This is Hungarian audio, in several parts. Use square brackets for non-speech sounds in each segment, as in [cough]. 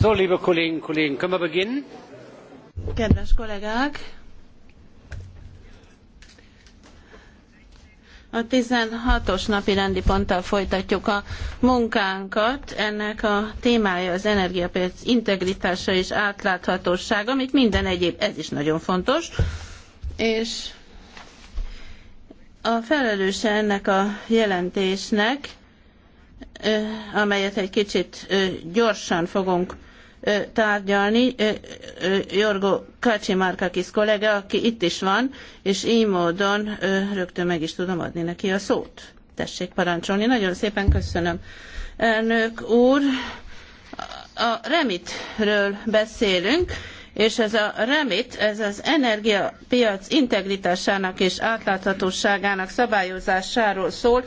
So, liebe Kolleginnen und Kollegen, können wir beginnen? Kedves kollégák! A 16-os napi rendi ponttal folytatjuk a munkánkat. Ennek a témája az energiapiac integritása és átláthatósága, amit minden egyéb, ez is nagyon fontos. És a felelőse ennek a jelentésnek, amelyet egy kicsit gyorsan fogunk tárgyalni. Jorgo Kacsimárkakis kollega, aki itt is van, és így módon rögtön meg is tudom adni neki a szót. Tessék parancsolni. Nagyon szépen köszönöm. Elnök úr, a remitről beszélünk, és ez a REMIT, ez az energiapiac integritásának és átláthatóságának szabályozásáról szól,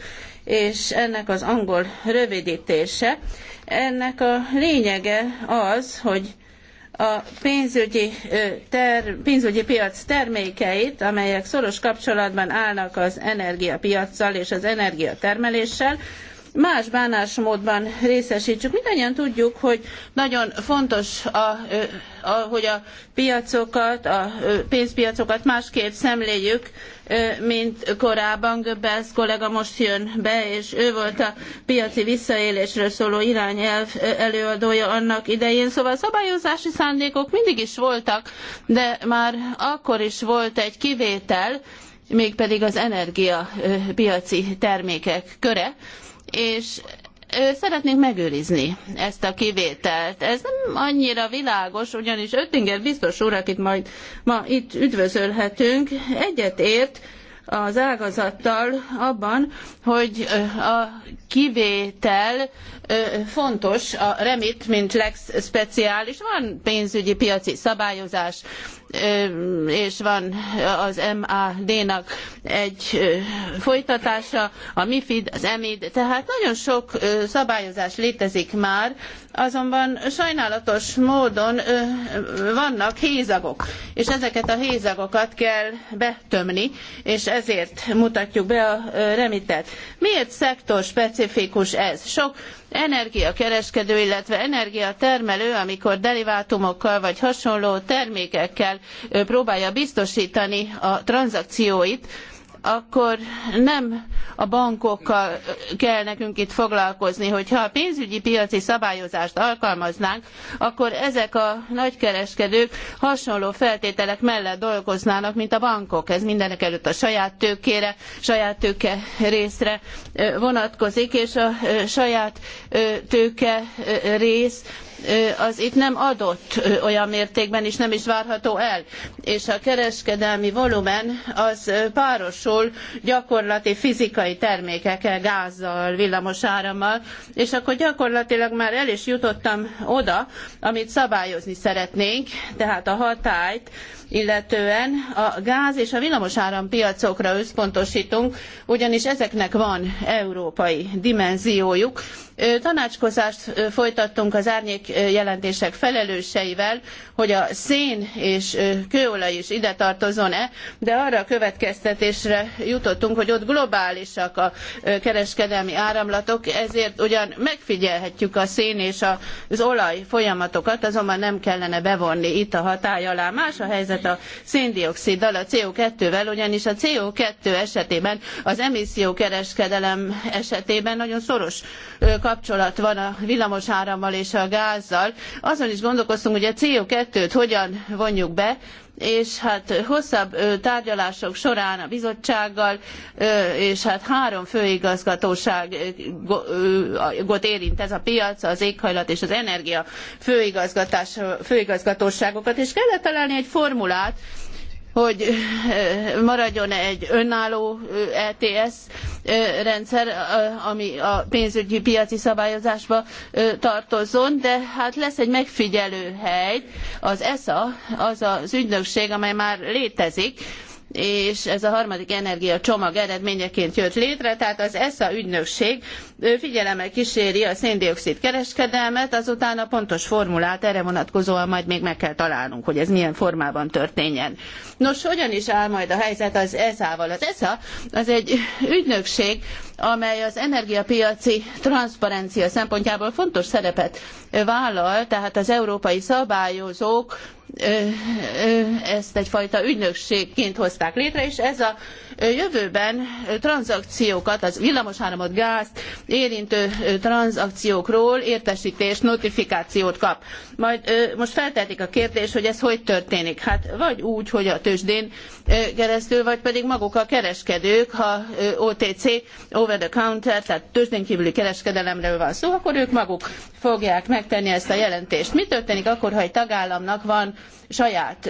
és ennek az angol rövidítése. Ennek a lényege az, hogy a pénzügyi, ter, pénzügyi piac termékeit, amelyek szoros kapcsolatban állnak az energiapiacsal és az energiatermeléssel, más bánásmódban részesítsük. Mindannyian tudjuk, hogy nagyon fontos, a, a, hogy a piacokat, a pénzpiacokat másképp szemléljük, mint korábban. Göbbels kollega most jön be, és ő volt a piaci visszaélésről szóló irányelv előadója annak idején. Szóval szabályozási szándékok mindig is voltak, de már akkor is volt egy kivétel, mégpedig az energiapiaci termékek köre, és szeretnénk megőrizni ezt a kivételt. Ez nem annyira világos, ugyanis Öttinger biztos úr, akit majd ma itt üdvözölhetünk, egyetért az ágazattal abban, hogy a kivétel fontos a remit, mint lex speciális, van pénzügyi piaci szabályozás, és van az MAD-nak egy folytatása, a MIFID, az EMID, tehát nagyon sok szabályozás létezik már, azonban sajnálatos módon vannak hézagok, és ezeket a hézagokat kell betömni, és ezért mutatjuk be a remitet. Miért szektor specifikus ez? Sok energiakereskedő, illetve energiatermelő, amikor derivátumokkal vagy hasonló termékekkel próbálja biztosítani a tranzakcióit, akkor nem a bankokkal kell nekünk itt foglalkozni. Hogyha a pénzügyi piaci szabályozást alkalmaznánk, akkor ezek a nagykereskedők hasonló feltételek mellett dolgoznának, mint a bankok. Ez mindenekelőtt a saját tőkére, saját tőke részre vonatkozik, és a saját tőke rész az itt nem adott olyan mértékben, és nem is várható el. És a kereskedelmi volumen az párosul gyakorlati fizikai termékekkel, gázzal, villamosárammal, és akkor gyakorlatilag már el is jutottam oda, amit szabályozni szeretnénk, tehát a hatályt, illetően a gáz és a villamosáram piacokra összpontosítunk, ugyanis ezeknek van európai dimenziójuk. Tanácskozást folytattunk az árnyék jelentések felelőseivel, hogy a szén és kőolaj is ide tartozon-e, de arra a következtetésre jutottunk, hogy ott globálisak a kereskedelmi áramlatok, ezért ugyan megfigyelhetjük a szén és az olaj folyamatokat, azonban nem kellene bevonni itt a hatály alá. Más a helyzet helyzetet a széndioksziddal, a CO2-vel, ugyanis a CO2 esetében, az emissziókereskedelem esetében nagyon szoros kapcsolat van a villamosárammal és a gázzal. Azon is gondolkoztunk, hogy a CO2-t hogyan vonjuk be, és hát hosszabb tárgyalások során a bizottsággal, és hát három főigazgatóságot érint ez a piac, az éghajlat és az energia főigazgatóságokat, és kellett találni egy formulát, hogy maradjon egy önálló ETS rendszer, ami a pénzügyi piaci szabályozásba tartozzon, de hát lesz egy megfigyelő hely, az ESA, az az ügynökség, amely már létezik, és ez a harmadik energiacsomag eredményeként jött létre, tehát az ESZA ügynökség figyelemmel kíséri a széndiokszid kereskedelmet, azután a pontos formulát erre vonatkozóan majd még meg kell találnunk, hogy ez milyen formában történjen. Nos, hogyan is áll majd a helyzet az ESZA-val? Az ESZA az egy ügynökség, amely az energiapiaci transzparencia szempontjából fontos szerepet vállal, tehát az európai szabályozók ezt egyfajta ügynökségként hozták létre, és ez a jövőben tranzakciókat, az villamosáramot, gázt érintő tranzakciókról értesítést, notifikációt kap. Majd most feltetik a kérdés, hogy ez hogy történik. Hát vagy úgy, hogy a tőzsdén keresztül, vagy pedig maguk a kereskedők, ha OTC, over the counter, tehát tőzsdén kívüli kereskedelemről van szó, akkor ők maguk fogják megtenni ezt a jelentést. Mi történik akkor, ha egy tagállamnak van saját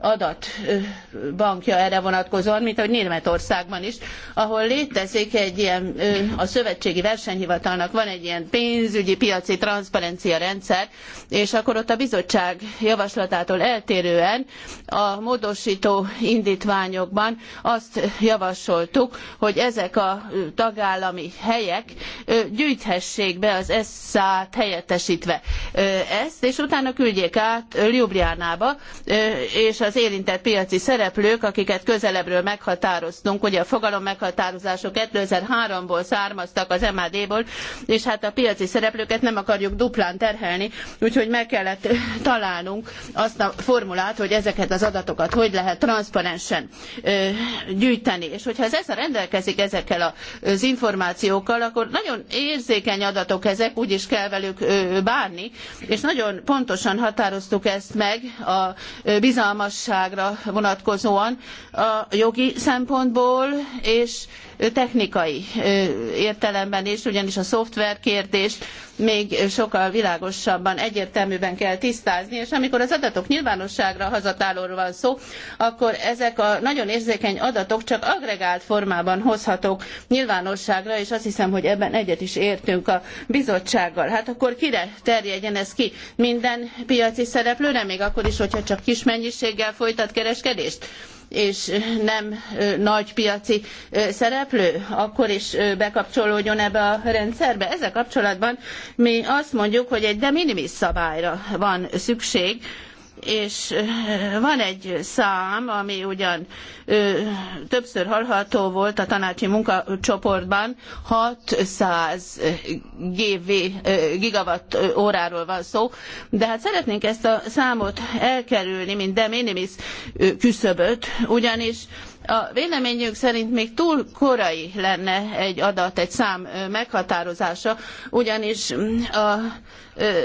adatbankja erre vonatkozóan, mint ahogy Németországban is, ahol létezik egy ilyen, a Szövetségi Versenyhivatalnak van egy ilyen pénzügyi piaci transzparencia rendszer, és akkor ott a bizottság javaslatától eltérően a módosító indítványokban azt javasoltuk, hogy ezek a tagállami helyek gyűjthessék be az ESZ-t helyettesítve ezt, és utána küldjék át Ljubljánába, és a az érintett piaci szereplők, akiket közelebbről meghatároztunk, ugye a fogalom meghatározások 2003-ból származtak az MAD-ból, és hát a piaci szereplőket nem akarjuk duplán terhelni, úgyhogy meg kellett találnunk azt a formulát, hogy ezeket az adatokat hogy lehet transzparensen gyűjteni. És hogyha ez ezzel rendelkezik ezekkel az információkkal, akkor nagyon érzékeny adatok ezek, úgy is kell velük bánni, és nagyon pontosan határoztuk ezt meg a bizalmas igazságra vonatkozóan a jogi szempontból és technikai értelemben is, ugyanis a szoftver kérdést még sokkal világosabban, egyértelműben kell tisztázni, és amikor az adatok nyilvánosságra hazatálóról van szó, akkor ezek a nagyon érzékeny adatok csak agregált formában hozhatók nyilvánosságra, és azt hiszem, hogy ebben egyet is értünk a bizottsággal. Hát akkor kire terjedjen ez ki? Minden piaci szereplőre, még akkor is, hogyha csak kis mennyiséggel folytat kereskedést? és nem nagy piaci szereplő, akkor is bekapcsolódjon ebbe a rendszerbe. Ezzel kapcsolatban mi azt mondjuk, hogy egy de minimis szabályra van szükség, és van egy szám, ami ugyan ö, többször hallható volt a tanácsi munkacsoportban, 600 GV, gigawatt óráról van szó, de hát szeretnénk ezt a számot elkerülni, mint de minimis küszöböt, ugyanis a véleményünk szerint még túl korai lenne egy adat, egy szám meghatározása, ugyanis mm, a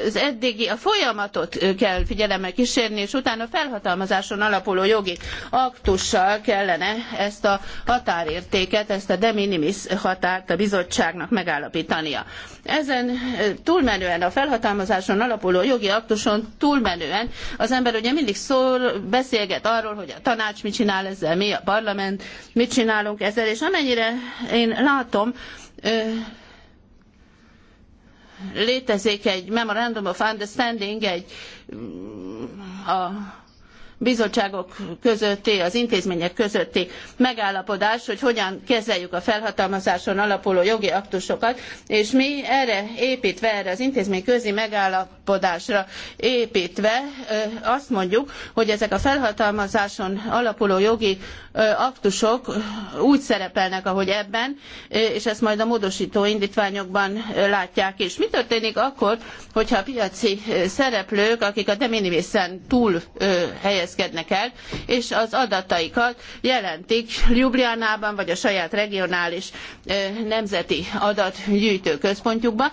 az eddigi a folyamatot kell figyelemmel kísérni, és utána felhatalmazáson alapuló jogi aktussal kellene ezt a határértéket, ezt a de minimis határt a bizottságnak megállapítania. Ezen túlmenően, a felhatalmazáson alapuló jogi aktuson túlmenően az ember ugye mindig szól, beszélget arról, hogy a tanács mit csinál ezzel, mi a parlament, mit csinálunk ezzel, és amennyire én látom, létezik egy Memorandum of Understanding, egy mm, a bizottságok közötti, az intézmények közötti megállapodás, hogy hogyan kezeljük a felhatalmazáson alapuló jogi aktusokat, és mi erre építve, erre az intézmény közi megállapodásra építve azt mondjuk, hogy ezek a felhatalmazáson alapuló jogi aktusok úgy szerepelnek, ahogy ebben, és ezt majd a módosító indítványokban látják is. Mi történik akkor, hogyha a piaci szereplők, akik a de minimisen túl helyezkednek, helyezkednek el, és az adataikat jelentik Ljubljánában, vagy a saját regionális nemzeti adatgyűjtő központjukban,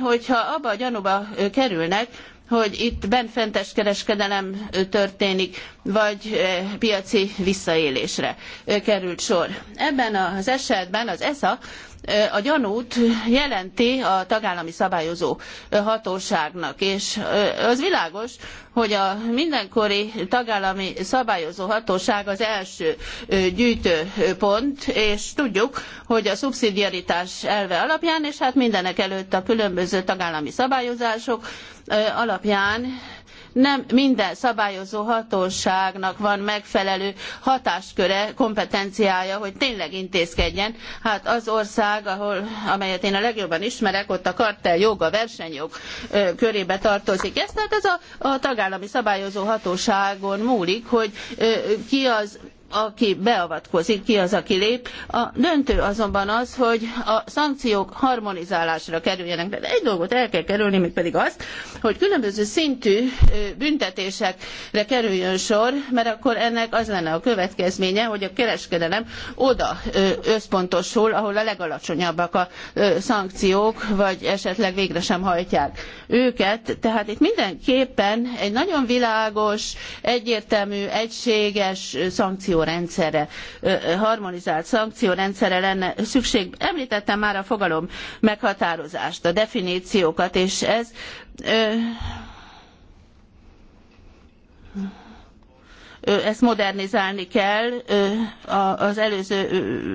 hogyha abba a gyanúba kerülnek, hogy itt benfentes kereskedelem történik, vagy eh, piaci visszaélésre eh, került sor. Ebben az esetben az ESA eh, a gyanút jelenti a tagállami szabályozó hatóságnak, és az világos, hogy a mindenkori tagállami szabályozó hatóság az első gyűjtőpont, és tudjuk, hogy a szubszidiaritás elve alapján, és hát mindenekelőtt a különböző tagállami szabályozások, alapján nem minden szabályozó hatóságnak van megfelelő hatásköre, kompetenciája, hogy tényleg intézkedjen. Hát az ország, ahol, amelyet én a legjobban ismerek, ott a karteljog, a versenyjog ö, körébe tartozik. Ez tehát ez a, a tagállami szabályozó hatóságon múlik, hogy ö, ki az aki beavatkozik, ki az, aki lép. A döntő azonban az, hogy a szankciók harmonizálásra kerüljenek. De egy dolgot el kell kerülni, még pedig azt, hogy különböző szintű büntetésekre kerüljön sor, mert akkor ennek az lenne a következménye, hogy a kereskedelem oda összpontosul, ahol a legalacsonyabbak a szankciók, vagy esetleg végre sem hajtják őket. Tehát itt mindenképpen egy nagyon világos, egyértelmű, egységes szankció szankciórendszerre, harmonizált szankciórendszerre lenne szükség. Említettem már a fogalom meghatározást, a definíciókat, és ez ezt modernizálni kell az előző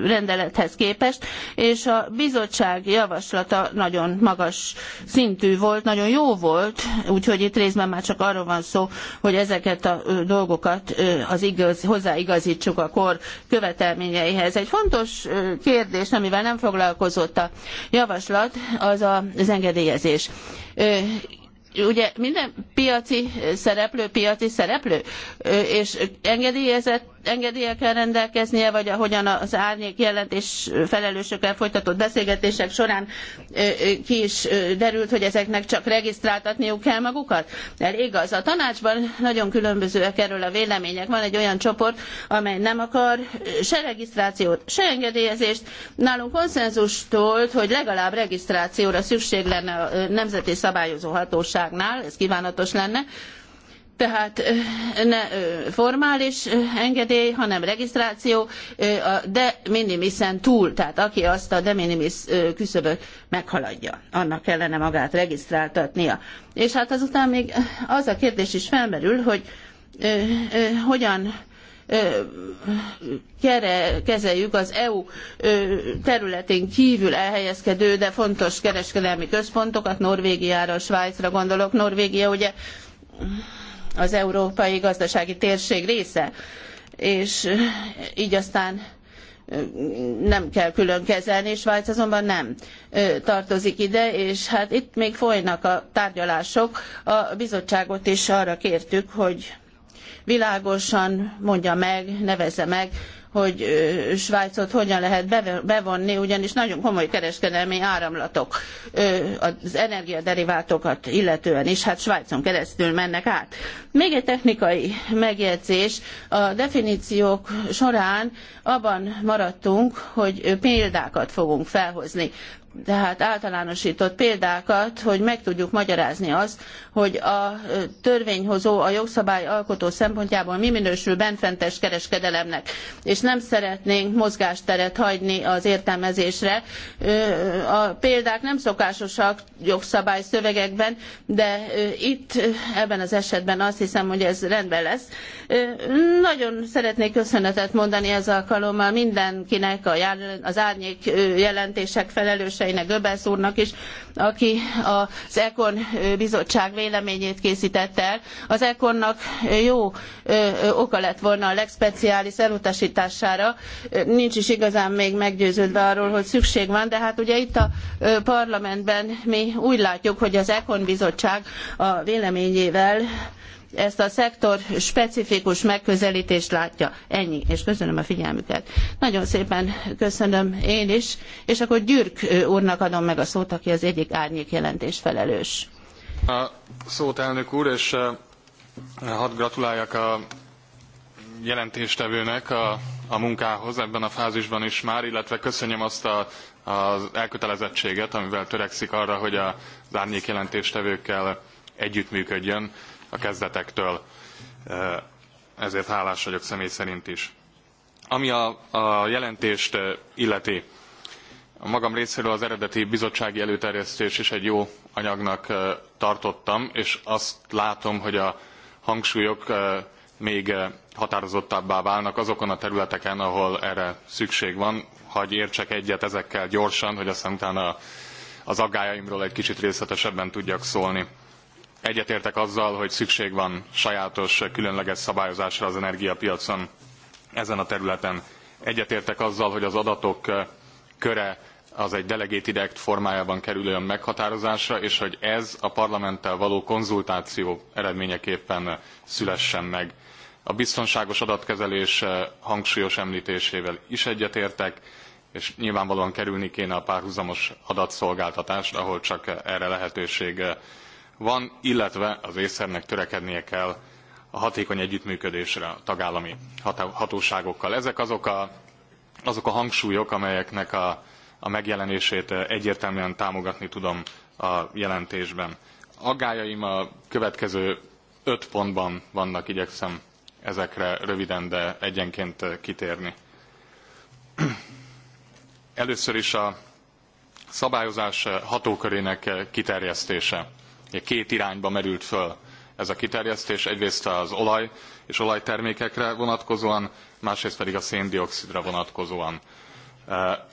rendelethez képest, és a bizottság javaslata nagyon magas szintű volt, nagyon jó volt, úgyhogy itt részben már csak arról van szó, hogy ezeket a dolgokat az igaz, hozzáigazítsuk a kor követelményeihez. Egy fontos kérdés, amivel nem foglalkozott a javaslat, az az engedélyezés ugye minden piaci szereplő piaci szereplő, és engedélyezett engedélye kell rendelkeznie, vagy ahogyan az árnyék jelentés felelősökkel folytatott beszélgetések során ki is derült, hogy ezeknek csak regisztráltatniuk kell magukat? Elég az. A tanácsban nagyon különbözőek erről a vélemények. Van egy olyan csoport, amely nem akar se regisztrációt, se engedélyezést. Nálunk konszenzus volt, hogy legalább regisztrációra szükség lenne a nemzeti szabályozó hatóságnál, ez kívánatos lenne, tehát ne formális engedély, hanem regisztráció a de minimisen túl, tehát aki azt a de minimis küszöböt meghaladja, annak kellene magát regisztráltatnia. És hát azután még az a kérdés is felmerül, hogy hogyan kere, kezeljük az EU területén kívül elhelyezkedő, de fontos kereskedelmi központokat, Norvégiára, Svájcra gondolok, Norvégia ugye az európai gazdasági térség része, és így aztán nem kell külön kezelni, Svájc azonban nem tartozik ide, és hát itt még folynak a tárgyalások. A bizottságot is arra kértük, hogy világosan mondja meg, nevezze meg, hogy Svájcot hogyan lehet bevonni, ugyanis nagyon komoly kereskedelmi áramlatok az energiaderivátokat illetően is, hát Svájcon keresztül mennek át. Még egy technikai megjegyzés. A definíciók során abban maradtunk, hogy példákat fogunk felhozni tehát általánosított példákat, hogy meg tudjuk magyarázni azt, hogy a törvényhozó, a jogszabály alkotó szempontjából mi minősül benfentes kereskedelemnek, és nem szeretnénk mozgásteret hagyni az értelmezésre. A példák nem szokásosak jogszabály szövegekben, de itt ebben az esetben azt hiszem, hogy ez rendben lesz. Nagyon szeretnék köszönetet mondani ez alkalommal mindenkinek, az árnyék jelentések felelőse képviselőtársaimnak, Göbbelsz úrnak is, aki az Ekon bizottság véleményét készítette el. Az EKON-nak jó oka lett volna a legspeciális elutasítására. Nincs is igazán még meggyőződve arról, hogy szükség van, de hát ugye itt a parlamentben mi úgy látjuk, hogy az Ekon bizottság a véleményével ezt a szektor specifikus megközelítést látja. Ennyi, és köszönöm a figyelmüket. Nagyon szépen köszönöm én is, és akkor Gyürk úrnak adom meg a szót, aki az egyik árnyék jelentés felelős. A szót elnök úr, és hadd gratuláljak a jelentéstevőnek a, a munkához ebben a fázisban is már, illetve köszönjem azt a, az elkötelezettséget, amivel törekszik arra, hogy az árnyék jelentéstevőkkel együttműködjön a kezdetektől, ezért hálás vagyok személy szerint is. Ami a, a jelentést illeti, a magam részéről az eredeti bizottsági előterjesztés is egy jó anyagnak tartottam, és azt látom, hogy a hangsúlyok még határozottabbá válnak azokon a területeken, ahol erre szükség van. Hagy értsek egyet ezekkel gyorsan, hogy aztán utána az aggájaimról egy kicsit részletesebben tudjak szólni. Egyetértek azzal, hogy szükség van sajátos, különleges szabályozásra az energiapiacon ezen a területen. Egyetértek azzal, hogy az adatok köre az egy delegated act formájában kerüljön meghatározásra, és hogy ez a parlamenttel való konzultáció eredményeképpen szülessen meg. A biztonságos adatkezelés hangsúlyos említésével is egyetértek, és nyilvánvalóan kerülni kéne a párhuzamos adatszolgáltatást, ahol csak erre lehetőség van, illetve az észszernek törekednie kell a hatékony együttműködésre a tagállami hatóságokkal. Ezek azok a, azok a hangsúlyok, amelyeknek a, a megjelenését egyértelműen támogatni tudom a jelentésben. Aggájaim a következő öt pontban vannak, igyekszem ezekre röviden, de egyenként kitérni. Először is a szabályozás hatókörének kiterjesztése két irányba merült föl ez a kiterjesztés, egyrészt az olaj és olajtermékekre vonatkozóan, másrészt pedig a széndiokszidra vonatkozóan.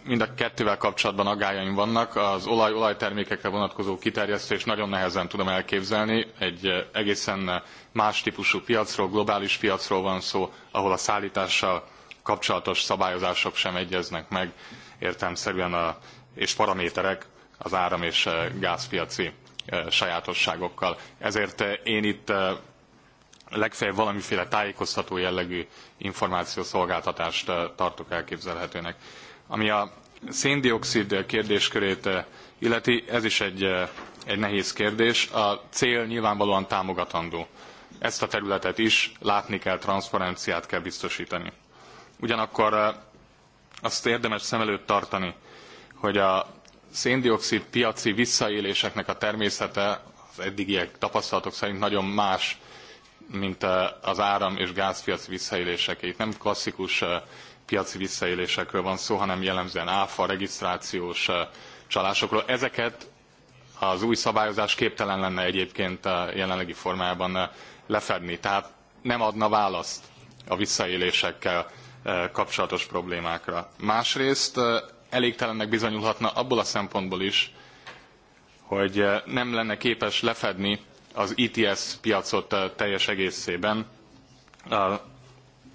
Mind a kettővel kapcsolatban aggájaim vannak. Az olaj-olajtermékekre vonatkozó kiterjesztést nagyon nehezen tudom elképzelni. Egy egészen más típusú piacról, globális piacról van szó, ahol a szállítással kapcsolatos szabályozások sem egyeznek meg értelmszerűen a, és paraméterek az áram- és gázpiaci sajátosságokkal. Ezért én itt legfeljebb valamiféle tájékoztató jellegű információszolgáltatást tartok elképzelhetőnek. Ami a széndiokszid kérdéskörét illeti, ez is egy, egy nehéz kérdés. A cél nyilvánvalóan támogatandó. Ezt a területet is látni kell, transzparenciát kell biztosítani. Ugyanakkor azt érdemes szem előtt tartani, hogy a széndiokszid piaci visszaéléseknek a természete az eddigiek tapasztalatok szerint nagyon más, mint eh, az áram- és gázpiaci visszaélések. Itt nem klasszikus eh, piaci visszaélésekről van szó, hanem jellemzően áfa, regisztrációs eh, csalásokról. Ezeket az új szabályozás képtelen lenne egyébként a jelenlegi formájában lefedni. Tehát nem adna választ a visszaélésekkel kapcsolatos problémákra. Másrészt elégtelennek bizonyulhatna abból a szempontból is, hogy eh, nem lenne képes lefedni az ETS piacot eh, teljes egészében.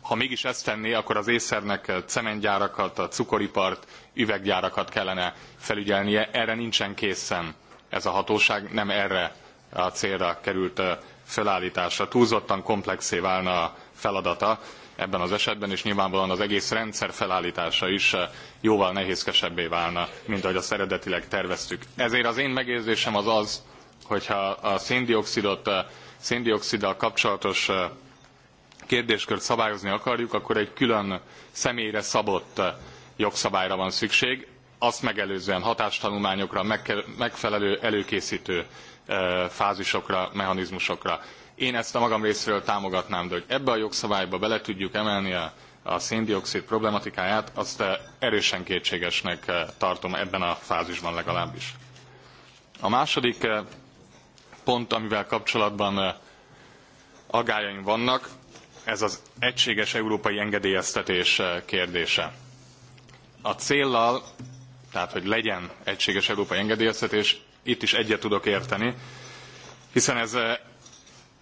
Ha mégis ezt tenné, akkor az észernek eh, cementgyárakat, a cukoripart, üveggyárakat kellene felügyelnie. Erre nincsen készen ez a hatóság, nem erre a célra került fölállításra. Túlzottan komplexé válna a feladata ebben az esetben, és nyilvánvalóan az egész rendszer felállítása is eh, jóval nehézkesebbé válna, mint ahogy azt eredetileg terveztük. Ezért az én megérzésem az az, hogyha a széndiokszidot, eh, széndioksziddal kapcsolatos eh, kérdéskört szabályozni akarjuk, akkor egy külön személyre szabott jogszabályra van szükség, azt megelőzően hatástanulmányokra, megfelelő előkészítő fázisokra, mechanizmusokra. Én ezt a magam részéről támogatnám, de hogy ebbe a jogszabályba bele tudjuk emelni a, a széndiokszid problematikáját, azt eh, erősen kétségesnek eh, tartom ebben a fázisban legalábbis. A második eh, pont, amivel kapcsolatban aggájaim vannak, ez az egységes európai engedélyeztetés kérdése. A céllal, tehát hogy legyen egységes európai engedélyeztetés, itt is egyet tudok érteni, hiszen ez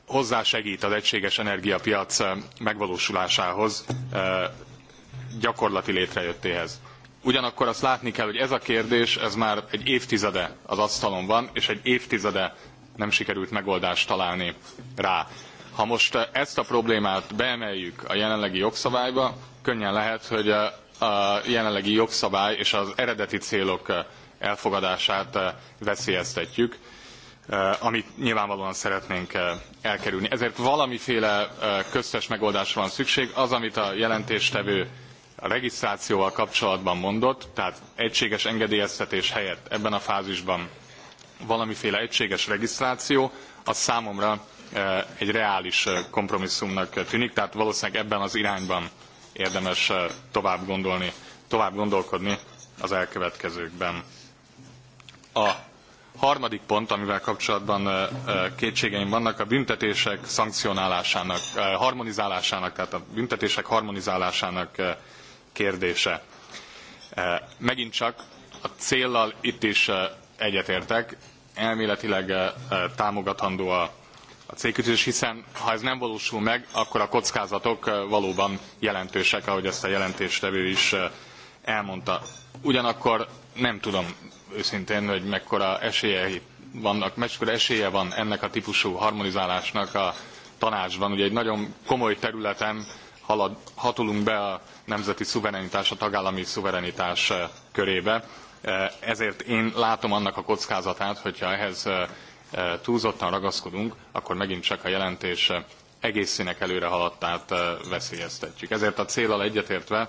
hozzásegít az egységes energiapiac eh, megvalósulásához, eh, gyakorlati létrejöttéhez. Ugyanakkor azt látni kell, hogy ez a kérdés, ez már egy évtizede az asztalon van, és egy évtizede nem sikerült megoldást találni rá. Ha most eh, ezt a problémát beemeljük a jelenlegi jogszabályba, könnyen lehet, hogy a jelenlegi jogszabály és az eredeti célok elfogadását veszélyeztetjük Eh, amit nyilvánvalóan szeretnénk eh, elkerülni. Ezért valamiféle eh, köztes megoldásra van szükség. Az, amit a jelentéstevő a regisztrációval kapcsolatban mondott, tehát egységes engedélyeztetés helyett ebben a fázisban valamiféle egységes regisztráció, az számomra egy reális kompromisszumnak tűnik, tehát valószínűleg ebben az irányban érdemes tovább gondolni, tovább gondolkodni az elkövetkezőkben. A harmadik pont, amivel kapcsolatban kétségeim vannak, a büntetések szankcionálásának, harmonizálásának, tehát a büntetések harmonizálásának kérdése. Megint csak a céllal itt is egyetértek, elméletileg támogatandó a a célkütős, hiszen ha ez nem valósul meg, akkor a kockázatok valóban jelentősek, ahogy ezt a jelentéstevő is elmondta. Ugyanakkor nem tudom őszintén, hogy mekkora esélye vannak, mekkora esélye van ennek a típusú harmonizálásnak a tanácsban. Ugye egy nagyon komoly területen halad, hatolunk be a nemzeti szuverenitás, a tagállami szuverenitás eh, körébe. Eh, ezért én látom annak a kockázatát, hogyha ehhez eh, túlzottan ragaszkodunk, akkor megint csak a jelentés egészének előre haladtát veszélyeztetjük. Ezért a célral egyetértve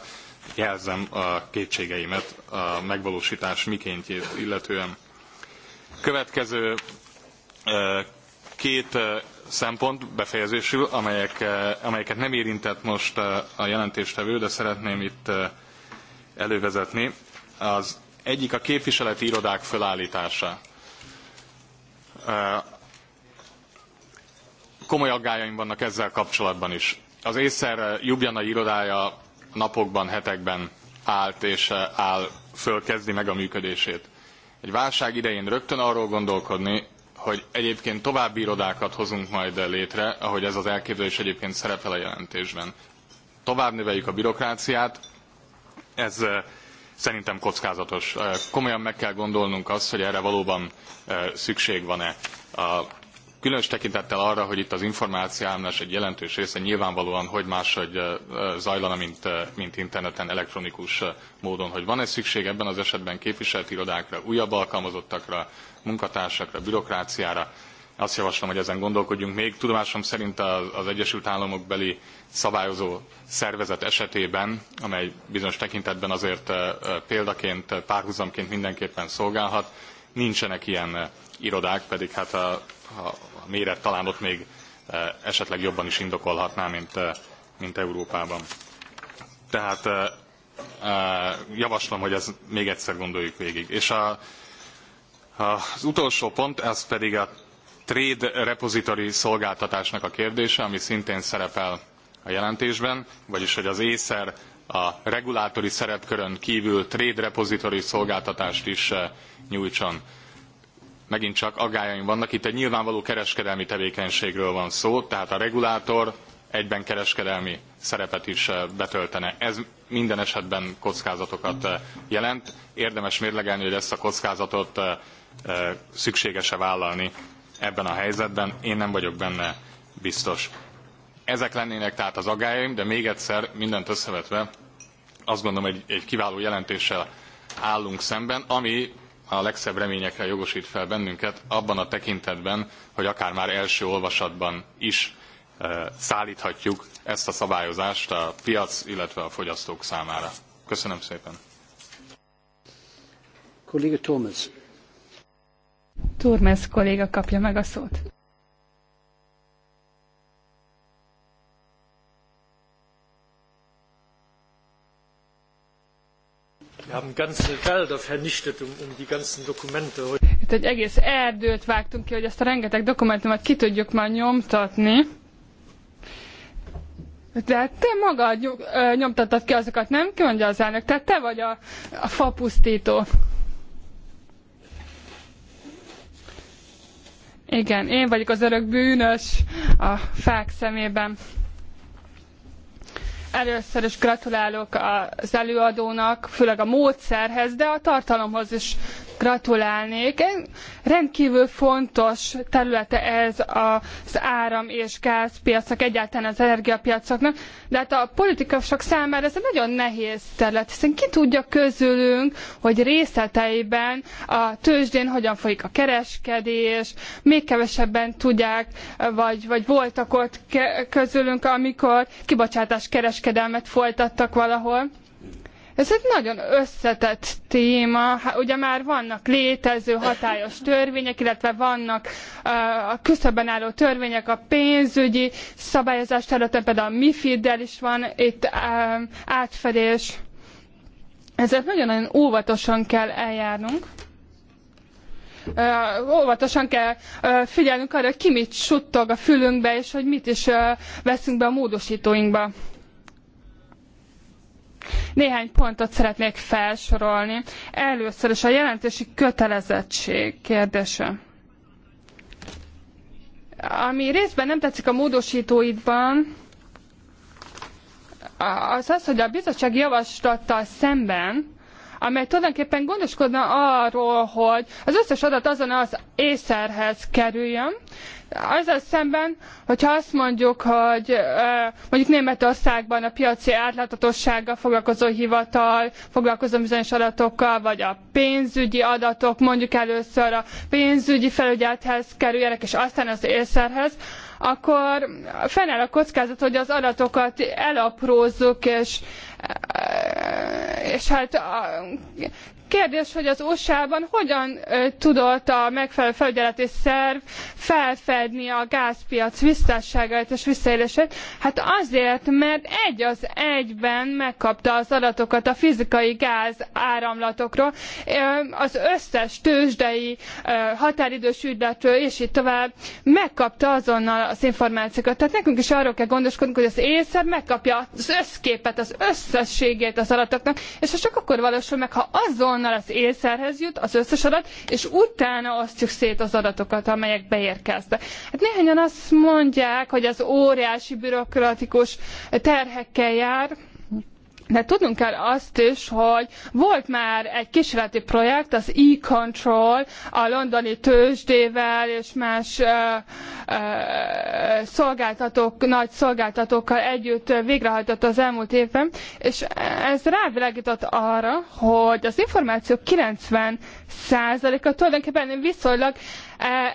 jelzem a kétségeimet a megvalósítás mikéntjét illetően. Következő két szempont befejezésül, amelyek, amelyeket nem érintett most a jelentéstevő, de szeretném itt elővezetni. Az egyik a képviseleti irodák fölállítása. Komoly aggájaim vannak ezzel kapcsolatban is. Az észer Jubjanai irodája napokban, hetekben állt és eh, áll fölkezdi meg a működését. Egy válság idején rögtön arról gondolkodni, hogy egyébként további irodákat hozunk majd létre, ahogy ez az elképzelés egyébként szerepel a jelentésben. Tovább növeljük a bürokráciát, ez eh, szerintem kockázatos. Eh, komolyan meg kell gondolnunk azt, hogy erre valóban szükség van-e. A Különös tekintettel arra, hogy itt az információállomás egy jelentős része nyilvánvalóan hogy máshogy zajlana, mint, mint interneten, elektronikus módon. Hogy van-e szükség ebben az esetben képviselt irodákra, újabb alkalmazottakra, munkatársakra, bürokráciára, azt javaslom, hogy ezen gondolkodjunk még. Tudomásom szerint az Egyesült Államok beli szabályozó szervezet esetében, amely bizonyos tekintetben azért példaként, párhuzamként mindenképpen szolgálhat, nincsenek ilyen irodák, pedig hát a, a méret talán ott még e, esetleg jobban is indokolhatná, mint, e, mint Európában. Tehát e, javaslom, hogy ez még egyszer gondoljuk végig. És a, az utolsó pont, ez pedig a trade repository szolgáltatásnak a kérdése, ami szintén szerepel a jelentésben, vagyis hogy az észer a regulátori szerepkörön kívül trade repository szolgáltatást is nyújtson megint csak aggájaim vannak. Itt egy nyilvánvaló kereskedelmi tevékenységről van szó, tehát a regulátor egyben kereskedelmi szerepet is eh, betöltene. Ez minden esetben kockázatokat eh, jelent. Érdemes mérlegelni, hogy ezt a kockázatot eh, szükséges-e vállalni ebben a helyzetben. Én nem vagyok benne biztos. Ezek lennének tehát az agályaim, de még egyszer mindent összevetve azt gondolom, hogy egy kiváló jelentéssel állunk szemben, ami a legszebb reményekre jogosít fel bennünket, abban a tekintetben, hogy akár már első olvasatban is e, szállíthatjuk ezt a szabályozást a piac, illetve a fogyasztók számára. Köszönöm szépen. Kolléga Thomas. Thomas, kolléga kapja meg a szót. Um, um Itt egy egész erdőt vágtunk ki, hogy ezt a rengeteg dokumentumot ki tudjuk már nyomtatni. Tehát te magad nyomtattad ki azokat, nem? Ki mondja az elnök? Tehát te vagy a, a fapusztító. Igen, én vagyok az örök bűnös a fák szemében. Először is gratulálok az előadónak, főleg a módszerhez, de a tartalomhoz is gratulálnék. Rendkívül fontos területe ez az áram és gázpiacnak, egyáltalán az energiapiacoknak, de hát a politikusok számára ez egy nagyon nehéz terület, hiszen ki tudja közülünk, hogy részleteiben a tőzsdén hogyan folyik a kereskedés, még kevesebben tudják, vagy, vagy voltak ott közülünk, amikor kibocsátás kereskedelmet folytattak valahol. Ez egy nagyon összetett téma, ugye már vannak létező hatályos törvények, illetve vannak a küszöbben álló törvények a pénzügyi szabályozás területen, például a MIFID-del is van itt átfedés. Ezért nagyon-nagyon óvatosan kell eljárnunk. Uh, óvatosan kell uh, figyelnünk arra, hogy ki mit suttog a fülünkbe, és hogy mit is uh, veszünk be a módosítóinkba. Néhány pontot szeretnék felsorolni. Először is a jelentési kötelezettség kérdése. Ami részben nem tetszik a módosítóidban, az az, hogy a bizottság javaslattal szemben amely tulajdonképpen gondoskodna arról, hogy az összes adat azon az észerhez kerüljön, azzal szemben, hogyha azt mondjuk, hogy mondjuk Németországban a piaci átláthatósággal foglalkozó hivatal, foglalkozó bizonyos adatokkal, vagy a pénzügyi adatok mondjuk először a pénzügyi felügyelethez kerüljenek, és aztán az észerhez, akkor fennáll a kockázat, hogy az adatokat elaprózzuk, és, és hát Kérdés, hogy az USA-ban hogyan tudott a megfelelő felügyeleti szerv felfedni a gázpiac visszásságait és visszaélését? Hát azért, mert egy az egyben megkapta az adatokat a fizikai gáz áramlatokról, az összes tőzsdei határidős ügyletről, és így tovább megkapta azonnal az információkat. Tehát nekünk is arról kell gondoskodnunk, hogy az észer megkapja az összképet, az összességét az adatoknak, és csak akkor valósul meg, ha azon azonnal az élszerhez jut az összes adat, és utána osztjuk szét az adatokat, amelyek beérkeztek. Hát néhányan azt mondják, hogy az óriási bürokratikus terhekkel jár, de tudnunk kell azt is, hogy volt már egy kísérleti projekt, az e-control a londoni tőzsdével és más szolgáltatók, nagy szolgáltatókkal együtt végrehajtott az elmúlt évben, és ez rávilágított arra, hogy az információ 90%-a tulajdonképpen viszonylag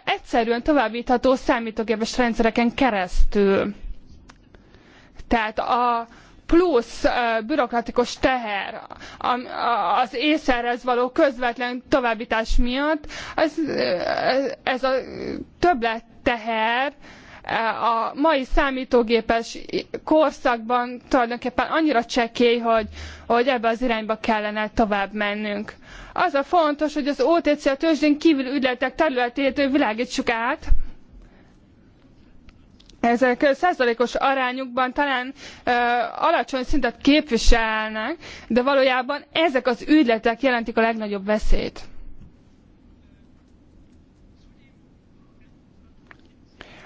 egyszerűen továbbítható számítógépes rendszereken keresztül. Tehát a plusz bürokratikus teher az észerhez való közvetlen továbbítás miatt, ez, ez a többlet teher, a mai számítógépes korszakban tulajdonképpen annyira csekély, hogy, hogy ebbe az irányba kellene tovább mennünk. Az a fontos, hogy az OTC a tőzsdén kívül ügyletek területét világítsuk át, ezek százalékos arányukban talán ö, alacsony szintet képviselnek, de valójában ezek az ügyletek jelentik a legnagyobb veszélyt.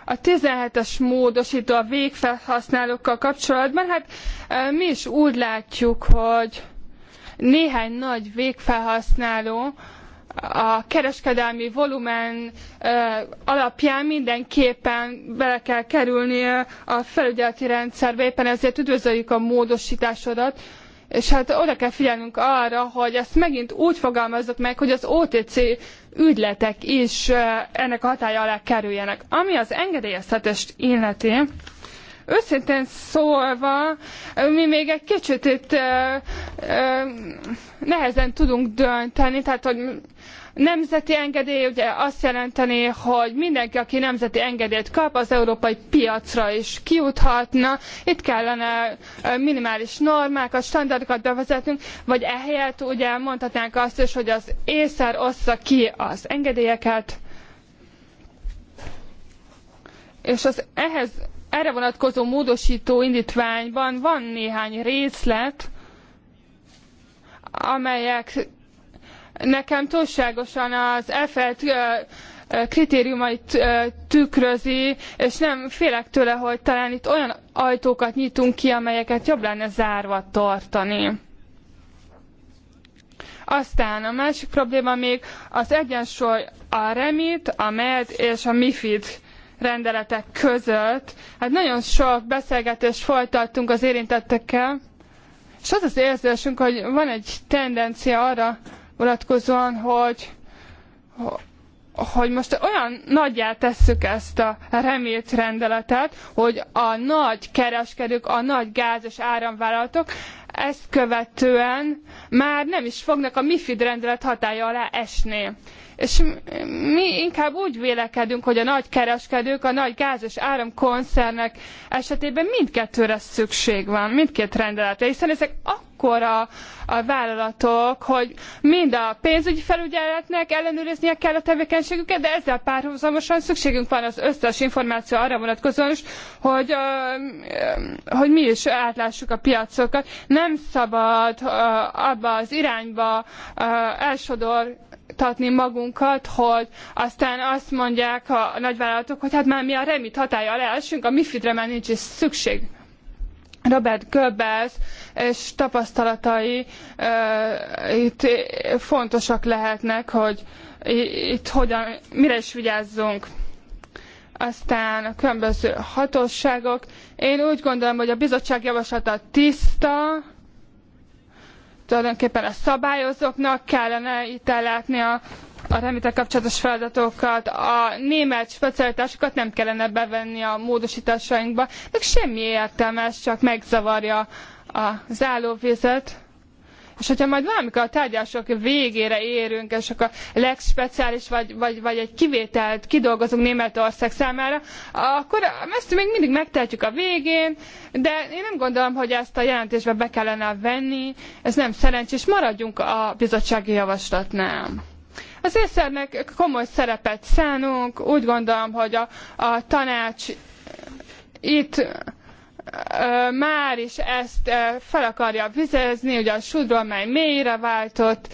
a 17-es módosító a végfelhasználókkal kapcsolatban, hát mi is úgy látjuk, hogy néhány nagy végfelhasználó a kereskedelmi volumen alapján mindenképpen bele kell kerülnie a felügyeleti rendszerbe, éppen ezért üdvözöljük a módosításodat, és hát oda kell figyelnünk arra, hogy ezt megint úgy fogalmazzuk meg, hogy az OTC ügyletek is ennek a hatája alá kerüljenek. Ami az engedélyeztetést illeti, őszintén szólva, mi még egy kicsit itt ö, ö, nehezen tudunk dönteni, tehát hogy nemzeti engedély ugye azt jelenteni, hogy mindenki, aki nemzeti engedélyt kap, az európai piacra is kijuthatna. Itt kellene minimális normákat, standardokat bevezetnünk, vagy ehelyett ugye mondhatnánk azt is, hogy az észer ossza ki az engedélyeket, és az ehhez erre vonatkozó módosító indítványban van néhány részlet, amelyek nekem túlságosan az EFET kritériumait tükrözi, és nem félek tőle, hogy talán itt olyan ajtókat nyitunk ki, amelyeket jobb lenne zárva tartani. Aztán a másik probléma még az egyensúly a REMIT, a MED és a MIFID rendeletek között. Hát nagyon sok beszélgetést folytattunk az érintettekkel, és az az érzésünk, hogy van egy tendencia arra, vonatkozóan, hogy, hogy most olyan nagyjá tesszük ezt a remélt rendeletet, hogy a nagy kereskedők, a nagy gázos áramvállalatok ezt követően már nem is fognak a MIFID rendelet hatálya alá esni és mi inkább úgy vélekedünk, hogy a nagy kereskedők, a nagy gáz és áramkoncernek esetében mindkettőre szükség van, mindkét rendeletre, hiszen ezek akkora a vállalatok, hogy mind a pénzügyi felügyeletnek ellenőriznie kell a tevékenységüket, de ezzel párhuzamosan szükségünk van az összes információ arra vonatkozóan is, hogy, hogy mi is átlássuk a piacokat. Nem szabad abba az irányba elsodor megnyugtatni magunkat, hogy aztán azt mondják a nagyvállalatok, hogy hát már mi a remit hatája alá esünk, a re már nincs is szükség. Robert Goebbels és tapasztalatai uh, itt fontosak lehetnek, hogy itt hogyan, mire is vigyázzunk. Aztán a különböző hatóságok. Én úgy gondolom, hogy a bizottság javaslata tiszta, tulajdonképpen a szabályozóknak kellene itt ellátni a a remétel kapcsolatos feladatokat, a német specialitásokat nem kellene bevenni a módosításainkba, meg semmi értelme, ez csak megzavarja az állóvizet. És hogyha majd valamikor a tárgyalások végére érünk, és akkor legspeciális, vagy, vagy, vagy egy kivételt kidolgozunk Németország számára, akkor ezt még mindig megtehetjük a végén, de én nem gondolom, hogy ezt a jelentésbe be kellene venni, ez nem szerencsés, maradjunk a bizottsági javaslatnál. Az észernek komoly szerepet szánunk, úgy gondolom, hogy a, a tanács itt már is ezt fel akarja vizezni, ugye a sudromány mélyre váltott,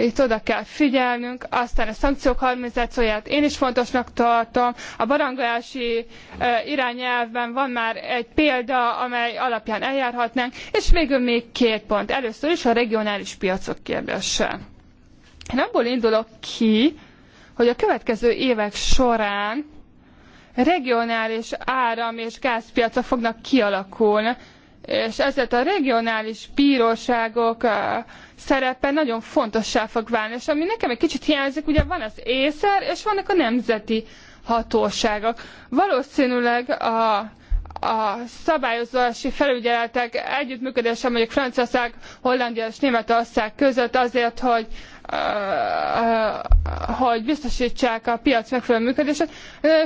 itt oda kell figyelnünk, aztán a szankciók harmonizációját én is fontosnak tartom. A barangolási irányelvben van már egy példa, amely alapján eljárhatnánk, és végül még két pont. Először is a regionális piacok kérdése. Én abból indulok ki, hogy a következő évek során regionális áram és gázpiacok fognak kialakulni, és ezért a regionális bíróságok szerepe nagyon fontossá fog válni. És ami nekem egy kicsit hiányzik, ugye van az észer, és vannak a nemzeti hatóságok. Valószínűleg a a szabályozási felügyeletek együttműködése mondjuk Franciaország, Hollandia és Németország között azért, hogy hogy biztosítsák a piac megfelelő működését,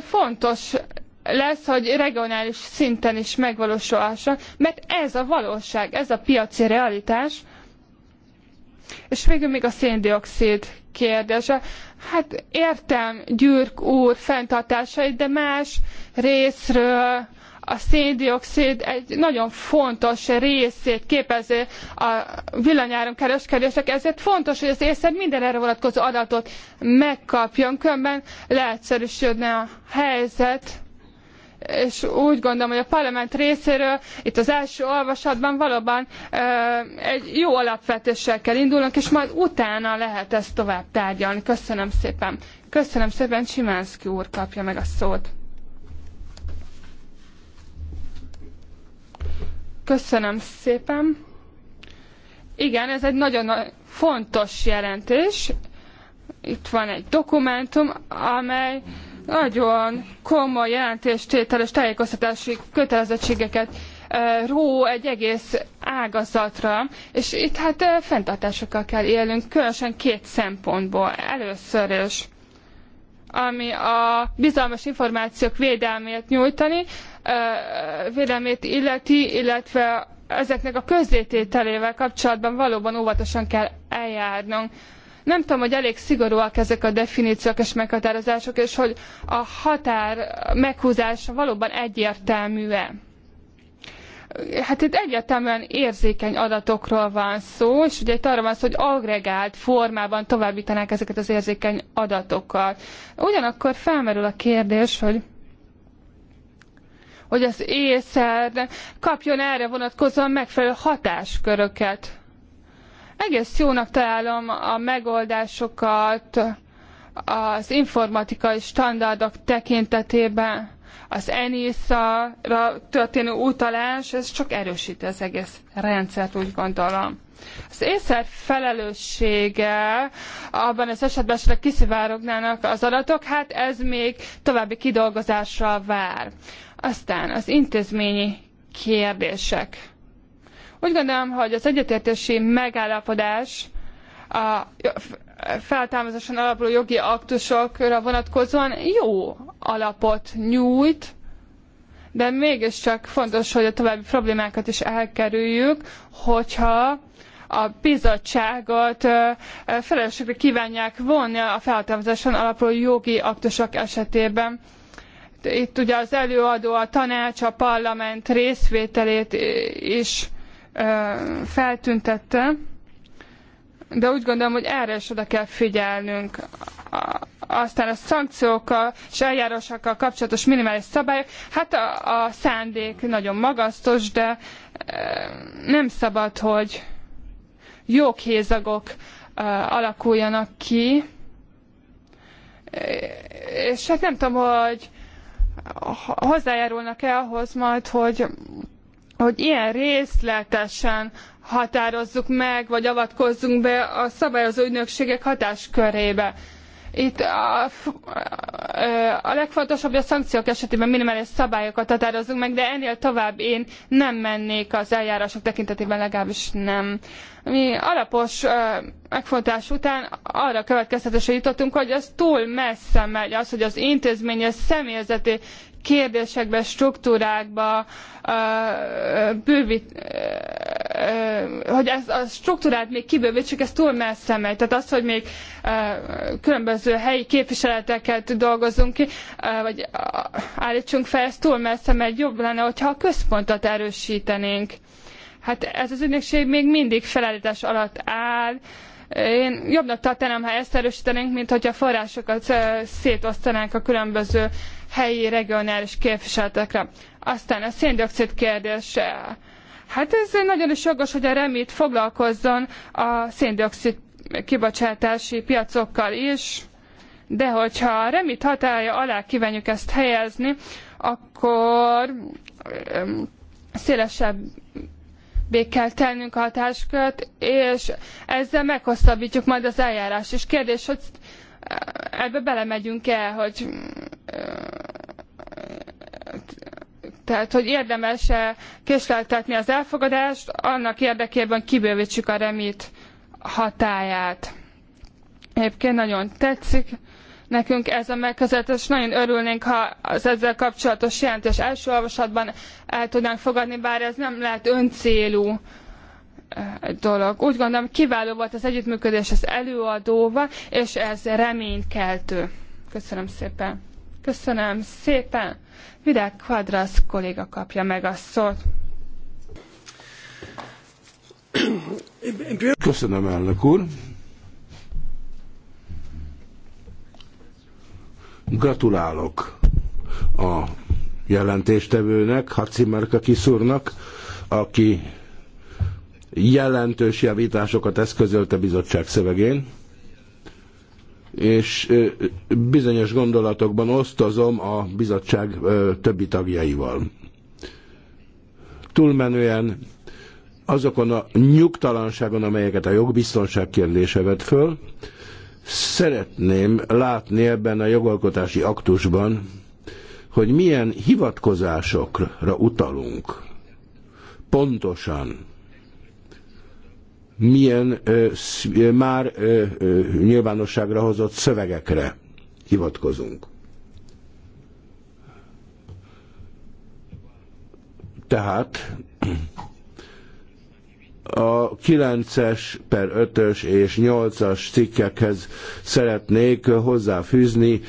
fontos lesz, hogy regionális szinten is megvalósulhasson, mert ez a valóság, ez a piaci realitás. És végül még a széndiokszid kérdése. Hát értem Gyürk úr fenntartásait, de más részről a széndiokszid egy nagyon fontos részét képezi a villanyáron kereskedésnek, ezért fontos, hogy az észre minden erre vonatkozó adatot megkapjon, különben leegyszerűsödne a helyzet és úgy gondolom, hogy a parlament részéről itt az első olvasatban valóban egy jó alapvetéssel kell indulnunk, és majd utána lehet ezt tovább tárgyalni. Köszönöm szépen. Köszönöm szépen, Csimánszki úr kapja meg a szót. Köszönöm szépen. Igen, ez egy nagyon fontos jelentés. Itt van egy dokumentum, amely nagyon komoly jelentéstétel és tájékoztatási kötelezettségeket ró egy egész ágazatra, és itt hát fenntartásokkal kell élnünk, különösen két szempontból. Először is ami a bizalmas információk védelmét nyújtani, védelmét illeti, illetve ezeknek a közzétételével kapcsolatban valóban óvatosan kell eljárnunk. Nem tudom, hogy elég szigorúak ezek a definíciók és meghatározások, és hogy a határ meghúzása valóban egyértelmű-e. Hát itt egyértelműen érzékeny adatokról van szó, és ugye itt arra van szó, hogy agregált formában továbbítanák ezeket az érzékeny adatokat. Ugyanakkor felmerül a kérdés, hogy hogy az észer kapjon erre vonatkozóan megfelelő hatásköröket. Egész jónak találom a megoldásokat az informatikai standardok tekintetében. Az ENISA-ra történő utalás, ez csak erősíti az egész rendszert, úgy gondolom. Az észer felelőssége, abban az esetben esetleg kiszivárognának az adatok, hát ez még további kidolgozásra vár. Aztán az intézményi kérdések. Úgy gondolom, hogy az egyetértési megállapodás a feltámazáson alapuló jogi aktusokra vonatkozóan jó alapot nyújt, de mégiscsak fontos, hogy a további problémákat is elkerüljük, hogyha a bizottságot felelősségre kívánják vonni a feltámazáson alapuló jogi aktusok esetében itt ugye az előadó, a tanács, a parlament részvételét is feltüntette, de úgy gondolom, hogy erre is oda kell figyelnünk. Aztán a szankciókkal és eljárásokkal kapcsolatos minimális szabályok, hát a, a szándék nagyon magasztos, de nem szabad, hogy joghézagok alakuljanak ki, és hát nem tudom, hogy hozzájárulnak-e ahhoz majd, hogy, hogy ilyen részletesen határozzuk meg, vagy avatkozzunk be a szabályozó ügynökségek hatáskörébe itt a, a legfontosabb, hogy a szankciók esetében minimális szabályokat határozunk meg, de ennél tovább én nem mennék az eljárások tekintetében, legalábbis nem. Mi alapos megfontás után arra következtetésre jutottunk, hogy ez túl messze megy az, hogy az intézményes személyzeti kérdésekbe, struktúrákba bővít, hogy ez a struktúrát még kibővítsük, ez túl messze megy. Tehát az, hogy még különböző helyi képviseleteket dolgozunk ki, vagy állítsunk fel, ez túl messze megy. Jobb lenne, hogyha a központot erősítenénk. Hát ez az ügynökség még mindig felállítás alatt áll, én jobbnak tartanám, ha ezt erősítenénk, mint hogyha forrásokat szétosztanánk a különböző helyi regionális képviseletekre. Aztán a széndiokszid kérdése. Hát ez nagyon is jogos, hogy a remit foglalkozzon a széndiokszid kibocsátási piacokkal is, de hogyha a remit hatája alá kívánjuk ezt helyezni, akkor szélesebbé kell tennünk a hatáskört, és ezzel meghosszabbítjuk majd az eljárás. És kérdés, hogy ebbe belemegyünk el, hogy tehát, hogy érdemes-e késleltetni az elfogadást, annak érdekében kibővítsük a remit hatáját. Egyébként nagyon tetszik nekünk ez a megközelítés. Nagyon örülnénk, ha az ezzel kapcsolatos jelentés első olvasatban el tudnánk fogadni, bár ez nem lehet öncélú dolog. Úgy gondolom, kiváló volt az együttműködés az előadóval, és ez reménykeltő. Köszönöm szépen. Köszönöm szépen. Vidák Quadrasz kolléga kapja meg a szót. Köszönöm, elnök úr. Gratulálok a jelentéstevőnek, Haci Merka kiszúrnak, aki jelentős javításokat eszközölt a bizottság szövegén, és bizonyos gondolatokban osztozom a bizottság többi tagjaival. Túlmenően azokon a nyugtalanságon, amelyeket a jogbiztonság kérdése vet föl, szeretném látni ebben a jogalkotási aktusban, hogy milyen hivatkozásokra utalunk. Pontosan milyen ö, már ö, ö, nyilvánosságra hozott szövegekre hivatkozunk. Tehát a 9-es per 5-ös és 8-as cikkekhez szeretnék hozzáfűzni,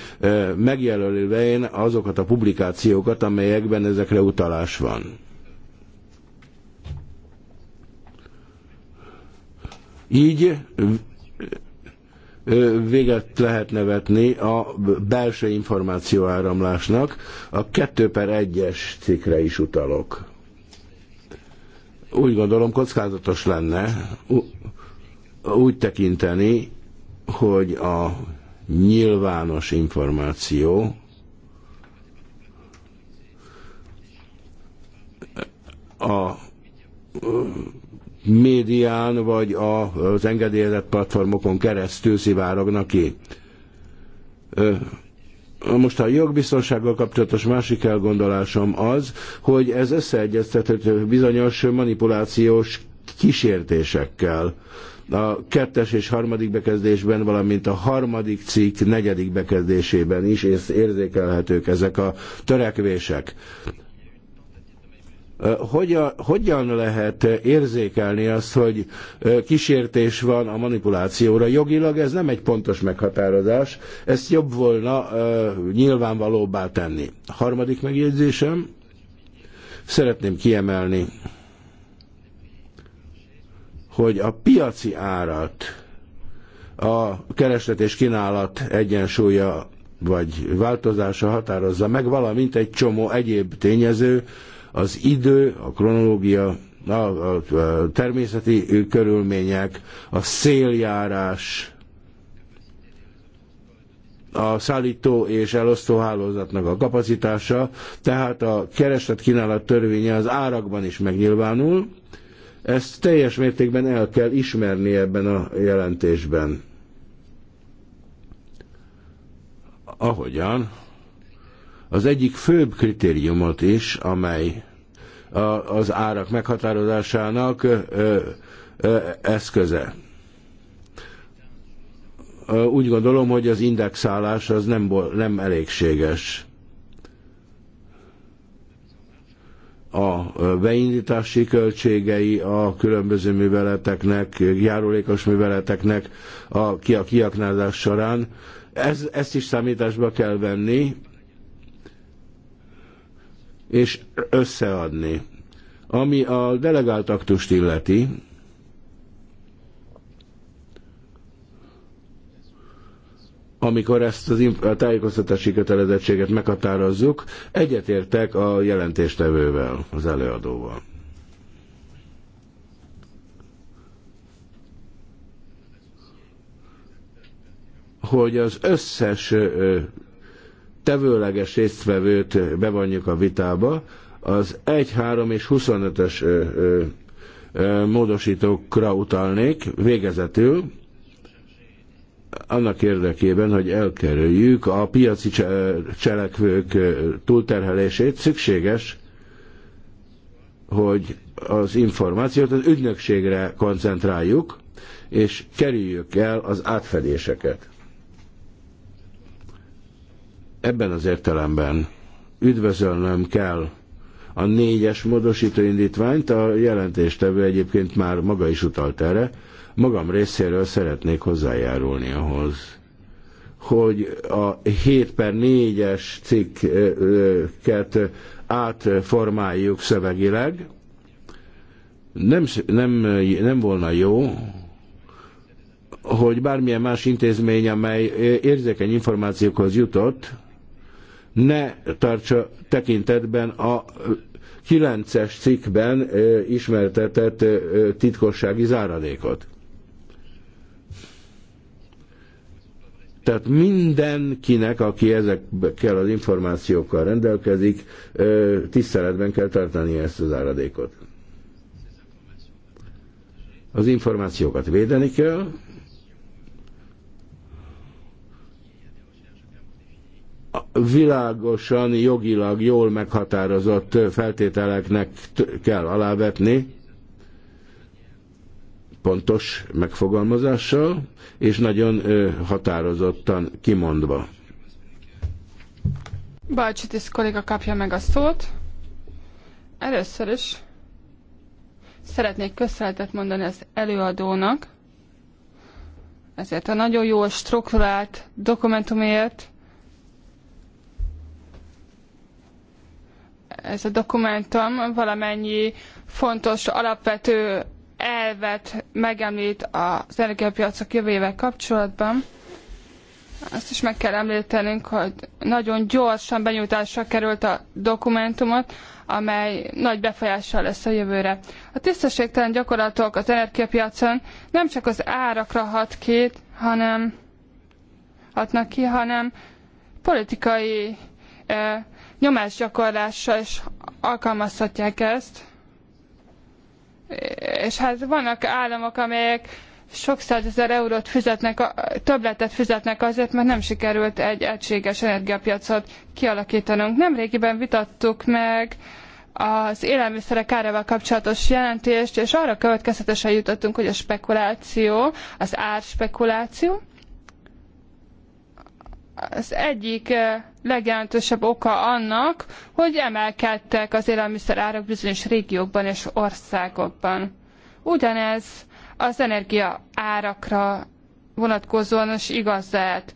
megjelölvén azokat a publikációkat, amelyekben ezekre utalás van. Így véget lehetne vetni a belső információ áramlásnak a 2 per 1-es cikkre is utalok. Úgy gondolom kockázatos lenne úgy tekinteni, hogy a nyilvános információ a médián vagy az engedélyezett platformokon keresztül szivárognak ki. Most a jogbiztonsággal kapcsolatos másik elgondolásom az, hogy ez összeegyeztethető bizonyos manipulációs kísértésekkel. A kettes és harmadik bekezdésben, valamint a harmadik cikk negyedik bekezdésében is érzékelhetők ezek a törekvések hogyan, hogyan lehet érzékelni azt, hogy kísértés van a manipulációra? Jogilag ez nem egy pontos meghatározás, ezt jobb volna nyilvánvalóbbá tenni. A harmadik megjegyzésem, szeretném kiemelni, hogy a piaci árat, a kereslet és kínálat egyensúlya vagy változása határozza meg, valamint egy csomó egyéb tényező, az idő, a kronológia, a, a, a természeti körülmények, a széljárás, a szállító és elosztó hálózatnak a kapacitása, tehát a kereslet-kínálat törvénye az árakban is megnyilvánul. Ezt teljes mértékben el kell ismerni ebben a jelentésben. Ahogyan az egyik főbb kritériumot is, amely a, az árak meghatározásának ö, ö, eszköze. Úgy gondolom, hogy az indexálás az nem, nem elégséges. a beindítási költségei a különböző műveleteknek, járulékos műveleteknek a, ki a kiaknázás során. Ez, ezt is számításba kell venni, és összeadni. Ami a delegált aktust illeti, amikor ezt az a tájékoztatási kötelezettséget meghatározzuk, egyetértek a jelentéstevővel, az előadóval. Hogy az összes tevőleges résztvevőt bevonjuk a vitába, az 1, 3 és 25-ös módosítókra utalnék végezetül, annak érdekében, hogy elkerüljük a piaci cselekvők túlterhelését, szükséges, hogy az információt az ügynökségre koncentráljuk, és kerüljük el az átfedéseket. Ebben az értelemben üdvözölnöm kell a négyes módosító indítványt, a jelentéstevő egyébként már maga is utalt erre, magam részéről szeretnék hozzájárulni ahhoz, hogy a 7 per 4-es cikket átformáljuk szövegileg. Nem, nem, nem volna jó, hogy bármilyen más intézmény, amely érzékeny információkhoz jutott, ne tartsa tekintetben a 9-es cikkben ismertetett titkossági záradékot. Tehát mindenkinek, aki ezekkel az információkkal rendelkezik, tiszteletben kell tartani ezt az áradékot. Az információkat védeni kell, világosan, jogilag jól meghatározott feltételeknek kell alávetni, pontos megfogalmazással, és nagyon határozottan kimondva. Balcsitis kolléga kapja meg a szót. Először is szeretnék köszönetet mondani az előadónak, ezért a nagyon jól strukturált dokumentumért, ez a dokumentum valamennyi fontos, alapvető elvet megemlít az energiapiacok jövőjével kapcsolatban. Azt is meg kell említenünk, hogy nagyon gyorsan benyújtásra került a dokumentumot, amely nagy befolyással lesz a jövőre. A tisztességtelen gyakorlatok az energiapiacon nem csak az árakra hat ki, hanem hatnak ki, hanem politikai eh, nyomásgyakorlással is alkalmazhatják ezt. És hát vannak államok, amelyek sok százezer eurót fizetnek, többletet fizetnek azért, mert nem sikerült egy egységes energiapiacot kialakítanunk. Nemrégiben vitattuk meg az élelmiszerek árával kapcsolatos jelentést, és arra következetesen jutottunk, hogy a spekuláció, az árspekuláció, az egyik eh, legjelentősebb oka annak, hogy emelkedtek az élelmiszerárak bizonyos régiókban és országokban. Ugyanez az energia árakra vonatkozóan is igaz lehet.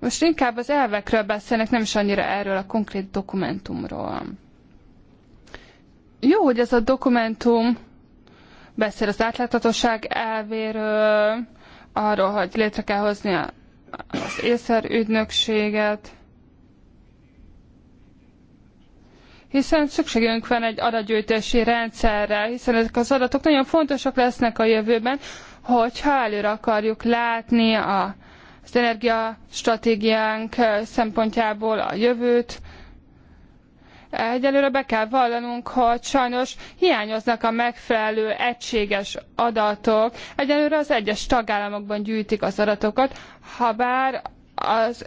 Most inkább az elvekről beszélnek, nem is annyira erről a konkrét dokumentumról. Jó, hogy ez a dokumentum beszél az átláthatóság elvéről, arról, hogy létre kell hozni a az észer ügynökséget, hiszen szükségünk van egy adatgyűjtési rendszerre, hiszen ezek az adatok nagyon fontosak lesznek a jövőben, hogyha előre akarjuk látni a, az energiastratégiánk szempontjából a jövőt, Egyelőre be kell vallanunk, hogy sajnos hiányoznak a megfelelő egységes adatok. Egyelőre az egyes tagállamokban gyűjtik az adatokat, habár az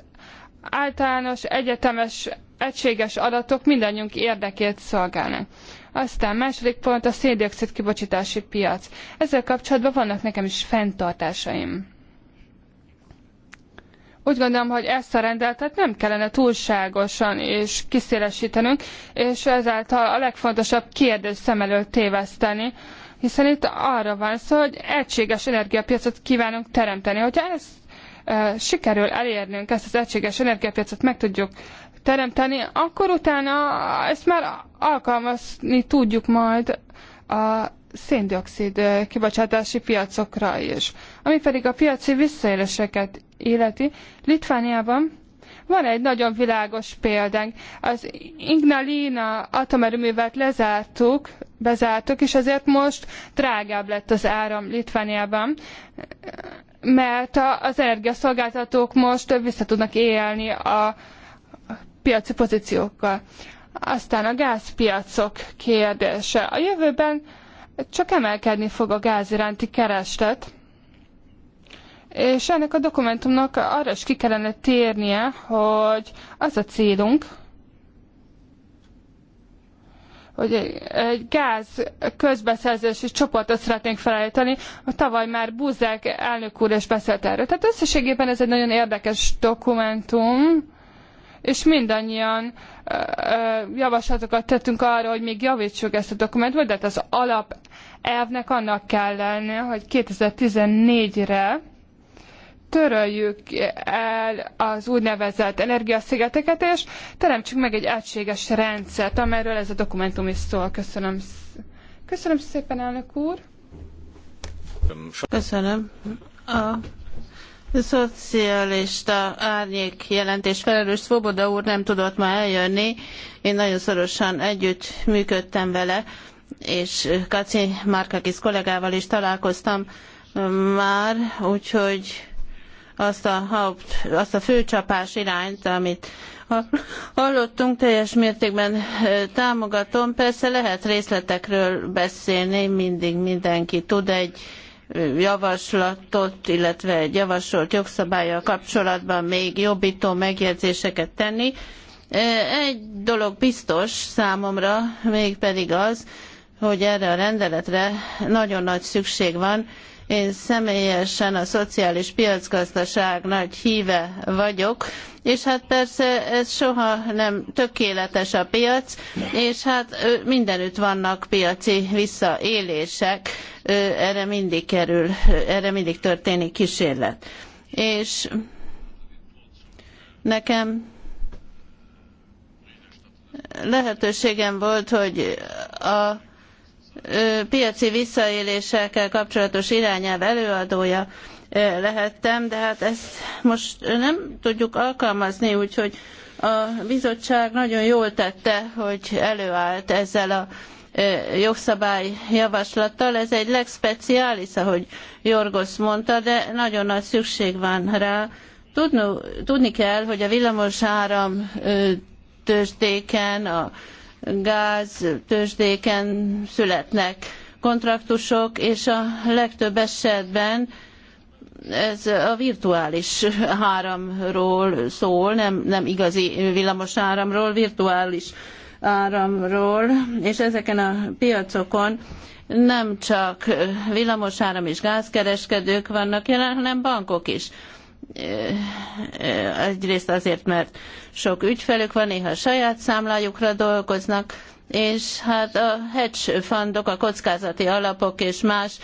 általános, egyetemes, egységes adatok mindannyiunk érdekét szolgálnak. Aztán második pont a széndiokszid kibocsitási piac. Ezzel kapcsolatban vannak nekem is fenntartásaim úgy gondolom, hogy ezt a rendeletet nem kellene túlságosan és kiszélesítenünk, és ezáltal a legfontosabb kérdés szem elől téveszteni, hiszen itt arra van szó, hogy egységes energiapiacot kívánunk teremteni. Hogyha ezt e, sikerül elérnünk, ezt az egységes energiapiacot meg tudjuk teremteni, akkor utána ezt már alkalmazni tudjuk majd a széndiokszid kibocsátási piacokra is. Ami pedig a piaci visszaéléseket illeti. Litvániában van egy nagyon világos példánk. Az Ignalina atomerőművet lezártuk, bezártuk, és ezért most drágább lett az áram Litvániában, mert az energiaszolgáltatók most vissza tudnak élni a piaci pozíciókkal. Aztán a gázpiacok kérdése. A jövőben csak emelkedni fog a gáz iránti kereslet és ennek a dokumentumnak arra is ki kellene térnie, hogy az a célunk, hogy egy gáz közbeszerzési csoportot szeretnénk felállítani. Tavaly már búzák elnök úr is beszélt erről. Tehát összességében ez egy nagyon érdekes dokumentum, és mindannyian ö, ö, javaslatokat tettünk arra, hogy még javítsuk ezt a dokumentumot, de az hát az alapelvnek annak kell lennie, hogy 2014-re töröljük el az úgynevezett energiaszigeteket, és teremtsük meg egy egységes rendszert, amelyről ez a dokumentum is szól. Köszönöm, Köszönöm szépen, elnök úr! Köszönöm. A szocialista árnyék jelentés felelős Svoboda úr nem tudott ma eljönni. Én nagyon szorosan együtt működtem vele, és Kaci Márkakis kollégával is találkoztam már, úgyhogy azt a, haupt, azt a főcsapás irányt, amit hallottunk, teljes mértékben támogatom. Persze lehet részletekről beszélni, mindig mindenki tud egy javaslatot, illetve egy javasolt jogszabályjal kapcsolatban még jobbító megjegyzéseket tenni. Egy dolog biztos számomra, mégpedig az, hogy erre a rendeletre nagyon nagy szükség van, én személyesen a szociális piacgazdaság nagy híve vagyok, és hát persze ez soha nem tökéletes a piac, és hát mindenütt vannak piaci visszaélések, erre mindig kerül, erre mindig történik kísérlet. És nekem lehetőségem volt, hogy a piaci visszaélésekkel kapcsolatos irányelv előadója lehettem, de hát ezt most nem tudjuk alkalmazni, úgyhogy a bizottság nagyon jól tette, hogy előállt ezzel a jogszabály javaslattal. Ez egy legspeciális, ahogy Jorgos mondta, de nagyon nagy szükség van rá. Tudni, tudni kell, hogy a villamosáram tőzsdéken, a gáztőzsdéken születnek kontraktusok, és a legtöbb esetben ez a virtuális áramról szól, nem, nem igazi villamos áramról, virtuális áramról, és ezeken a piacokon nem csak villamosáram és gázkereskedők vannak jelen, hanem bankok is egyrészt azért, mert sok ügyfelük van, néha saját számlájukra dolgoznak, és hát a hedge fundok, a kockázati alapok és más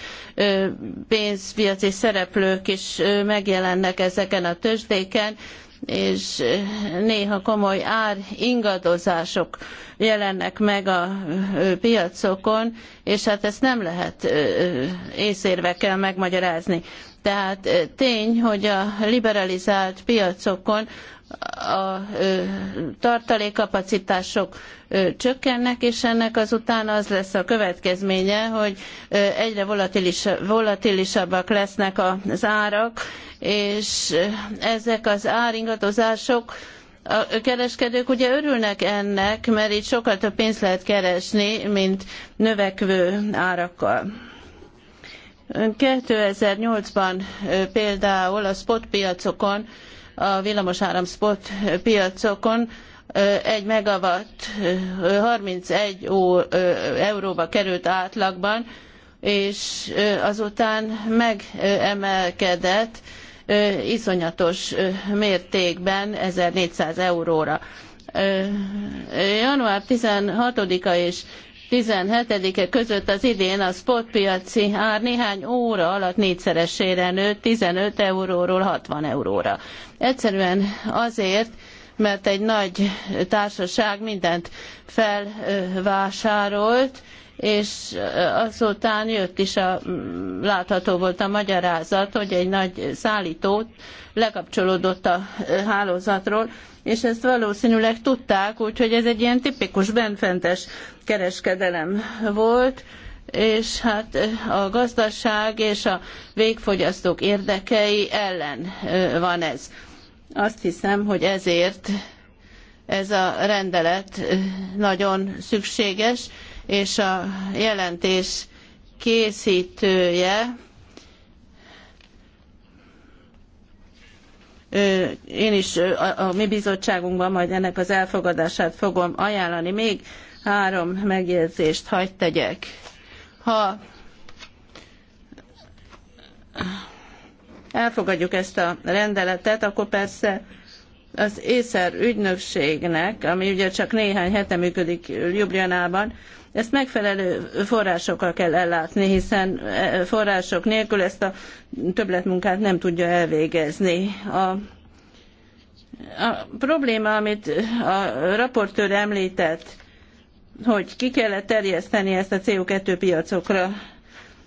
pénzpiaci szereplők is megjelennek ezeken a tőzsdéken, és néha komoly ár ingadozások jelennek meg a piacokon, és hát ezt nem lehet észérvekkel megmagyarázni. Tehát tény, hogy a liberalizált piacokon a tartalékkapacitások csökkennek, és ennek azután az lesz a következménye, hogy egyre volatilisabbak lesznek az árak, és ezek az áringatozások a kereskedők ugye örülnek ennek, mert itt sokkal több pénzt lehet keresni, mint növekvő árakkal. 2008-ban például a spot piacokon, a villamosáram spot piacokon egy megawatt 31 ó, euróba került átlagban, és azután megemelkedett iszonyatos mértékben 1400 euróra. Január 16-a és 17-e között az idén a spotpiaci ár néhány óra alatt négyszeresére nőtt 15 euróról 60 euróra. Egyszerűen azért, mert egy nagy társaság mindent felvásárolt, és azután jött is a, látható volt a magyarázat, hogy egy nagy szállító lekapcsolódott a hálózatról, és ezt valószínűleg tudták, úgyhogy ez egy ilyen tipikus benfentes kereskedelem volt, és hát a gazdaság és a végfogyasztók érdekei ellen van ez. Azt hiszem, hogy ezért ez a rendelet nagyon szükséges, és a jelentés készítője, én is a, a mi bizottságunkban majd ennek az elfogadását fogom ajánlani. Még három megjegyzést hagy tegyek. Ha elfogadjuk ezt a rendeletet, akkor persze az észer ügynökségnek, ami ugye csak néhány hete működik Ljubljanában, ezt megfelelő forrásokkal kell ellátni, hiszen e, források nélkül ezt a többletmunkát nem tudja elvégezni. A a probléma, amit a raportőr említett, hogy ki kellett terjeszteni ezt a CO2 piacokra,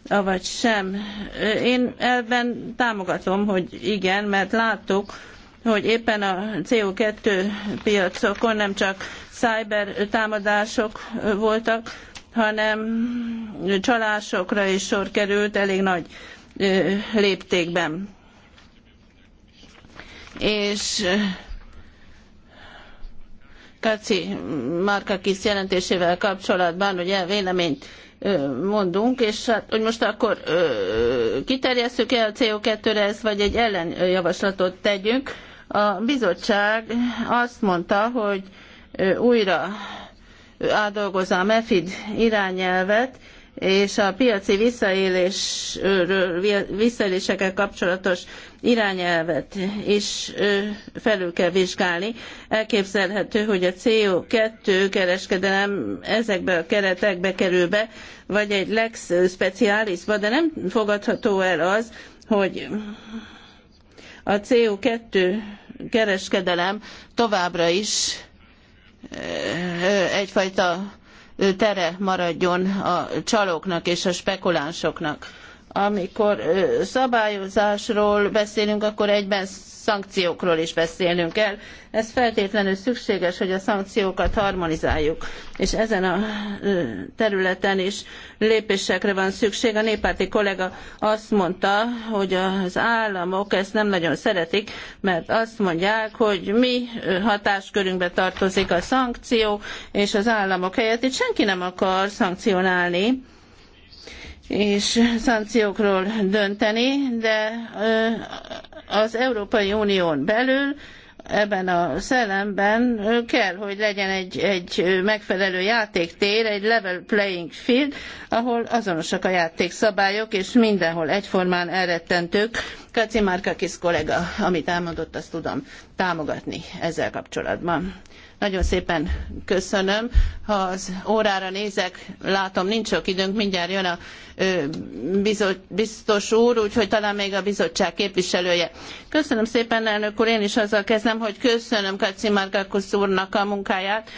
avagy sem. Én ebben támogatom, hogy igen, mert láttuk, hogy éppen a CO2 piacokon nem csak szájber támadások voltak, hanem csalásokra is sor került elég nagy léptékben. És Kaci Márkakis jelentésével kapcsolatban ugye véleményt mondunk, és hát, hogy most akkor kiterjesszük el a CO2-re ezt, vagy egy ellenjavaslatot tegyünk. A bizottság azt mondta, hogy újra átdolgozza a MEFID irányelvet, és a piaci visszaélésekkel kapcsolatos irányelvet is felül kell vizsgálni. Elképzelhető, hogy a CO2 kereskedelem ezekbe a keretekbe kerül be, vagy egy lex specialisba, de nem fogadható el az, hogy a CO2 kereskedelem továbbra is egyfajta tere maradjon a csalóknak és a spekulánsoknak amikor szabályozásról beszélünk, akkor egyben szankciókról is beszélnünk kell. Ez feltétlenül szükséges, hogy a szankciókat harmonizáljuk, és ezen a területen is lépésekre van szükség. A néppárti kollega azt mondta, hogy az államok ezt nem nagyon szeretik, mert azt mondják, hogy mi hatáskörünkbe tartozik a szankció, és az államok helyett itt senki nem akar szankcionálni és szankciókról dönteni, de az Európai Unión belül ebben a szellemben kell, hogy legyen egy, egy megfelelő játéktér, egy level playing field, ahol azonosak a játékszabályok, és mindenhol egyformán elrettentők. Kaci Márkakis kollega, amit elmondott, azt tudom támogatni ezzel kapcsolatban. Nagyon szépen köszönöm. Ha az órára nézek, látom, nincs sok időnk, mindjárt jön a biztos úr, úgyhogy talán még a bizottság képviselője. Köszönöm szépen, elnök úr, én is azzal kezdem, hogy köszönöm Kaci Márkakusz úrnak a munkáját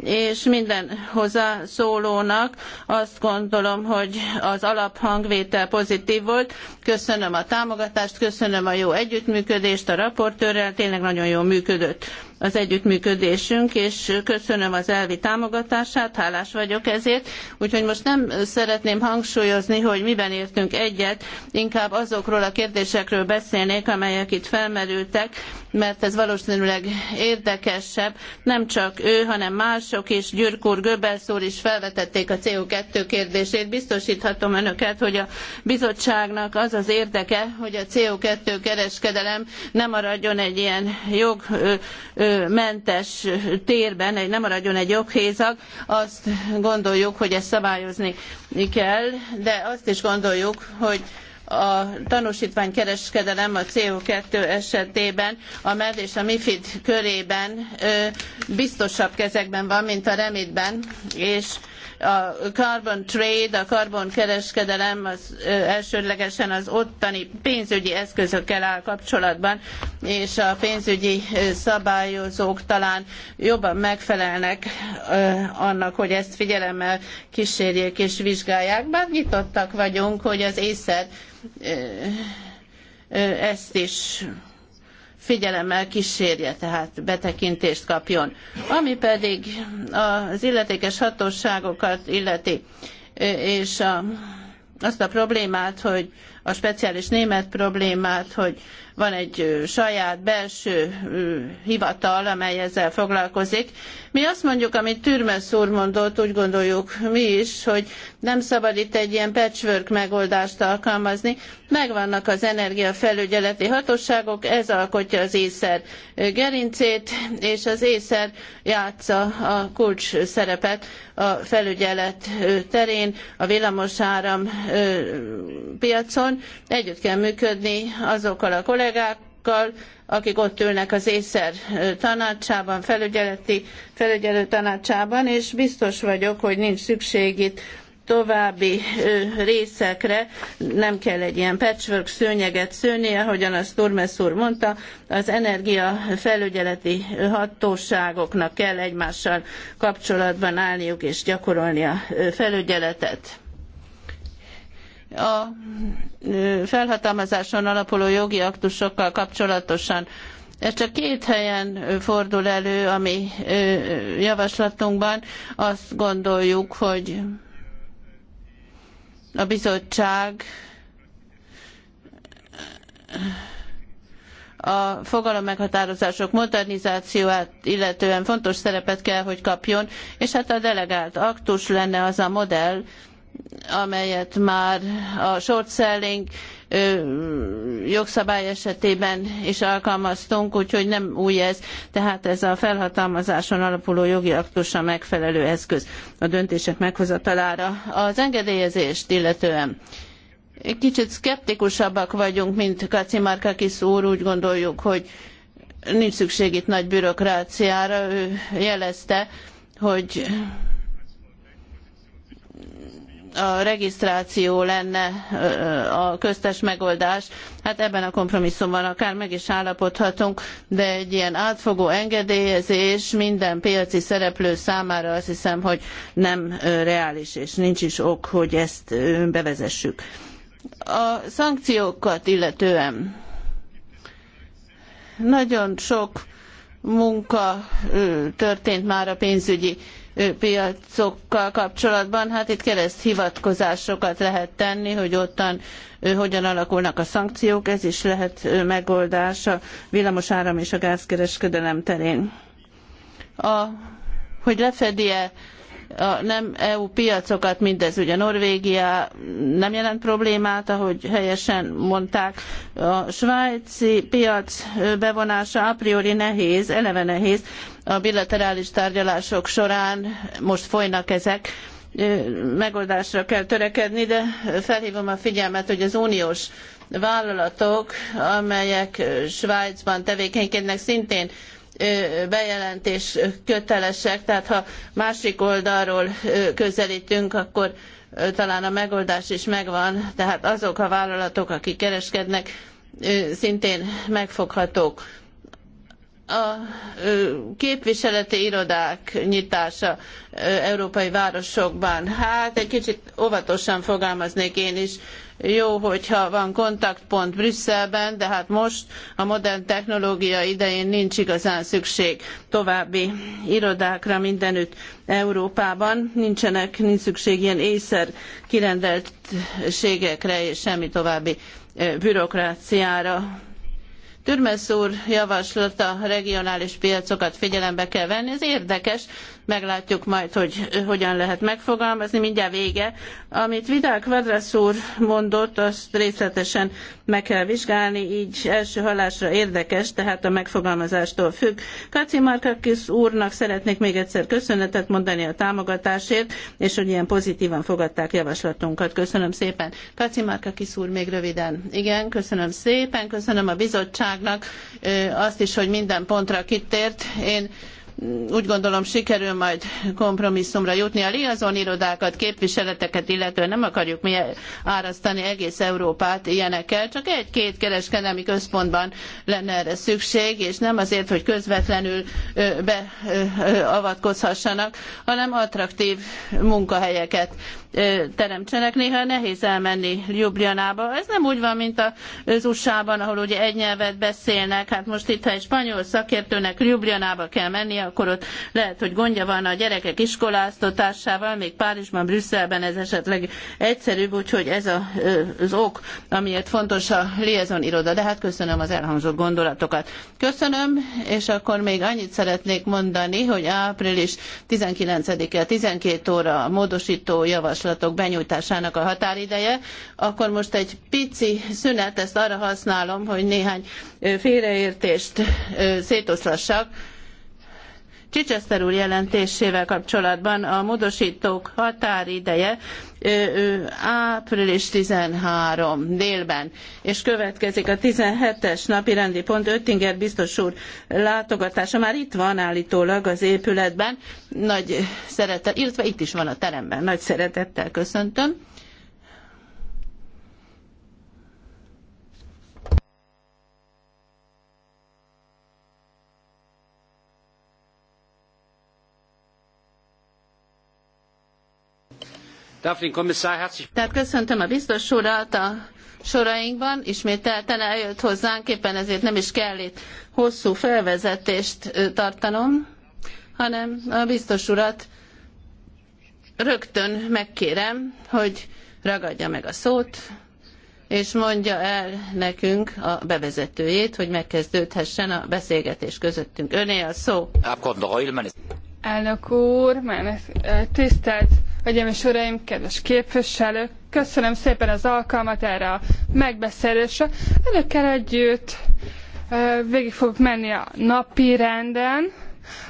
és minden hozzászólónak azt gondolom, hogy az alaphangvétel pozitív volt. Köszönöm a támogatást, köszönöm a jó együttműködést a raportőrrel, tényleg nagyon jól működött az együttműködésünk, és köszönöm az elvi támogatását, hálás vagyok ezért. Úgyhogy most nem szeretném hangsúlyozni, hogy miben értünk egyet, inkább azokról a kérdésekről beszélnék, amelyek itt felmerültek, mert ez valószínűleg érdekesebb. Nem csak ő, hanem mások is, Gyürk úr, Göbelsz úr is felvetették a CO2 kérdését. Biztosíthatom önöket, hogy a bizottságnak az az érdeke, hogy a CO2 kereskedelem nem maradjon egy ilyen jog ö, ö, mentes térben egy, nem maradjon egy joghézag, azt gondoljuk, hogy ezt szabályozni kell, de azt is gondoljuk, hogy a tanúsítványkereskedelem a CO2 esetében a MED és a MIFID körében biztosabb kezekben van, mint a REMIT-ben, és a carbon trade, a karbonkereskedelem az elsődlegesen az ottani pénzügyi eszközökkel áll kapcsolatban, és a pénzügyi szabályozók talán jobban megfelelnek annak, hogy ezt figyelemmel kísérjék és vizsgálják, bár nyitottak vagyunk, hogy az észre ezt is figyelemmel kísérje, tehát betekintést kapjon. Ami pedig az illetékes hatóságokat illeti, és a, azt a problémát, hogy a speciális német problémát, hogy van egy saját belső hivatal, amely ezzel foglalkozik. Mi azt mondjuk, amit Türmes úr mondott, úgy gondoljuk mi is, hogy nem szabad itt egy ilyen patchwork megoldást alkalmazni. Megvannak az energiafelügyeleti hatóságok, ez alkotja az észer gerincét, és az észer játsza a kulcs szerepet a felügyelet terén, a villamosáram piacon, együtt kell működni azokkal a kollégákkal, akik ott ülnek az észer tanácsában, felügyeleti, felügyelő tanácsában, és biztos vagyok, hogy nincs szükség itt további részekre nem kell egy ilyen patchwork szőnyeget szőnie, ahogyan azt Turmes úr mondta, az energiafelügyeleti hatóságoknak kell egymással kapcsolatban állniuk és gyakorolni a felügyeletet a felhatalmazáson alapuló jogi aktusokkal kapcsolatosan. Ez csak két helyen fordul elő a mi javaslatunkban. Azt gondoljuk, hogy a bizottság a fogalommeghatározások modernizációját illetően fontos szerepet kell, hogy kapjon, és hát a delegált aktus lenne az a modell, amelyet már a short selling jogszabály esetében is alkalmaztunk, úgyhogy nem új ez, tehát ez a felhatalmazáson alapuló jogi aktus a megfelelő eszköz a döntések meghozatalára. Az engedélyezést illetően kicsit szkeptikusabbak vagyunk, mint Kaci Markakis úr, úgy gondoljuk, hogy nincs szükség itt nagy bürokráciára, ő jelezte, hogy a regisztráció lenne a köztes megoldás, hát ebben a kompromisszumban akár meg is állapodhatunk, de egy ilyen átfogó engedélyezés minden piaci szereplő számára azt hiszem, hogy nem reális, és nincs is ok, hogy ezt bevezessük. A szankciókat illetően nagyon sok munka történt már a pénzügyi piacokkal kapcsolatban, hát itt kereszt hivatkozásokat lehet tenni, hogy ottan hogyan alakulnak a szankciók, ez is lehet megoldás a villamosáram és a gázkereskedelem terén. A, hogy lefedi-e a nem EU piacokat, mindez ugye Norvégia nem jelent problémát, ahogy helyesen mondták. A svájci piac bevonása a priori nehéz, eleve nehéz. A bilaterális tárgyalások során most folynak ezek, megoldásra kell törekedni, de felhívom a figyelmet, hogy az uniós vállalatok, amelyek Svájcban tevékenykednek, szintén bejelentés kötelesek, tehát ha másik oldalról közelítünk, akkor talán a megoldás is megvan, tehát azok a vállalatok, akik kereskednek, szintén megfoghatók. A képviseleti irodák nyitása európai városokban, hát egy kicsit óvatosan fogalmaznék én is, jó, hogyha van kontaktpont Brüsszelben, de hát most a modern technológia idején nincs igazán szükség további irodákra mindenütt Európában. Nincsenek, nincs szükség ilyen észer kirendeltségekre és semmi további bürokráciára. Türmes úr javaslata regionális piacokat figyelembe kell venni, ez érdekes, meglátjuk majd, hogy hogyan lehet megfogalmazni, mindjárt vége. Amit Vidal Kvadrasz úr mondott, azt részletesen meg kell vizsgálni, így első hallásra érdekes, tehát a megfogalmazástól függ. Kaci Markakis úrnak szeretnék még egyszer köszönetet mondani a támogatásért, és hogy ilyen pozitívan fogadták javaslatunkat. Köszönöm szépen. Kaci Markakis úr még röviden. Igen, köszönöm szépen, köszönöm a bizottságnak azt is, hogy minden pontra kitért. Én úgy gondolom sikerül majd kompromisszumra jutni. A liazon irodákat, képviseleteket illetően nem akarjuk mi árasztani egész Európát ilyenekkel, csak egy-két kereskedelmi központban lenne erre szükség, és nem azért, hogy közvetlenül beavatkozhassanak, hanem attraktív munkahelyeket teremtsenek. Néha nehéz elmenni Ljubljanába. Ez nem úgy van, mint az USA-ban, ahol ugye egy nyelvet beszélnek. Hát most itt, ha egy spanyol szakértőnek Ljubljanába kell menni, akkor ott lehet, hogy gondja van a gyerekek iskoláztatásával, még Párizsban, Brüsszelben ez esetleg egyszerűbb, úgyhogy ez a, az ok, amiért fontos a liaison iroda. De hát köszönöm az elhangzott gondolatokat. Köszönöm, és akkor még annyit szeretnék mondani, hogy április 19-e 12 óra a módosító javaslat javaslatok benyújtásának a határideje, akkor most egy pici szünet, ezt arra használom, hogy néhány félreértést szétoszlassak. Csicseszter úr jelentésével kapcsolatban a módosítók határideje április 13 délben, és következik a 17-es napi rendi pont, Öttinger biztos úr látogatása. Már itt van állítólag az épületben, nagy szeretettel, illetve itt is van a teremben, nagy szeretettel köszöntöm. Tehát köszöntöm a biztos urat a sorainkban, ismételten eljött hozzánk, éppen ezért nem is kell itt hosszú felvezetést tartanom, hanem a biztos urat rögtön megkérem, hogy ragadja meg a szót, és mondja el nekünk a bevezetőjét, hogy megkezdődhessen a beszélgetés közöttünk. Öné a szó. Elnök úr, tisztelt Hölgyeim Uraim, kedves képviselők, köszönöm szépen az alkalmat erre a megbeszélésre. Önökkel együtt végig fogok menni a napi renden,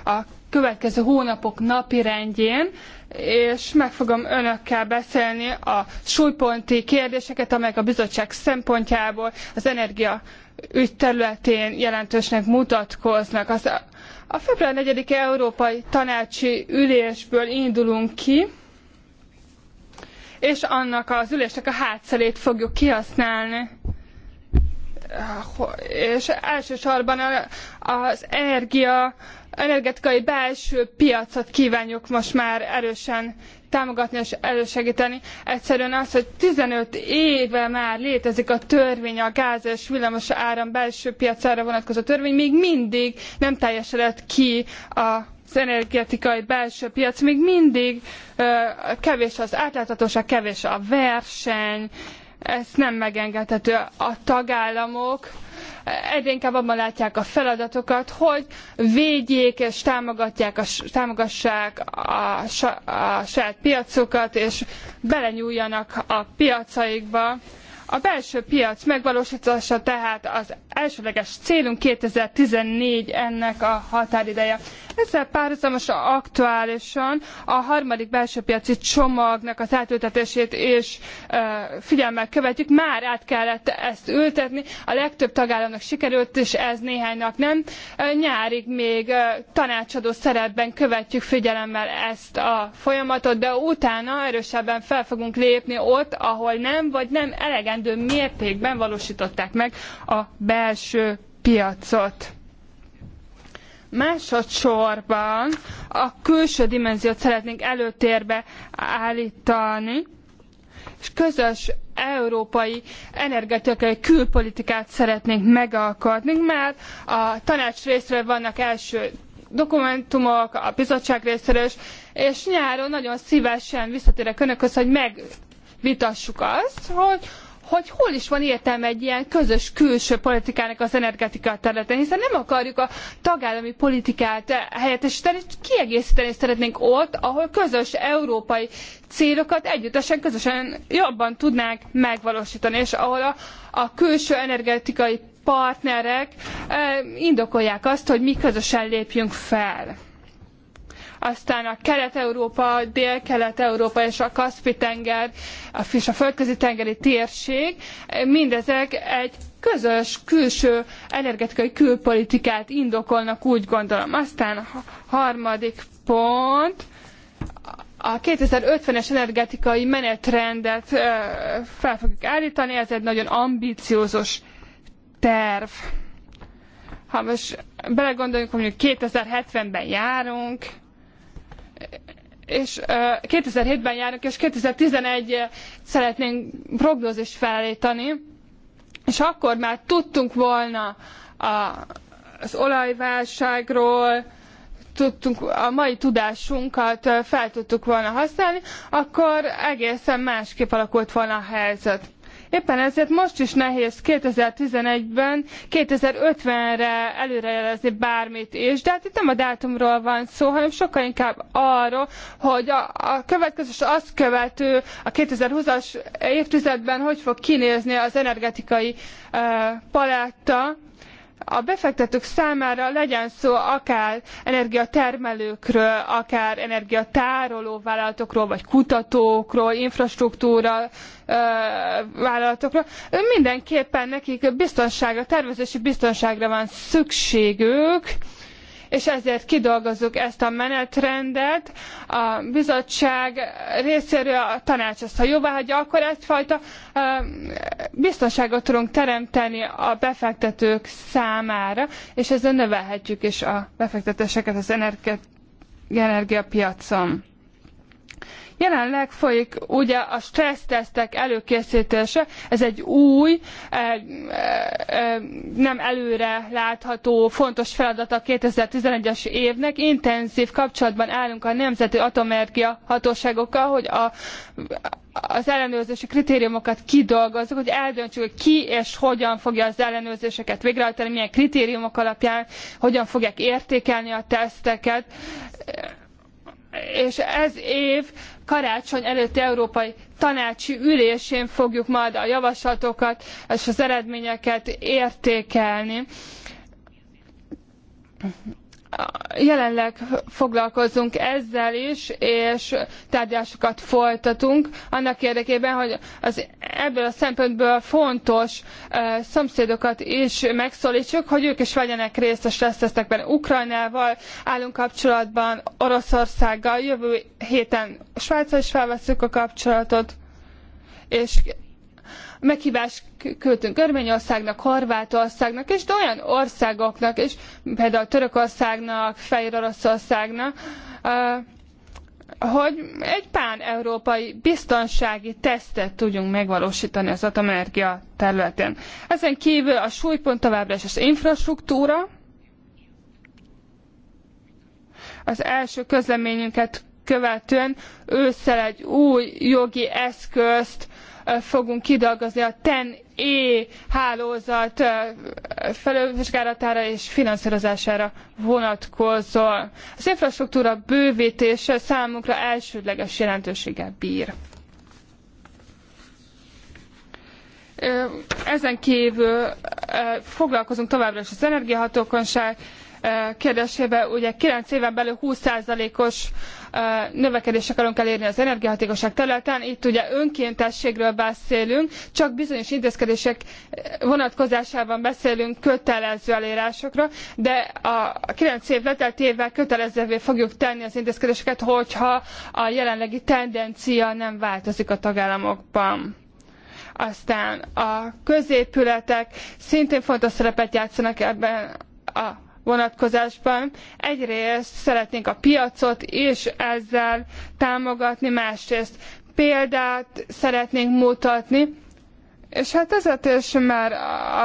a következő hónapok napi rendjén, és meg fogom önökkel beszélni a súlyponti kérdéseket, amelyek a bizottság szempontjából az energia ügy területén jelentősnek mutatkoznak. Az a február 4. Európai Tanácsi Ülésből indulunk ki, és annak az ülésnek a hátszerét fogjuk kihasználni. És elsősorban az energia, energetikai belső piacot kívánjuk most már erősen támogatni és elősegíteni. Egyszerűen az, hogy 15 éve már létezik a törvény, a gáz és villamos áram belső piacára vonatkozó törvény, még mindig nem teljesedett ki a az energetikai belső piac még mindig kevés az átláthatóság, kevés a verseny, ez nem megengedhető. A tagállamok egyre inkább abban látják a feladatokat, hogy védjék és támogatják a, támogassák a, a saját piacokat, és belenyúljanak a piacaikba. A belső piac megvalósítása tehát az elsőleges célunk 2014 ennek a határideje. Ezzel párhuzamosan aktuálisan a harmadik belső piaci csomagnak az átültetését is e, figyelmel követjük. Már át kellett ezt ültetni, a legtöbb tagállamnak sikerült, és ez néhánynak nem. E, nyárig még e, tanácsadó szerepben követjük figyelemmel ezt a folyamatot, de utána erősebben fel fogunk lépni ott, ahol nem vagy nem elegendő mértékben valósították meg a belső piacot Másodszorban a külső dimenziót szeretnénk előtérbe állítani, és közös európai energetikai külpolitikát szeretnénk megalkotni, mert a tanács részről vannak első dokumentumok, a bizottság részéről is, és nyáron nagyon szívesen visszatérek önökhöz, hogy megvitassuk azt, hogy hogy hol is van értelme egy ilyen közös külső politikának az energetika területen, hiszen nem akarjuk a tagállami politikát helyettesíteni, kiegészíteni szeretnénk ott, ahol közös európai célokat együttesen, közösen jobban tudnánk megvalósítani, és ahol a, a külső energetikai partnerek e, indokolják azt, hogy mi közösen lépjünk fel aztán a Kelet-Európa, Dél-Kelet-Európa és a Kaszpi-tenger, a, és a földközi-tengeri térség, mindezek egy közös külső energetikai külpolitikát indokolnak, úgy gondolom. Aztán a harmadik pont, a 2050-es energetikai menetrendet fel fogjuk állítani, ez egy nagyon ambiciózus terv. Ha most belegondoljunk, hogy 2070-ben járunk, és 2007-ben járunk, és 2011 szeretnénk prognózist felállítani, és akkor már tudtunk volna a, az olajválságról, tudtunk, a mai tudásunkat fel tudtuk volna használni, akkor egészen másképp alakult volna a helyzet. Éppen ezért most is nehéz 2011-ben 2050-re előrejelezni bármit is, de hát itt nem a dátumról van szó, hanem sokkal inkább arról, hogy a, a következő és azt követő a 2020-as évtizedben hogy fog kinézni az energetikai uh, paletta, a befektetők számára legyen szó akár energiatermelőkről, akár energiatároló vállalatokról, vagy kutatókról, infrastruktúra vállalatokról, mindenképpen nekik biztonságra, tervezési biztonságra van szükségük, és ezért kidolgozzuk ezt a menetrendet. A bizottság részéről a tanács ezt ha jóvá hagyja, akkor ezt fajta biztonságot tudunk teremteni a befektetők számára, és ezzel növelhetjük is a befektetéseket az energiapiacon. Jelenleg folyik ugye a stressztesztek előkészítése, ez egy új, eh, eh, eh, nem előre látható fontos feladat a 2011-es évnek. Intenzív kapcsolatban állunk a Nemzeti Atomenergia Hatóságokkal, hogy a, az ellenőrzési kritériumokat kidolgozzuk, hogy eldöntsük, hogy ki és hogyan fogja az ellenőrzéseket végrehajtani, milyen kritériumok alapján, hogyan fogják értékelni a teszteket. És ez év karácsony előtti európai tanácsi ülésén fogjuk majd a javaslatokat és az eredményeket értékelni jelenleg foglalkozunk ezzel is, és tárgyalásokat folytatunk annak érdekében, hogy az ebből a szempontból fontos uh, szomszédokat is megszólítsuk, hogy ők is vegyenek részt a stressztesztekben. Ukrajnával állunk kapcsolatban, Oroszországgal, jövő héten Svájccal is felveszünk a kapcsolatot, és meghívást küldtünk Örményországnak, Horvátországnak, és olyan országoknak, és például Törökországnak, Fehér Oroszországnak, uh, hogy egy pán-európai biztonsági tesztet tudjunk megvalósítani az atomenergia területén. Ezen kívül a súlypont továbbra is az infrastruktúra. Az első közleményünket követően ősszel egy új jogi eszközt fogunk kidolgozni a TEN-E hálózat felülvizsgálatára és finanszírozására vonatkozóan. Az infrastruktúra bővítése számunkra elsődleges jelentőséggel bír. Ezen kívül foglalkozunk továbbra is az energiahatókonyság kérdésével. Ugye 9 éven belül 20%-os növekedést akarunk elérni az energiahatékosság területen. Itt ugye önkéntességről beszélünk, csak bizonyos intézkedések vonatkozásában beszélünk kötelező elérásokra, de a 9 év leteltével kötelezővé fogjuk tenni az intézkedéseket, hogyha a jelenlegi tendencia nem változik a tagállamokban aztán a középületek szintén fontos szerepet játszanak ebben a vonatkozásban. Egyrészt szeretnénk a piacot is ezzel támogatni, másrészt példát szeretnénk mutatni, és hát ezért is, mert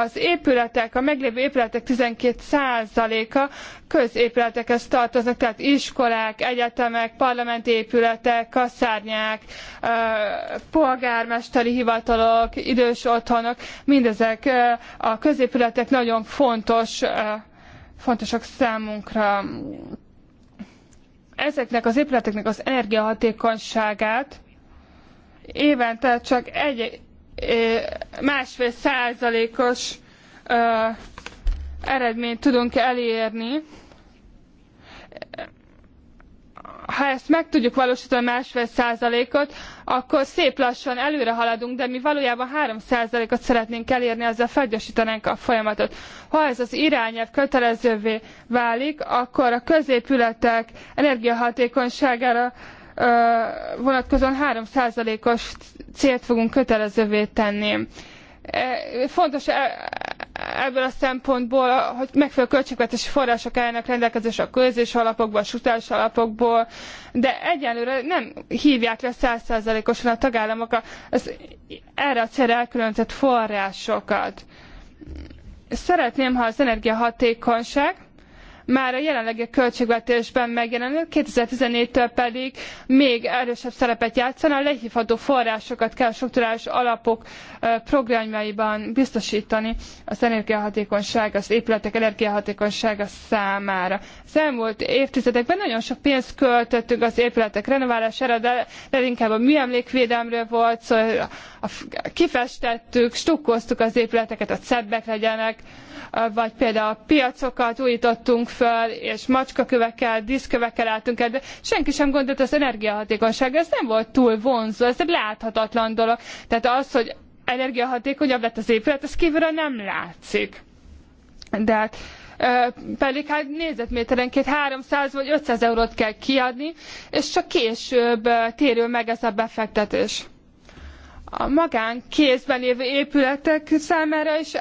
az épületek, a meglévő épületek 12%-a középületekhez tartoznak, tehát iskolák, egyetemek, parlamenti épületek, kaszárnyák, polgármesteri hivatalok, idős otthonok, mindezek a középületek nagyon fontos fontosak számunkra. Ezeknek az épületeknek az energiahatékonyságát évente csak egy másfél százalékos eredményt tudunk elérni ha ezt meg tudjuk valósítani másfél százalékot, akkor szép lassan előre haladunk, de mi valójában 3 százalékot szeretnénk elérni, ezzel felgyorsítanánk a folyamatot. Ha ez az irányelv kötelezővé válik, akkor a középületek energiahatékonyságára ö, vonatkozóan 3 százalékos célt fogunk kötelezővé tenni. E, fontos e, ebből a szempontból, hogy megfelelő költségvetési források állnak rendelkezésre a közés alapokból, a struktúrális alapokból, de egyelőre nem hívják le százszázalékosan a tagállamok az erre a célra elkülönített forrásokat. Szeretném, ha az energiahatékonyság már a jelenlegi költségvetésben megjelenő, 2014-től pedig még erősebb szerepet játszana, a lehívható forrásokat kell a strukturális alapok programjaiban biztosítani az energiahatékonyság, az épületek energiahatékonysága számára. Az elmúlt évtizedekben nagyon sok pénzt költöttünk az épületek renoválására, de leginkább a műemlékvédelemről volt, szóval kifestettük, stukkoztuk az épületeket, a szebbek legyenek, vagy például a piacokat újítottunk föl, és macskakövekkel, diszkövekkel álltunk el, de senki sem gondolt az energiahatékonyságra, ez nem volt túl vonzó, ez egy láthatatlan dolog. Tehát az, hogy energiahatékonyabb lett az épület, ez kívülről nem látszik. De hát pedig hát négyzetméterenként 300 vagy 500 eurót kell kiadni, és csak később térül meg ez a befektetés. A magán kézben lévő épületek számára is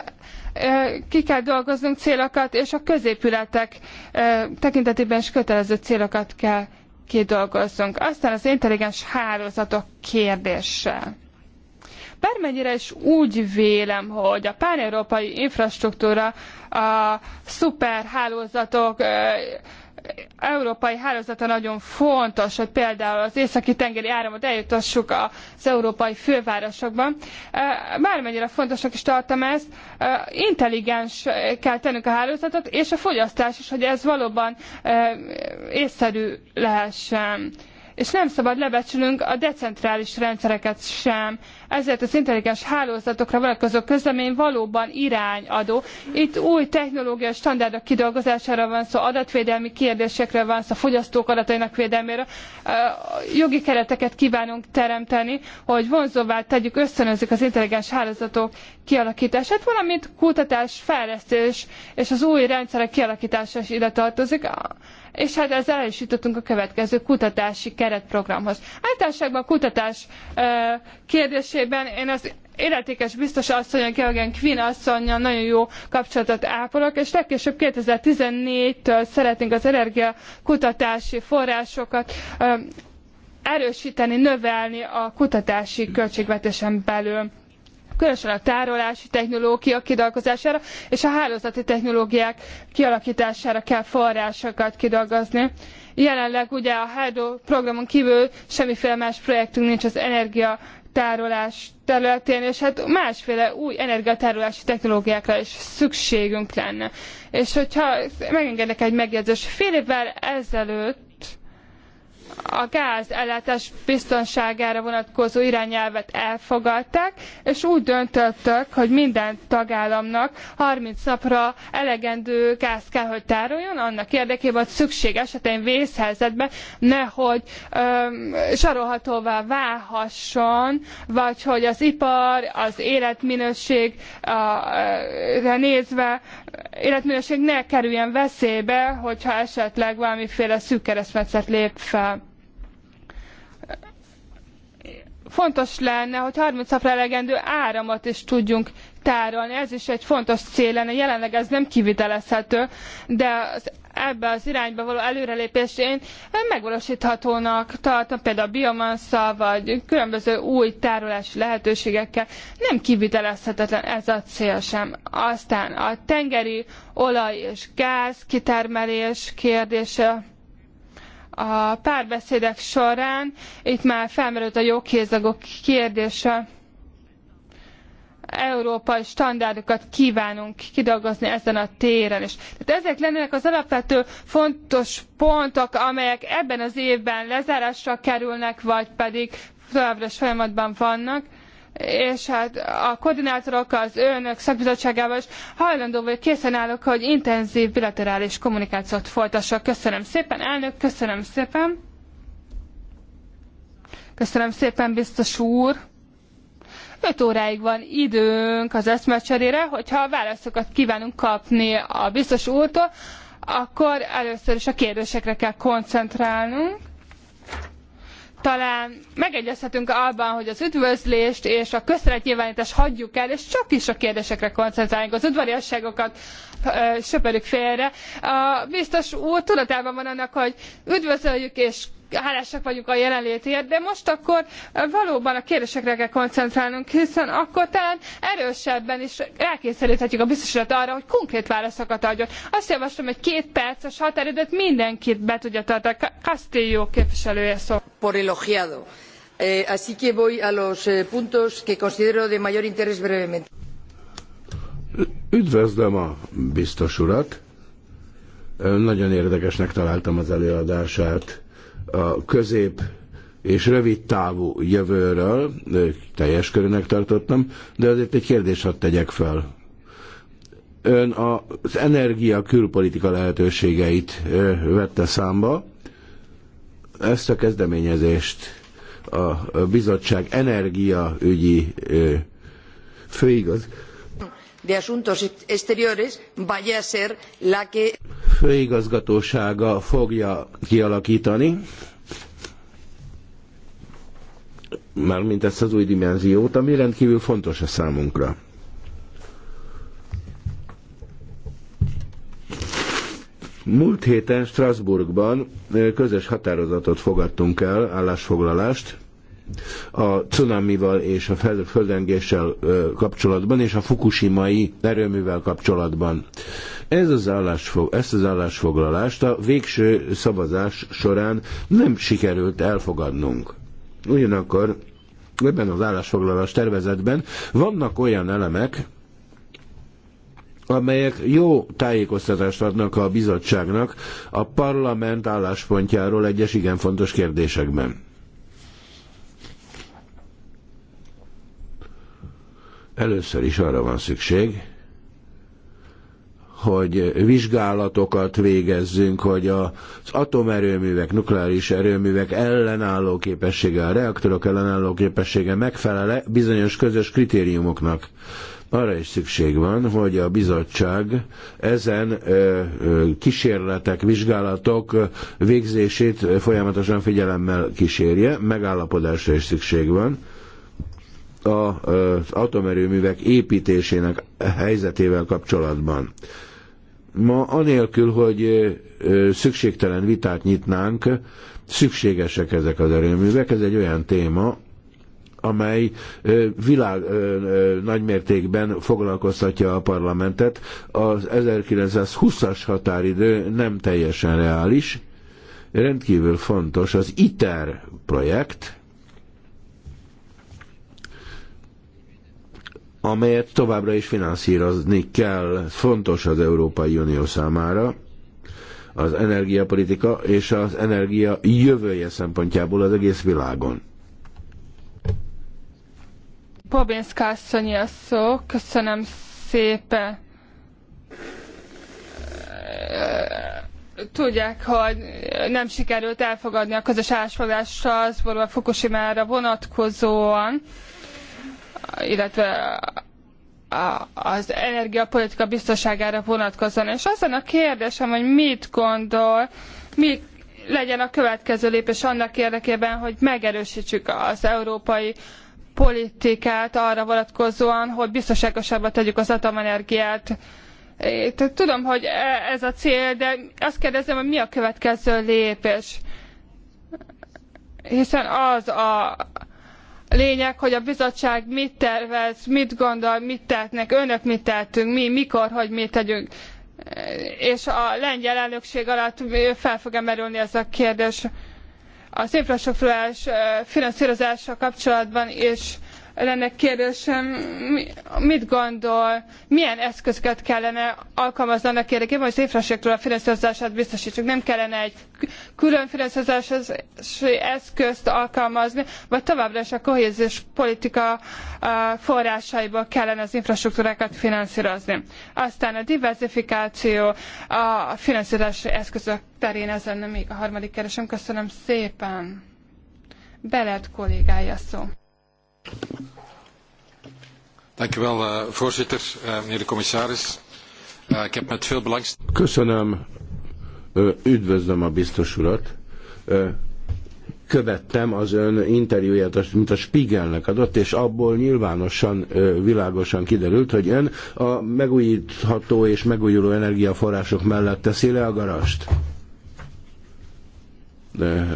ki kell dolgoznunk célokat, és a középületek tekintetében is kötelező célokat kell kidolgoznunk. Aztán az intelligens hálózatok kérdése. Bármennyire is úgy vélem, hogy a pán-európai infrastruktúra, a szuperhálózatok európai hálózata nagyon fontos, hogy például az északi tengeri áramot eljutassuk az európai fővárosokban. Bármennyire fontosnak is tartom ezt, intelligens kell tennünk a hálózatot, és a fogyasztás is, hogy ez valóban észszerű lehessen és nem szabad lebecsülnünk a decentrális rendszereket sem. Ezért az intelligens hálózatokra vonatkozó közlemény valóban irányadó. Itt új technológiai standardok kidolgozására van szó, adatvédelmi kérdésekre van szó, fogyasztók adatainak védelmére. Jogi kereteket kívánunk teremteni, hogy vonzóvá tegyük, ösztönözzük az intelligens hálózatok kialakítását, valamint kutatás, fejlesztés és az új rendszerek kialakítása is ide tartozik és hát ezzel el is jutottunk a következő kutatási keretprogramhoz. Általánosságban a kutatás kérdésében én az életékes biztos a Georgen Quinn asszonya nagyon jó kapcsolatot ápolok, és legkésőbb 2014-től szeretnénk az energiakutatási forrásokat erősíteni, növelni a kutatási költségvetésen belül különösen a tárolási technológia kidolgozására és a hálózati technológiák kialakítására kell forrásokat kidolgozni. Jelenleg ugye a HEDO programon kívül semmiféle más projektünk nincs az energia tárolás területén, és hát másféle új energiatárolási technológiákra is szükségünk lenne. És hogyha megengednek egy megjegyzést, fél évvel ezelőtt a gáz ellátás biztonságára vonatkozó irányelvet elfogadták, és úgy döntöttek, hogy minden tagállamnak 30 napra elegendő gáz kell, hogy tároljon, annak érdekében, hogy szükség esetén vészhelyzetben nehogy öm, sarolhatóvá válhasson, vagy hogy az ipar, az életminőségre nézve, életminőség ne kerüljen veszélybe, hogyha esetleg valamiféle szűk keresztmetszet lép fel fontos lenne, hogy 30 napra elegendő áramot is tudjunk tárolni. Ez is egy fontos cél lenne. Jelenleg ez nem kivitelezhető, de az, ebbe az irányba való előrelépés én megvalósíthatónak tartom, például a vagy különböző új tárolási lehetőségekkel. Nem kivitelezhetetlen ez a cél sem. Aztán a tengeri olaj és gáz kitermelés kérdése a párbeszédek során itt már felmerült a jogkézagok kérdése. Európai standardokat kívánunk kidolgozni ezen a téren is. Tehát ezek lennének az alapvető fontos pontok, amelyek ebben az évben lezárásra kerülnek, vagy pedig továbbra is folyamatban vannak és hát a koordinátorokkal, az önök szakbizottságával is hajlandó vagy készen állok, hogy intenzív bilaterális kommunikációt folytassak. Köszönöm szépen, elnök, köszönöm szépen. Köszönöm szépen, biztos úr. 5 óráig van időnk az eszmecserére, hogyha válaszokat kívánunk kapni a biztos úrtól, akkor először is a kérdésekre kell koncentrálnunk talán megegyezhetünk abban, hogy az üdvözlést és a köszönetnyilvánítást hagyjuk el, és csak is a kérdésekre koncentráljunk, az udvariasságokat söpörjük félre. A biztos úr tudatában van annak, hogy üdvözöljük és hálásak vagyunk a jelenlétért, de most akkor eh, valóban a kérdésekre kell koncentrálnunk, hiszen akkor talán erősebben is rákényszeríthetjük a biztosítat arra, hogy konkrét válaszokat adjon. Azt javaslom, hogy két perces határidőt mindenkit be tudja tartani. Castillo képviselője szó. Por elogiado. Eh, así que voy a los eh, puntos que considero de mayor interés brevemente. Üdvözlöm a biztos urat. Nagyon érdekesnek találtam az előadását a közép és rövid távú jövőről, teljes körűnek tartottam, de azért egy kérdést hadd tegyek fel. Ön az energia külpolitika lehetőségeit vette számba, ezt a kezdeményezést a bizottság energiaügyi főigaz, de Asuntos Exteriores vaya a ser la que... Főigazgatósága fogja kialakítani, mármint ezt az új dimenziót, ami rendkívül fontos a számunkra. Múlt héten Strasbourgban közös határozatot fogadtunk el, állásfoglalást, a cunamival és a földrengéssel kapcsolatban, és a fukushimai erőművel kapcsolatban. Ez az állásfog, ezt az állásfoglalást a végső szavazás során nem sikerült elfogadnunk. Ugyanakkor ebben az állásfoglalás tervezetben vannak olyan elemek, amelyek jó tájékoztatást adnak a bizottságnak a parlament álláspontjáról egyes igen fontos kérdésekben. Először is arra van szükség, hogy vizsgálatokat végezzünk, hogy az atomerőművek, nukleáris erőművek ellenálló képessége, a reaktorok ellenálló képessége megfelele bizonyos közös kritériumoknak. Arra is szükség van, hogy a bizottság ezen kísérletek, vizsgálatok végzését folyamatosan figyelemmel kísérje, megállapodásra is szükség van az atomerőművek építésének helyzetével kapcsolatban. Ma anélkül, hogy szükségtelen vitát nyitnánk, szükségesek ezek az erőművek. Ez egy olyan téma, amely világ nagymértékben foglalkoztatja a parlamentet. Az 1920-as határidő nem teljesen reális. Rendkívül fontos az ITER projekt, amelyet továbbra is finanszírozni kell. Fontos az Európai Unió számára az energiapolitika és az energia jövője szempontjából az egész világon. Bobinszka asszonyi a szó, köszönöm szépen. Tudják, hogy nem sikerült elfogadni a közös állásfoglást a Fukushima-ra vonatkozóan illetve a, az energiapolitika biztonságára vonatkozóan. És azon a kérdésem, hogy mit gondol, mi legyen a következő lépés annak érdekében, hogy megerősítsük az európai politikát arra vonatkozóan, hogy biztonságosabbá tegyük az atomenergiát. tudom, hogy e, ez a cél, de azt kérdezem, hogy mi a következő lépés. Hiszen az a lényeg, hogy a bizottság mit tervez, mit gondol, mit tettnek, önök mit tettünk, mi, mikor, hogy mit tegyünk. És a lengyel elnökség alatt fel fog merülni ez a kérdés. Az infrastruktúrás finanszírozása kapcsolatban is lenne kérdésem, mit gondol, milyen eszközöket kellene alkalmazni annak érdekében, hogy az infrastruktúra finanszírozását biztosítsuk. Nem kellene egy külön finanszírozási eszközt alkalmazni, vagy továbbra is a kohéziós politika forrásaiból kellene az infrastruktúrákat finanszírozni. Aztán a diversifikáció a finanszírozási eszközök terén ez lenne még a harmadik keresem. Köszönöm szépen. Belet kollégája szó. Dank u wel, eh, voorzitter, eh, meneer de commissaris. Eh, ik heb met veel belangstelling... Köszönöm, üdvözlöm a biztos urat. Követtem az ön interjúját, mint a Spiegelnek adott, és abból nyilvánosan, világosan kiderült, hogy ön a megújítható és megújuló energiaforrások mellett teszi le a garast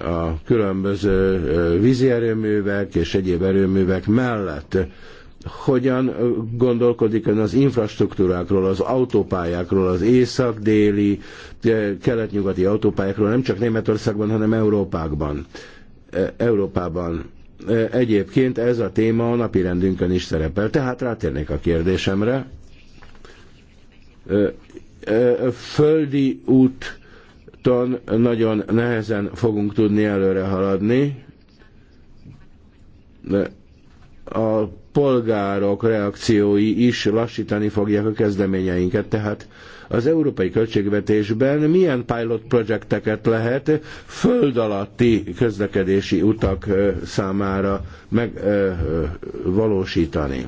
a különböző vízi erőművek és egyéb erőművek mellett hogyan gondolkodik ön az infrastruktúrákról, az autópályákról, az észak-déli, kelet-nyugati autópályákról, nem csak Németországban, hanem Európákban. Európában. Egyébként ez a téma a napi rendünkön is szerepel. Tehát rátérnék a kérdésemre. Földi út úton nagyon nehezen fogunk tudni előre haladni. De a polgárok reakciói is lassítani fogják a kezdeményeinket. Tehát az európai költségvetésben milyen pilot projekteket lehet föld alatti közlekedési utak számára megvalósítani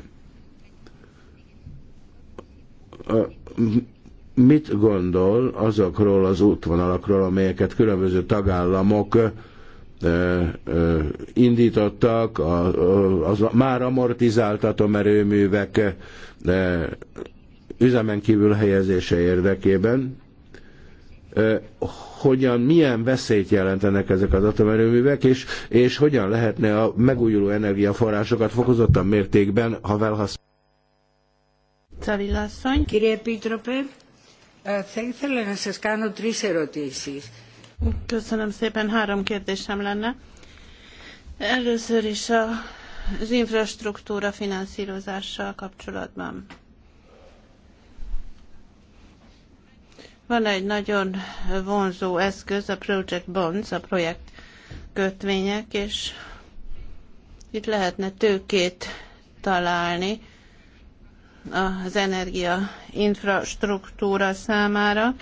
mit gondol azokról az útvonalakról, amelyeket különböző tagállamok eh, eh, indítottak, a, az már amortizált atomerőművek eh, üzemen kívül helyezése érdekében, hogyan, milyen veszélyt jelentenek ezek az atomerőművek, és, és hogyan lehetne a megújuló energiaforrásokat fokozottan mértékben, ha felhasználják. Cavillasszony. Kirje Pitropé. Θα ήθελα να σας κάνω τρεις ερωτήσεις. Köszönöm szépen, három kérdésem lenne. Először is az infrastruktúra finanszírozással kapcsolatban. Van egy nagyon vonzó eszköz, a Project Bonds, a projekt kötvények, és itt lehetne tőkét találni az energia infrastruktúra számára.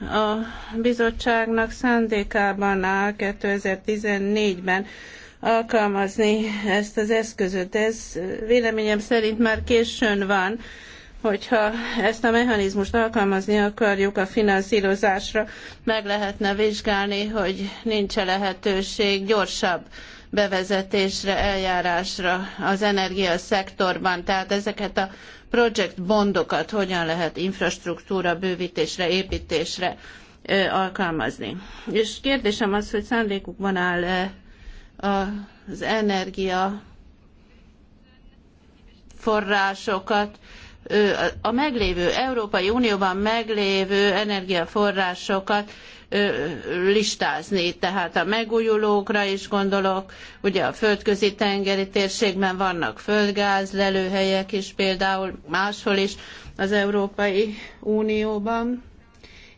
A bizottságnak szándékában áll 2014-ben alkalmazni ezt az eszközöt. Ez véleményem szerint már későn van, hogyha ezt a mechanizmust alkalmazni akarjuk a finanszírozásra, meg lehetne vizsgálni, hogy nincs -e lehetőség gyorsabb bevezetésre, eljárásra az energiaszektorban. Tehát ezeket a project bondokat hogyan lehet infrastruktúra bővítésre, építésre alkalmazni. És kérdésem az, hogy szándékukban áll-e az energia forrásokat a meglévő, Európai Unióban meglévő energiaforrásokat listázni, tehát a megújulókra is gondolok, ugye a földközi tengeri térségben vannak földgáz lelőhelyek is, például máshol is az Európai Unióban,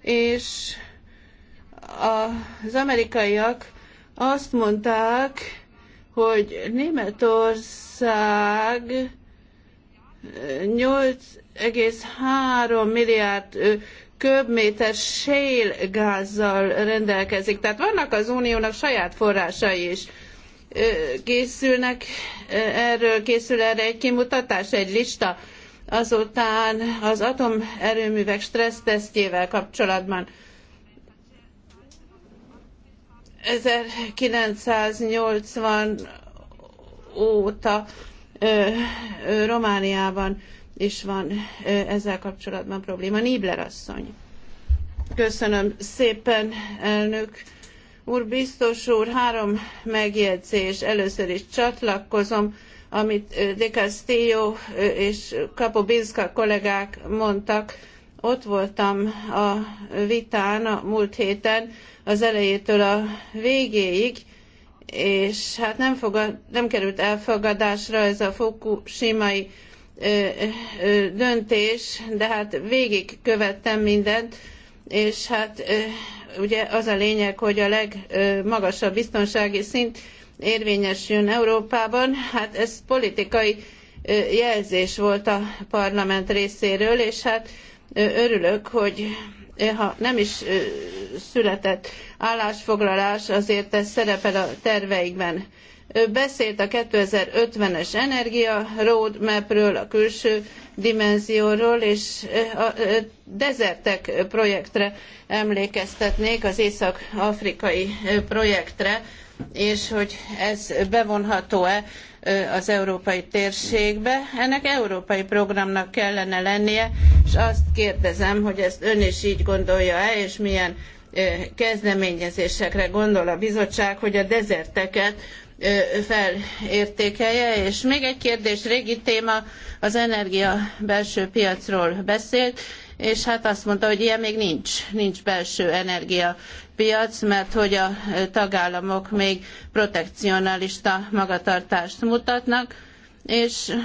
és az amerikaiak azt mondták, hogy Németország 8,3 milliárd köbméter shale gázzal rendelkezik. Tehát vannak az uniónak saját forrásai is. Készülnek erről, készül erre egy kimutatás, egy lista. Azután az atomerőművek stressztesztjével kapcsolatban 1980 óta ö, ö, Romániában is van ezzel kapcsolatban probléma. Nibler asszony. Köszönöm szépen, elnök. Úr biztos úr, három megjegyzés. Először is csatlakozom, amit De Castillo és Binska kollégák mondtak. Ott voltam a vitán a múlt héten, az elejétől a végéig, és hát nem, fogad, nem került elfogadásra ez a fukushimai döntés, de hát végig követtem mindent, és hát ugye az a lényeg, hogy a legmagasabb biztonsági szint érvényesüljön Európában. Hát ez politikai jelzés volt a parlament részéről, és hát örülök, hogy ha nem is született állásfoglalás, azért ez szerepel a terveikben beszélt a 2050-es energia roadmapről, a külső dimenzióról, és eh, a eh, Desertek projektre emlékeztetnék, az észak-afrikai eh, projektre, és hogy ez bevonható-e az európai térségbe. Ennek európai programnak kellene lennie, és azt kérdezem, hogy ezt ön is így gondolja-e, és milyen kezdeményezésekre gondol a bizottság, hogy a dezerteket felértékelje. És még egy kérdés, régi téma, az energia belső piacról beszélt, és hát azt mondta, hogy ilyen még nincs, nincs belső energia piac, mert hogy a tagállamok még protekcionalista magatartást mutatnak, és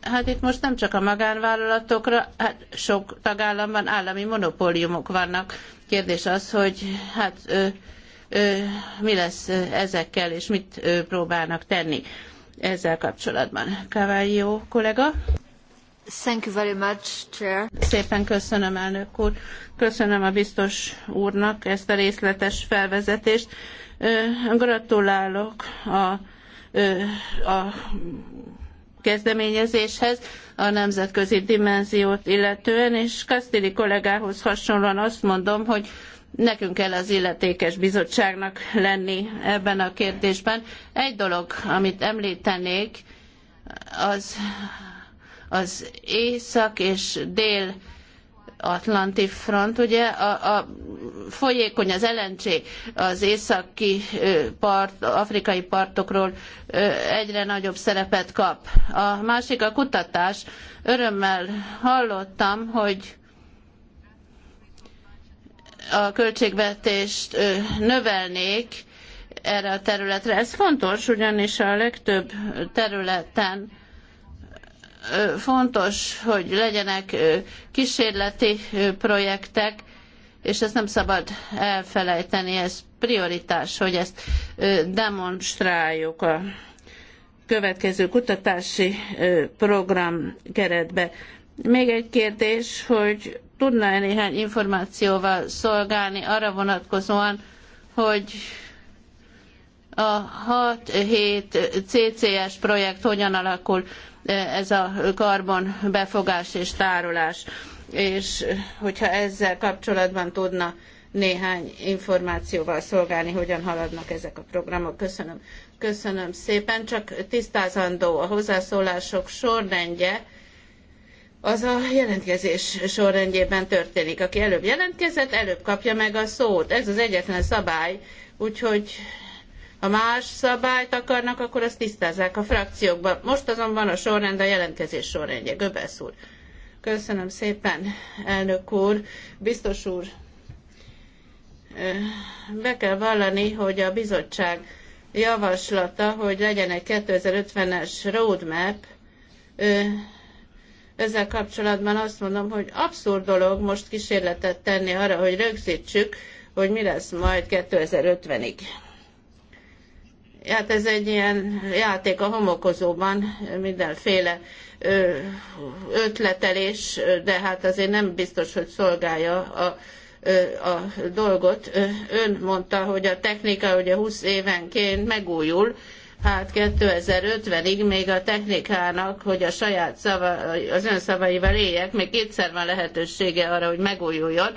hát itt most nem csak a magánvállalatokra, hát sok tagállamban állami monopóliumok vannak. Kérdés az, hogy hát mi lesz ezekkel, és mit próbálnak tenni ezzel kapcsolatban. Cavallo kollega. Thank you very much, Chair. Szépen köszönöm, elnök úr. Köszönöm a biztos úrnak ezt a részletes felvezetést. Gratulálok a, a kezdeményezéshez a nemzetközi dimenziót illetően, és Kastili kollégához hasonlóan azt mondom, hogy nekünk kell az illetékes bizottságnak lenni ebben a kérdésben. Egy dolog, amit említenék, az, az észak és dél Atlanti front, ugye a, a folyékony, az LNG az északi part, afrikai partokról egyre nagyobb szerepet kap. A másik a kutatás. Örömmel hallottam, hogy a költségvetést növelnék erre a területre. Ez fontos, ugyanis a legtöbb területen fontos, hogy legyenek kísérleti projektek, és ezt nem szabad elfelejteni, ez prioritás, hogy ezt demonstráljuk a következő kutatási program keretbe. Még egy kérdés, hogy tudna-e néhány információval szolgálni arra vonatkozóan, hogy a 6-7 CCS projekt hogyan alakul ez a karbon befogás és tárolás, és hogyha ezzel kapcsolatban tudna néhány információval szolgálni, hogyan haladnak ezek a programok. Köszönöm. Köszönöm szépen, csak tisztázandó a hozzászólások sorrendje az a jelentkezés sorrendjében történik. Aki előbb jelentkezett, előbb kapja meg a szót. Ez az egyetlen szabály, úgyhogy ha más szabályt akarnak, akkor azt tisztázzák a frakciókban. Most azonban a sorrend a jelentkezés sorrendje. Göbelsz úr. Köszönöm szépen, elnök úr. Biztos úr, be kell vallani, hogy a bizottság javaslata, hogy legyen egy 2050-es roadmap, ezzel kapcsolatban azt mondom, hogy abszurd dolog most kísérletet tenni arra, hogy rögzítsük, hogy mi lesz majd 2050-ig. Hát ez egy ilyen játék a homokozóban, mindenféle ötletelés, de hát azért nem biztos, hogy szolgálja a a dolgot. Ön mondta, hogy a technika ugye 20 évenként megújul, hát 2050-ig még a technikának, hogy a saját szava, az ön szavaival éljek, még kétszer van lehetősége arra, hogy megújuljon,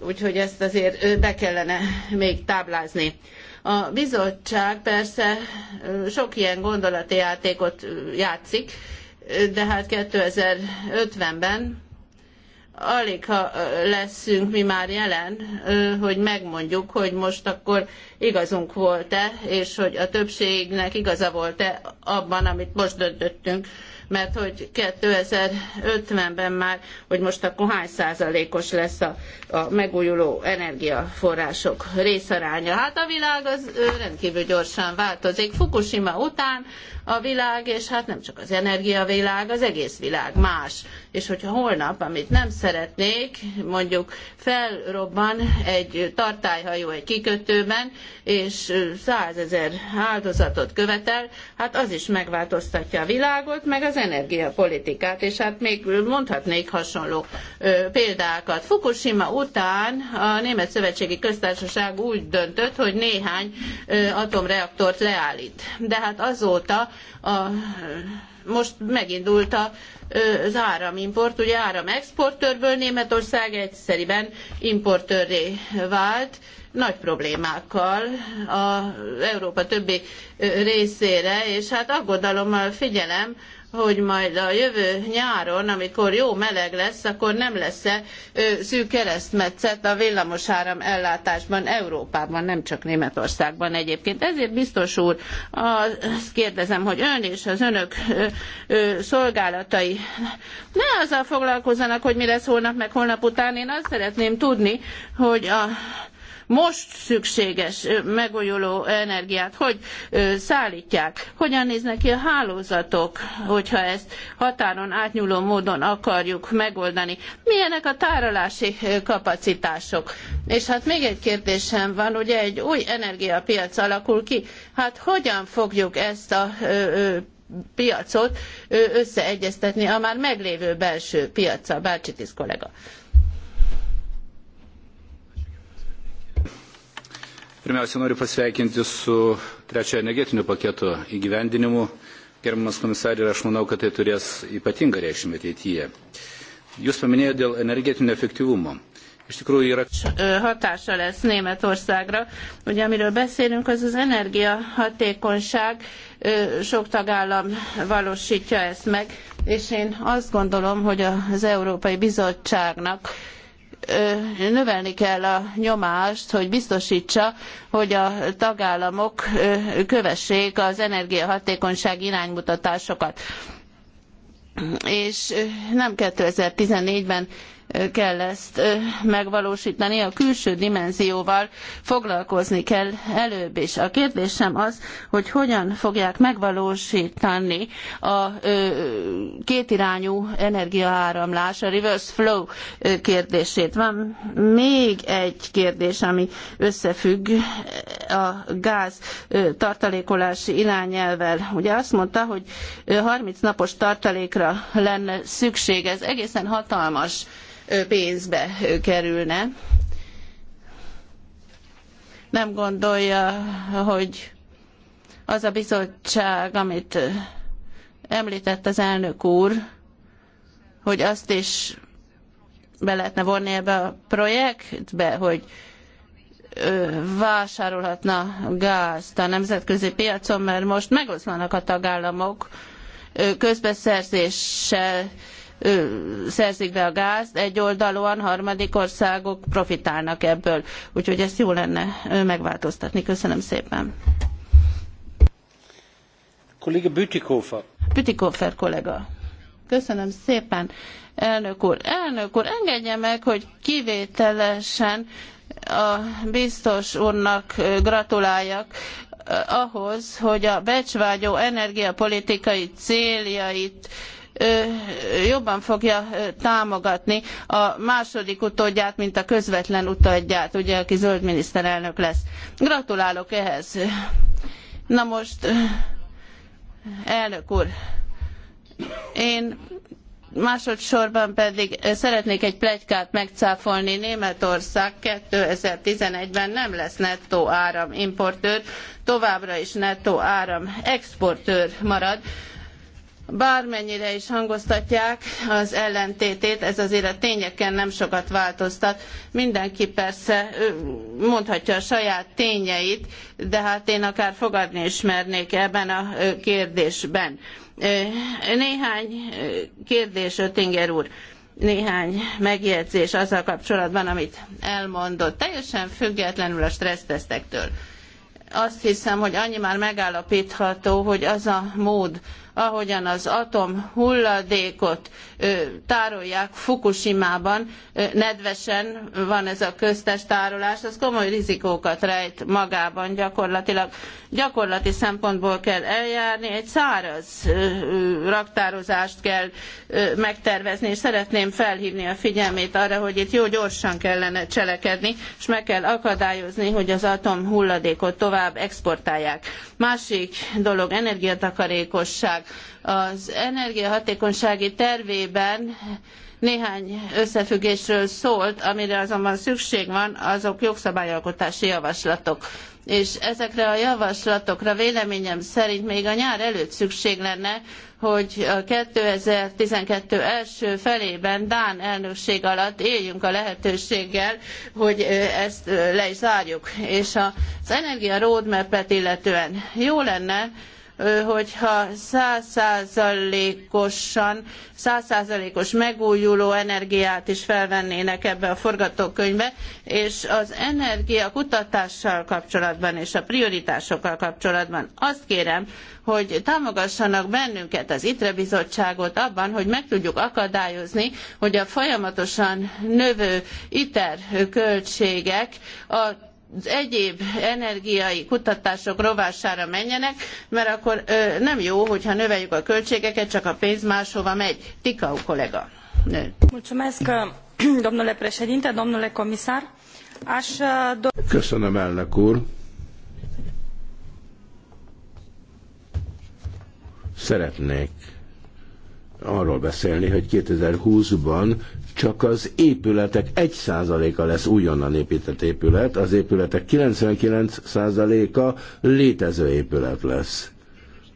úgyhogy ezt azért be kellene még táblázni. A bizottság persze sok ilyen gondolati játékot játszik, de hát 2050-ben alig ha leszünk mi már jelen, hogy megmondjuk, hogy most akkor igazunk volt-e, és hogy a többségnek igaza volt-e abban, amit most döntöttünk, mert hogy 2050-ben már, hogy most akkor hány százalékos lesz a, a megújuló energiaforrások részaránya. Hát a világ az rendkívül gyorsan változik. Fukushima után a világ, és hát nem csak az energiavilág, az egész világ más. És hogyha holnap, amit nem szeretnék, mondjuk felrobban egy tartályhajó egy kikötőben, és százezer áldozatot követel, hát az is megváltoztatja a világot, meg az energiapolitikát, és hát még mondhatnék hasonló ö, példákat. Fukushima után a Német Szövetségi Köztársaság úgy döntött, hogy néhány ö, atomreaktort leállít. De hát azóta a, most megindult a, az áramimport, ugye áramexportőrből Németország egyszeriben importőrré vált, nagy problémákkal az Európa többi részére, és hát aggodalommal figyelem, hogy majd a jövő nyáron, amikor jó meleg lesz, akkor nem lesz-e szűk keresztmetszet a villamosáram ellátásban Európában, nem csak Németországban egyébként. Ezért biztos úr, azt kérdezem, hogy ön és az önök ö, ö, szolgálatai ne azzal foglalkozzanak, hogy mi lesz holnap, meg holnap után. Én azt szeretném tudni, hogy a most szükséges megújuló energiát hogy szállítják, hogyan néznek ki a hálózatok, hogyha ezt határon átnyúló módon akarjuk megoldani. Milyenek a tárolási kapacitások? És hát még egy kérdésem van, ugye egy új energiapiac alakul ki, hát hogyan fogjuk ezt a piacot összeegyeztetni a már meglévő belső piaccal, Bácsi kollega. Pirmiausia, noriu pasveikinti su trečiojo energetinio paketo įgyvendinimu. Gerbiamas komisarė, aš manau, kad tai turės ypatingą reikšmę ateityje. Jūs paminėjote dėl energetinio efektyvumo. És tikrųjų yra... E, hatása lesz Németországra. Ugye amiről beszélünk, az az energiahatékonyság. E, sok tagállam valósítja ezt meg, és én azt gondolom, hogy az Európai Bizottságnak növelni kell a nyomást, hogy biztosítsa, hogy a tagállamok kövessék az energiahatékonyság iránymutatásokat és nem 2014-ben kell ezt megvalósítani, a külső dimenzióval foglalkozni kell előbb is. A kérdésem az, hogy hogyan fogják megvalósítani a kétirányú energiaáramlás, a reverse flow kérdését. Van még egy kérdés, ami összefügg a gáz tartalékolási irányelvel. Ugye azt mondta, hogy 30 napos tartalékra lenne szükség. Ez egészen hatalmas pénzbe kerülne. Nem gondolja, hogy az a bizottság, amit említett az elnök úr, hogy azt is be lehetne vonni ebbe a projektbe, hogy vásárolhatna gázt a nemzetközi piacon, mert most megoszlanak a tagállamok közbeszerzéssel szerzik be a gázt, egyoldalúan harmadik országok profitálnak ebből. Úgyhogy ezt jó lenne megváltoztatni. Köszönöm szépen. Kolléga Bütikofer. Bütikofer kollega. Köszönöm szépen, elnök úr. Elnök úr, engedje meg, hogy kivételesen a biztos úrnak gratuláljak ahhoz, hogy a becsvágyó energiapolitikai céljait jobban fogja támogatni a második utódját, mint a közvetlen utódját, ugye, aki zöld miniszterelnök lesz. Gratulálok ehhez. Na most, elnök úr, én másodsorban pedig szeretnék egy plegykát megcáfolni. Németország 2011-ben nem lesz nettó áramimportőr, továbbra is nettó áramexportőr marad bármennyire is hangoztatják az ellentétét, ez azért a tényeken nem sokat változtat. Mindenki persze mondhatja a saját tényeit, de hát én akár fogadni is mernék ebben a kérdésben. Néhány kérdés, Ötinger úr néhány megjegyzés azzal kapcsolatban, amit elmondott, teljesen függetlenül a stressztesztektől. Azt hiszem, hogy annyi már megállapítható, hogy az a mód, ahogyan az atom hulladékot tárolják Fukushima-ban, nedvesen van ez a köztes tárolás, az komoly rizikókat rejt magában gyakorlatilag. Gyakorlati szempontból kell eljárni, egy száraz raktározást kell megtervezni, és szeretném felhívni a figyelmét arra, hogy itt jó gyorsan kellene cselekedni, és meg kell akadályozni, hogy az atom hulladékot tovább exportálják. Másik dolog energiatakarékosság az energiahatékonysági tervében néhány összefüggésről szólt, amire azonban szükség van, azok jogszabályalkotási javaslatok. És ezekre a javaslatokra véleményem szerint még a nyár előtt szükség lenne, hogy a 2012 első felében Dán elnökség alatt éljünk a lehetőséggel, hogy ezt le is zárjuk. És az energia roadmap-et illetően jó lenne, hogyha százszázalékosan, százszázalékos megújuló energiát is felvennének ebbe a forgatókönyvbe, és az energia kutatással kapcsolatban és a prioritásokkal kapcsolatban azt kérem, hogy támogassanak bennünket, az ITRE bizottságot abban, hogy meg tudjuk akadályozni, hogy a folyamatosan növő ITER költségek a az egyéb energiai kutatások rovására menjenek, mert akkor ö, nem jó, hogyha növeljük a költségeket, csak a pénz máshova megy. Tikau kollega. Nő. Mulțumesc, domnule președinte, domnule comisar. Aș do Köszönöm, elnök úr. Szeretnék arról beszélni, hogy 2020-ban csak az épületek 1%-a lesz újonnan épített épület, az épületek 99%-a létező épület lesz.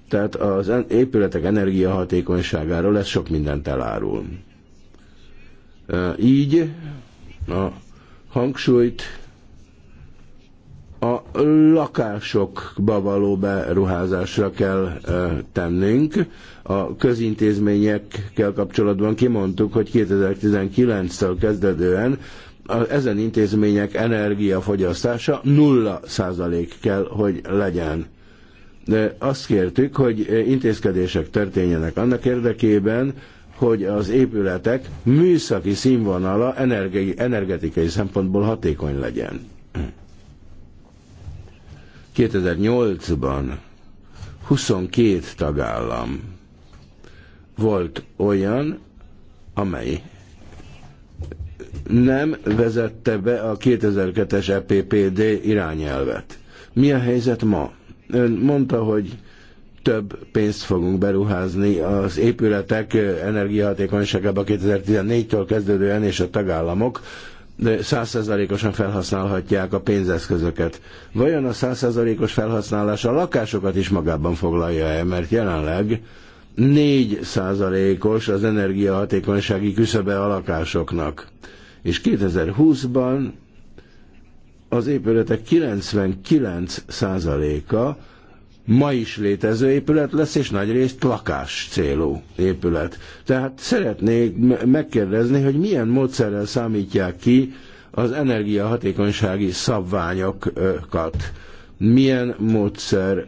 Tehát az épületek energiahatékonyságáról ez sok mindent elárul. Így a hangsúlyt lakásokba való beruházásra kell tennünk. A közintézményekkel kapcsolatban kimondtuk, hogy 2019-től kezdődően ezen intézmények energiafogyasztása 0% kell, hogy legyen. De azt kértük, hogy intézkedések történjenek annak érdekében, hogy az épületek műszaki színvonala energi, energetikai szempontból hatékony legyen. 2008-ban 22 tagállam volt olyan, amely nem vezette be a 2002-es EPPD irányelvet. Mi a helyzet ma? Ön mondta, hogy több pénzt fogunk beruházni az épületek energiahatékonyságába 2014-től kezdődően, és a tagállamok százszerzalékosan felhasználhatják a pénzeszközöket. Vajon a százszerzalékos felhasználás a lakásokat is magában foglalja-e, mert jelenleg 4 százalékos az energiahatékonysági küszöbe a lakásoknak. És 2020-ban az épületek 99 százaléka ma is létező épület lesz, és nagyrészt lakás célú épület. Tehát szeretnék megkérdezni, hogy milyen módszerrel számítják ki az energiahatékonysági szabványokat. Milyen módszer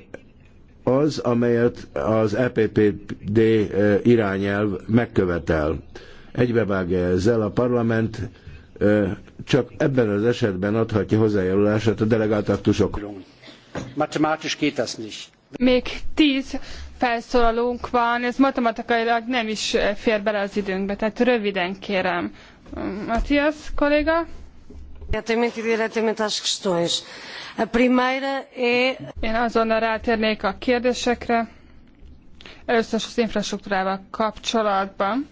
az, amelyet az EPPD e, irányelv megkövetel. Egybevágja ezzel a parlament e, csak ebben az esetben adhatja hozzájárulását a delegáltaktusok. Mathematisch geht das nicht. Még tíz felszólalónk van, ez matematikailag nem is fér bele az időnkbe, tehát röviden kérem. Matthias kolléga? Diretamente, e diretamente às questões. A primeira é... Én azonnal rátérnék a kérdésekre. Először az infrastruktúrával kapcsolatban.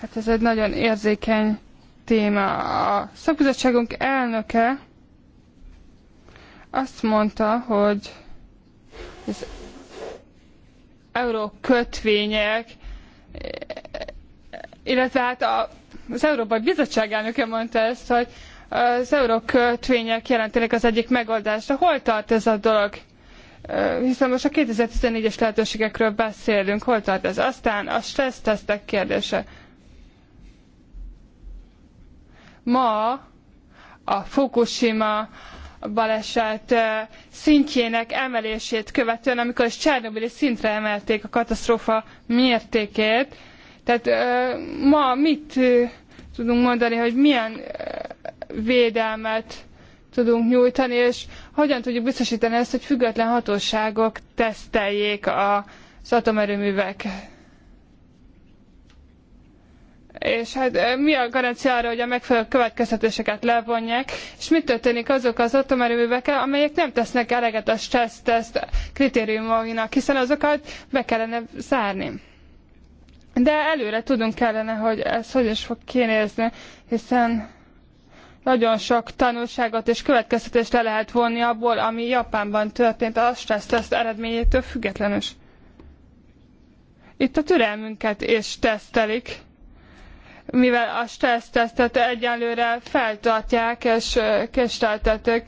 Hát ez egy nagyon érzékeny téma. A szakbizottságunk elnöke azt mondta, hogy az euró kötvények, illetve hát a, az Európai Bizottság elnöke mondta ezt, hogy az euró kötvények jelentenek az egyik megoldást. Hol tart ez a dolog? Hiszen most a 2014-es lehetőségekről beszélünk, hol tart ez? Aztán a stressztesztek kérdése. Ma a Fukushima baleset szintjének emelését követően, amikor is Csernobili szintre emelték a katasztrófa mértékét. Tehát ma mit tudunk mondani, hogy milyen védelmet tudunk nyújtani, és hogyan tudjuk biztosítani ezt, hogy független hatóságok teszteljék az atomerőművek és hát mi a garancia arra, hogy a megfelelő következtetéseket levonják, és mi történik azok az atomerőművekkel, amelyek nem tesznek eleget a stressz kritériumainak, hiszen azokat be kellene zárni. De előre tudunk kellene, hogy ez hogy is fog kinézni, hiszen nagyon sok tanulságot és következtetést le lehet vonni abból, ami Japánban történt a stressz eredményétől függetlenül. Itt a türelmünket is tesztelik mivel a stressztesztet egyelőre feltartják és késleltetik,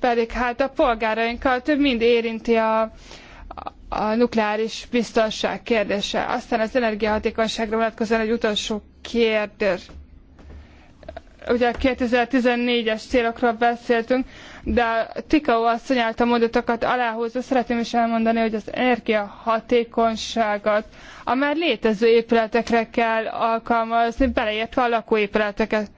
pedig hát a polgárainkat mind érinti a, a nukleáris biztonság kérdése. Aztán az energiahatékonyságra vonatkozóan egy utolsó kérdés. Ugye a 2014-es célokról beszéltünk, de a Tikau asszony által mondatokat aláhúzva szeretném is elmondani, hogy az energia hatékonyságot a már létező épületekre kell alkalmazni, beleértve a lakóépületeket.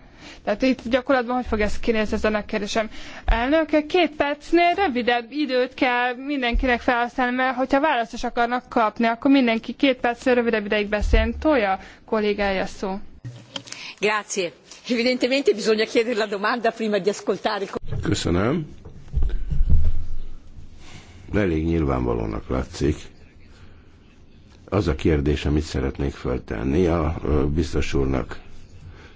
Tehát itt gyakorlatban hogy fog ez kinézni ezen a kérdésem? Elnök, két percnél rövidebb időt kell mindenkinek felhasználni, mert hogyha is akarnak kapni, akkor mindenki két percnél rövidebb ideig beszél. Tolja kollégája szó. Grazie. Evidentemente bisogna chiedere la domanda prima di ascoltare. Köszönöm. Elég nyilvánvalónak látszik. Az a kérdés, amit szeretnék feltenni a biztos úrnak.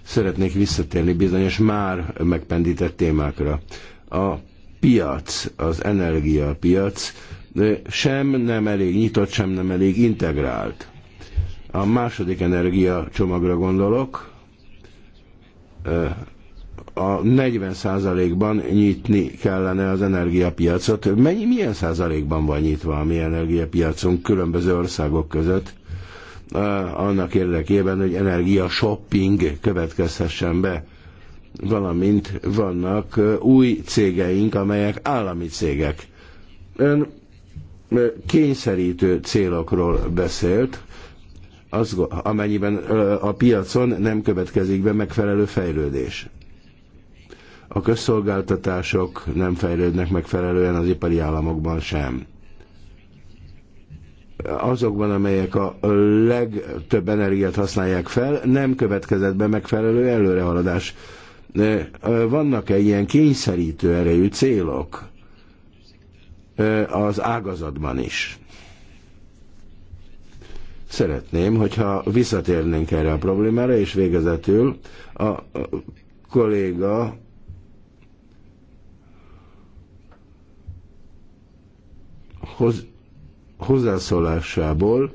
Szeretnék visszatérni bizonyos már megpendített témákra. A piac, az energiapiac sem nem elég nyitott, sem nem elég integrált. A második energia csomagra gondolok, a 40 százalékban nyitni kellene az energiapiacot. Mennyi, milyen százalékban van nyitva a mi energiapiacunk különböző országok között? annak érdekében, hogy energia shopping következhessen be. Valamint vannak új cégeink, amelyek állami cégek. Ön kényszerítő célokról beszélt, az, amennyiben a piacon nem következik be megfelelő fejlődés. A közszolgáltatások nem fejlődnek megfelelően az ipari államokban sem azokban, amelyek a legtöbb energiát használják fel, nem következett be megfelelő előrehaladás. Vannak-e ilyen kényszerítő erejű célok az ágazatban is? Szeretném, hogyha visszatérnénk erre a problémára, és végezetül a kolléga hoz, hozzászólásából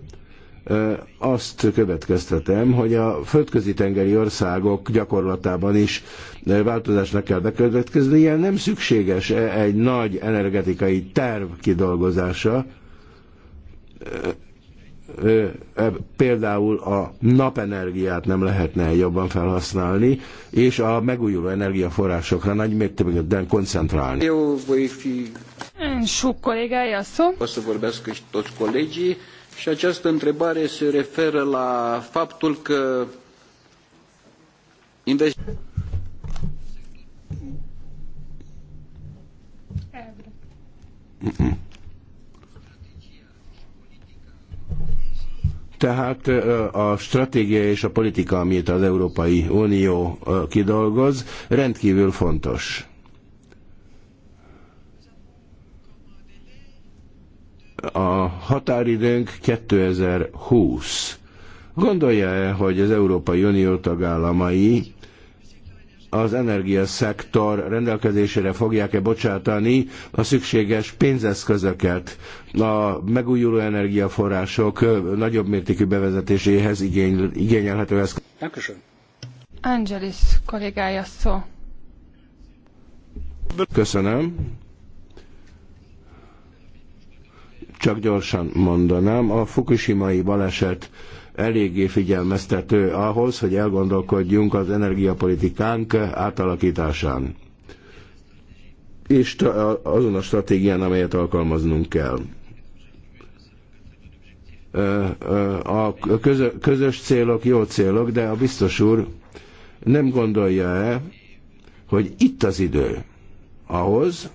azt következtetem, hogy a földközi tengeri országok gyakorlatában is változásnak kell bekövetkezni, ilyen nem szükséges e, egy nagy energetikai terv kidolgozása, például a napenergiát nem lehetne jobban felhasználni, és a megújuló energiaforrásokra nagy mértékben koncentrálni. Jó, Sok kollégája szó. O să vorbească și toți colegii și această întrebare se referă la faptul că Mm-mm. Tehát a stratégia és a politika, amit az Európai Unió kidolgoz, rendkívül fontos. A határidőnk 2020. Gondolja-e, hogy az Európai Unió tagállamai az energiaszektor rendelkezésére fogják-e bocsátani a szükséges pénzeszközöket a megújuló energiaforrások nagyobb mértékű bevezetéséhez igény, igényelhető eszköz. Köszönöm. Angelis kollégája szó. Köszönöm. Csak gyorsan mondanám, a fukushimai baleset eléggé figyelmeztető ahhoz, hogy elgondolkodjunk az energiapolitikánk átalakításán és azon a stratégián, amelyet alkalmaznunk kell a közös célok jó célok, de a biztos úr nem gondolja-e, hogy itt az idő ahhoz,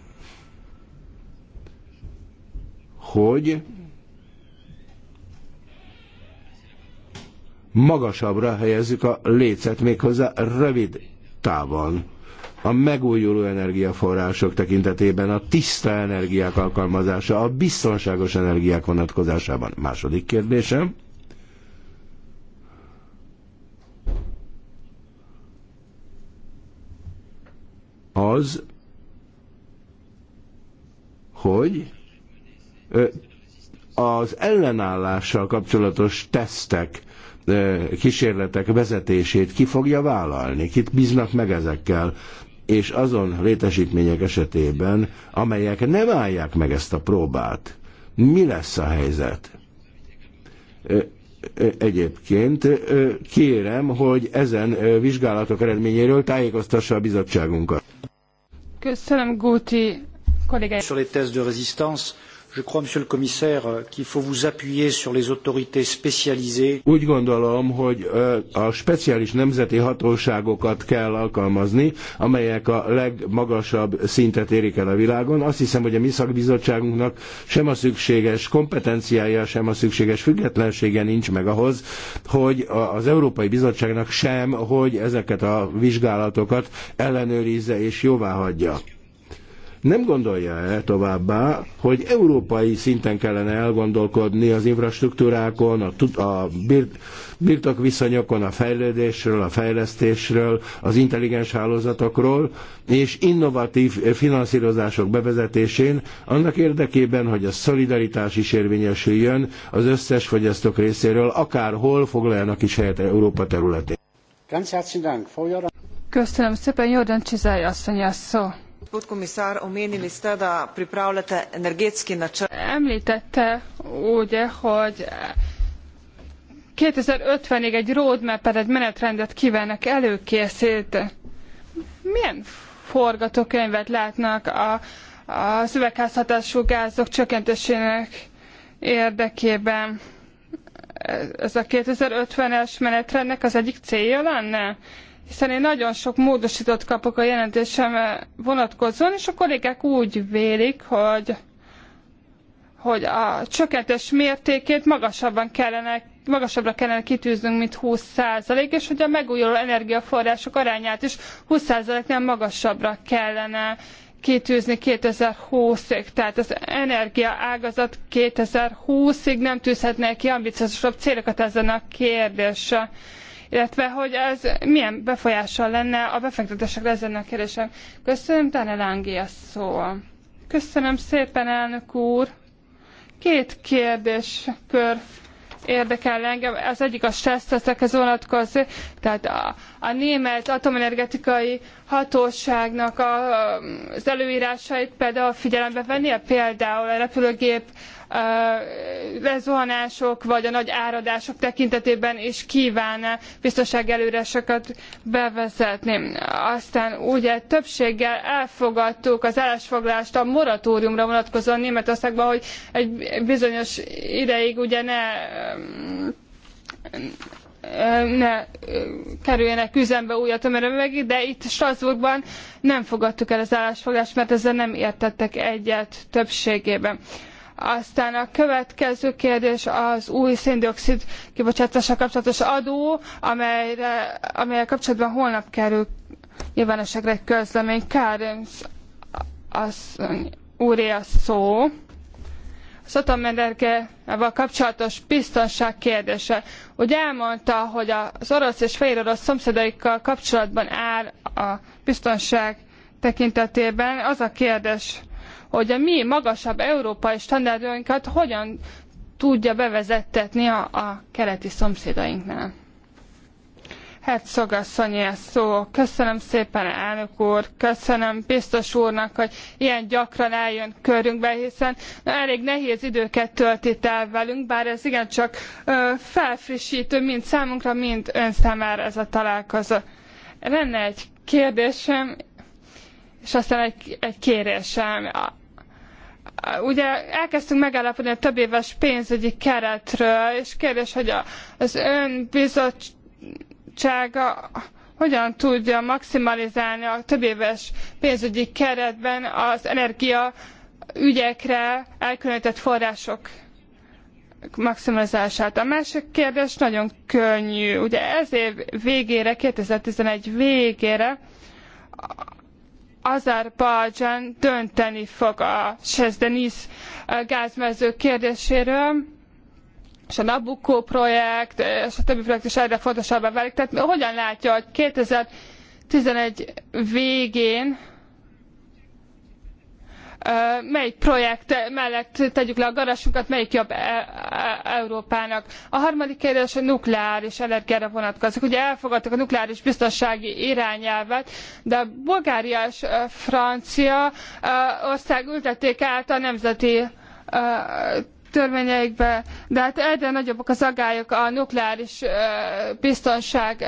hogy magasabbra helyezzük a lécet méghozzá rövid távon. A megújuló energiaforrások tekintetében a tiszta energiák alkalmazása, a biztonságos energiák vonatkozásában. Második kérdésem. Az, hogy az ellenállással kapcsolatos tesztek kísérletek vezetését ki fogja vállalni, kit bíznak meg ezekkel, és azon létesítmények esetében, amelyek nem állják meg ezt a próbát, mi lesz a helyzet? Egyébként kérem, hogy ezen vizsgálatok eredményéről tájékoztassa a bizottságunkat. Köszönöm, Guti kollégáim. Je crois, monsieur le commissaire, qu'il faut vous appuyer sur les autorités spécialisées. Úgy gondolom, hogy a speciális nemzeti hatóságokat kell alkalmazni, amelyek a legmagasabb szintet érik el a világon. Azt hiszem, hogy a mi szakbizottságunknak sem a szükséges kompetenciája, sem a szükséges függetlensége nincs meg ahhoz, hogy az Európai Bizottságnak sem, hogy ezeket a vizsgálatokat ellenőrizze és jóváhagyja. Nem gondolja-e továbbá, hogy európai szinten kellene elgondolkodni az infrastruktúrákon, a, a birtokviszonyokon, a fejlődésről, a fejlesztésről, az intelligens hálózatokról és innovatív finanszírozások bevezetésén annak érdekében, hogy a szolidaritás is érvényesüljön az összes fogyasztók részéről, akárhol foglaljanak is helyet Európa területén. Köszönöm szépen, Jordan Csizály asszony a szó. Említette ugye, hogy 2050-ig egy roadmap egy menetrendet kívánnak előkészíteni. Milyen forgatókönyvet látnak a, az üvegházhatású gázok csökkentésének érdekében? Ez a 2050-es menetrendnek az egyik célja lenne? hiszen én nagyon sok módosított kapok a jelentésem vonatkozóan, és a kollégák úgy vélik, hogy, hogy a csökkentés mértékét magasabban kellene magasabbra kellene kitűznünk, mint 20%, és hogy a megújuló energiaforrások arányát is 20%-nál magasabbra kellene kitűzni 2020-ig. Tehát az energia ágazat 2020-ig nem tűzhetne ki ambiciózusabb célokat ezen a kérdéssel illetve hogy ez milyen befolyással lenne a befektetésekre ezen a kérdésem. Köszönöm, Tane Lángi a szó. Köszönöm szépen, elnök úr. Két kérdéskör érdekel engem. Az egyik a ezekhez vonatkozik, tehát a, a német atomenergetikai hatóságnak az előírásait például figyelembe vennie, például a repülőgép lezuhanások vagy a nagy áradások tekintetében is kívánna biztonsági előírásokat bevezetni. Aztán ugye többséggel elfogadtuk az állásfoglalást a moratóriumra vonatkozóan Németországban, hogy egy bizonyos ideig ugye ne ne kerüljenek üzembe új atomerőművek, de itt Strasbourgban nem fogadtuk el az állásfoglalást, mert ezzel nem értettek egyet többségében. Aztán a következő kérdés az új széndiokszid kibocsátással kapcsolatos adó, amelyre, amelyel kapcsolatban holnap kerül nyilvánosságra egy közlemény. Kárens az úré a szó az kapcsolatos biztonság kérdése. Ugye elmondta, hogy az orosz és fehér orosz szomszédaikkal kapcsolatban áll a biztonság tekintetében az a kérdés, hogy a mi magasabb európai standardjainkat hogyan tudja bevezettetni a, a keleti szomszédainknál. Hát szogasszony, szó. Köszönöm szépen, elnök úr, köszönöm biztos úrnak, hogy ilyen gyakran eljön körünkbe, hiszen elég nehéz időket tölt itt el velünk, bár ez igencsak ö, felfrissítő mind számunkra, mind ön számára ez a találkozó. Lenne egy kérdésem, és aztán egy, egy kérésem ugye elkezdtünk megállapodni a többéves pénzügyi keretről, és kérdés, hogy az ön bizottság bizottsága hogyan tudja maximalizálni a többéves pénzügyi keretben az energia ügyekre elkülönített források maximalizálását. A másik kérdés nagyon könnyű. Ugye ez év végére, 2011 végére Azerbajdzsán dönteni fog a Sezdeniz eh, gázmező kérdéséről, és a Nabucco projekt, és a többi projekt is erre fontosabbá válik. Tehát hogyan látja, hogy 2011 végén melyik projekt mellett tegyük le a garasunkat, melyik jobb e e Európának. A harmadik kérdés a nukleáris energiára vonatkozik. Ugye elfogadtak a nukleáris biztonsági irányelvet, de a Bulgária és Francia ország ültették át a nemzeti törvényeikbe, de hát egyre nagyobbak az agályok a nukleáris biztonság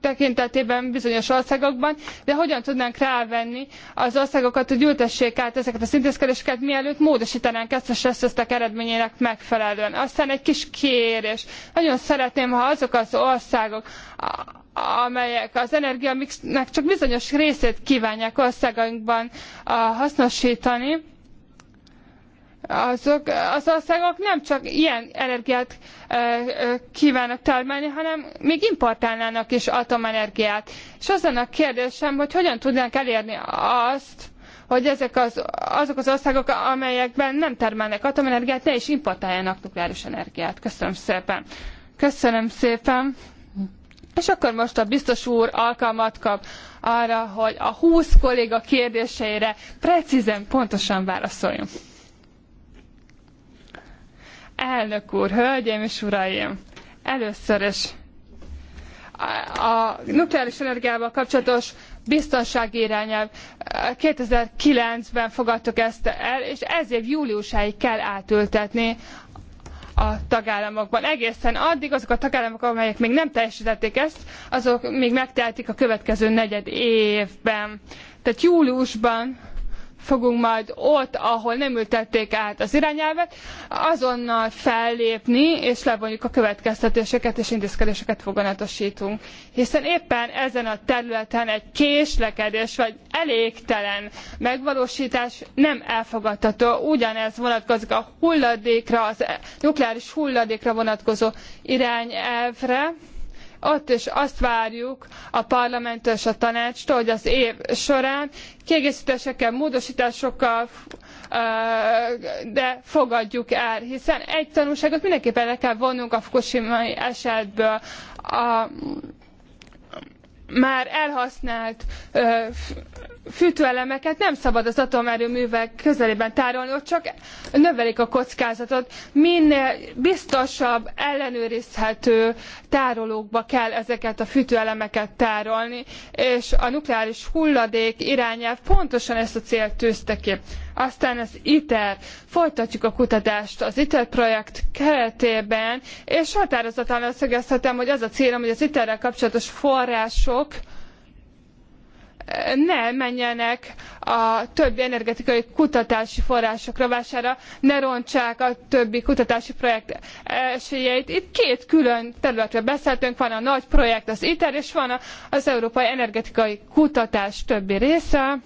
tekintetében bizonyos országokban, de hogyan tudnánk rávenni az országokat, hogy ültessék át ezeket az intézkedéseket, mielőtt módosítanánk ezt a stressztesztek eredményének megfelelően. Aztán egy kis kérés. Nagyon szeretném, ha azok az országok, amelyek az energiamixnek csak bizonyos részét kívánják országainkban hasznosítani, azok, az országok nem csak ilyen energiát e, e, kívánnak termelni, hanem még importálnának is atomenergiát. És az lenne a kérdésem, hogy hogyan tudnánk elérni azt, hogy ezek az, azok az országok, amelyekben nem termelnek atomenergiát, ne is importáljanak nukleáris energiát. Köszönöm szépen. Köszönöm szépen. És akkor most a biztos úr alkalmat kap arra, hogy a 20 kolléga kérdéseire precízen, pontosan válaszoljon. Elnök úr, hölgyeim és uraim! Először is a, a nukleáris energiával kapcsolatos biztonsági irányelv 2009-ben fogadtuk ezt el, és ez év júliusáig kell átültetni a tagállamokban. Egészen addig azok a tagállamok, amelyek még nem teljesítették ezt, azok még megtehetik a következő negyed évben. Tehát júliusban fogunk majd ott, ahol nem ültették át az irányelvet, azonnal fellépni, és levonjuk a következtetéseket és intézkedéseket foganatosítunk. Hiszen éppen ezen a területen egy késlekedés vagy elégtelen megvalósítás nem elfogadható. Ugyanez vonatkozik a hulladékra, az nukleáris hulladékra vonatkozó irányelvre, ott is azt várjuk a parlamenttől és a tanácstól, hogy az év során kiegészítésekkel, módosításokkal, de fogadjuk el, hiszen egy tanulságot mindenképpen le kell vonnunk a fukushimai esetből. A már elhasznált fűtőelemeket nem szabad az atomerőművek közelében tárolni, ott csak növelik a kockázatot. Minél biztosabb, ellenőrizhető tárolókba kell ezeket a fűtőelemeket tárolni, és a nukleáris hulladék irányelv pontosan ezt a célt tűzte ki. Aztán az ITER. Folytatjuk a kutatást az ITER projekt keretében, és határozatlan szögezhetem, hogy az a célom, hogy az ITER-rel kapcsolatos források ne menjenek a többi energetikai kutatási forrásokra vására, ne rontsák a többi kutatási projekt esélyeit. Itt két külön területről beszéltünk, van a nagy projekt, az ITER, és van az Európai Energetikai Kutatás többi része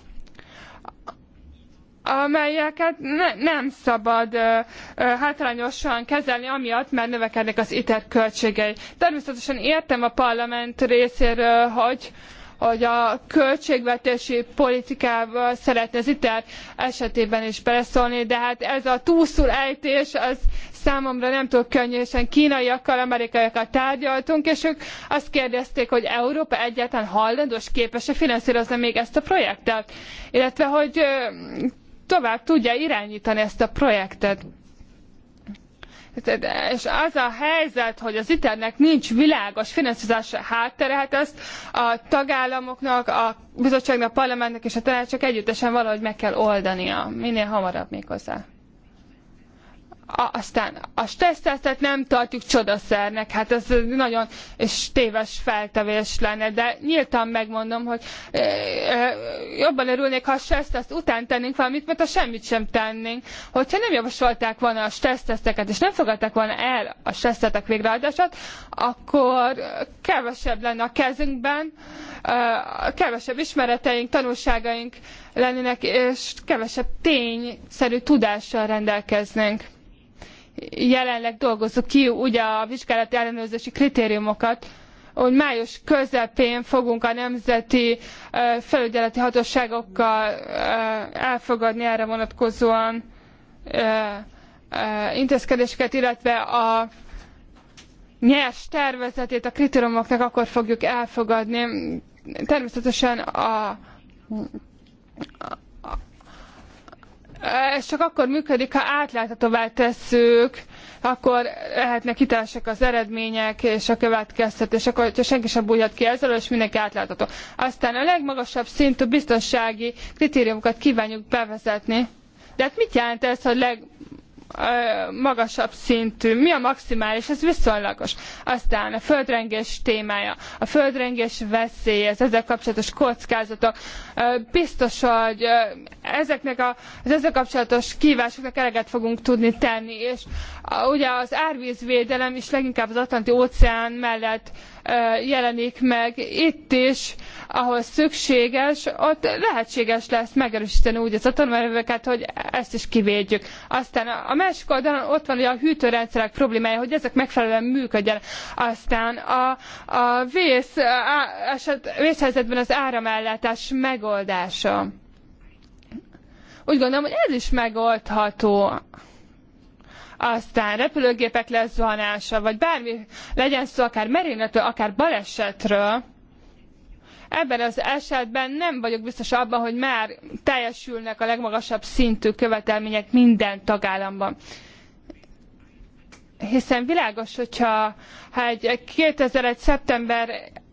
amelyeket ne, nem szabad ö, ö, hátrányosan kezelni, amiatt, mert növekednek az ITER költségei. Természetesen értem a parlament részéről, hogy, hogy a költségvetési politikával szeretne az ITER esetében is beleszólni, de hát ez a túlszul ejtés, az számomra nem túl könnyű, hiszen kínaiakkal, amerikaiakkal tárgyaltunk, és ők azt kérdezték, hogy Európa egyáltalán hajlandó és képes-e finanszírozni még ezt a projektet, illetve hogy tovább tudja irányítani ezt a projektet és az a helyzet, hogy az iternek nincs világos finanszírozási háttere, hát ezt a tagállamoknak, a bizottságnak, a parlamentnek és a tanácsnak együttesen valahogy meg kell oldania, minél hamarabb méghozzá aztán a stressztesztet nem tartjuk csodaszernek, hát ez nagyon téves feltevés lenne, de nyíltan megmondom, hogy e, e, jobban örülnék, ha a stresszteszt után tennénk valamit, mert semmit sem tennénk. Hogyha nem javasolták volna a stresszteszteket, és nem fogadták volna el a stressztetek végrehajtását, akkor kevesebb lenne a kezünkben, e, kevesebb ismereteink, tanulságaink lennének, és kevesebb tényszerű tudással rendelkeznénk jelenleg dolgozzuk ki ugye a vizsgálati ellenőrzési kritériumokat, hogy május közepén fogunk a nemzeti felügyeleti hatóságokkal elfogadni erre vonatkozóan intézkedéseket, illetve a nyers tervezetét a kritériumoknak akkor fogjuk elfogadni. Természetesen a ez csak akkor működik, ha átláthatóvá tesszük, akkor lehetnek hitelesek az eredmények és a következtetés, akkor hogyha senki sem bújhat ki ezzel, és mindenki átlátható. Aztán a legmagasabb szintű biztonsági kritériumokat kívánjuk bevezetni. De hát mit jelent ez, hogy leg, magasabb szintű, mi a maximális, ez viszonylagos. Aztán a földrengés témája, a földrengés veszélye, az ezzel kapcsolatos kockázatok, biztos, hogy ezeknek a, az ezzel kapcsolatos kívásoknak eleget fogunk tudni tenni, és ugye az árvízvédelem is leginkább az Atlanti óceán mellett jelenik meg itt is, ahol szükséges, ott lehetséges lesz megerősíteni úgy az atomerőveket, hogy ezt is kivédjük. Aztán a másik oldalon ott van ugye a hűtőrendszerek problémája, hogy ezek megfelelően működjenek. Aztán a, a vész, á, eset, vészhelyzetben az áramellátás megoldása. Úgy gondolom, hogy ez is megoldható aztán repülőgépek lezuhanása, vagy bármi legyen szó, akár merényletről, akár balesetről, ebben az esetben nem vagyok biztos abban, hogy már teljesülnek a legmagasabb szintű követelmények minden tagállamban hiszen világos, hogyha ha egy 2001. szeptember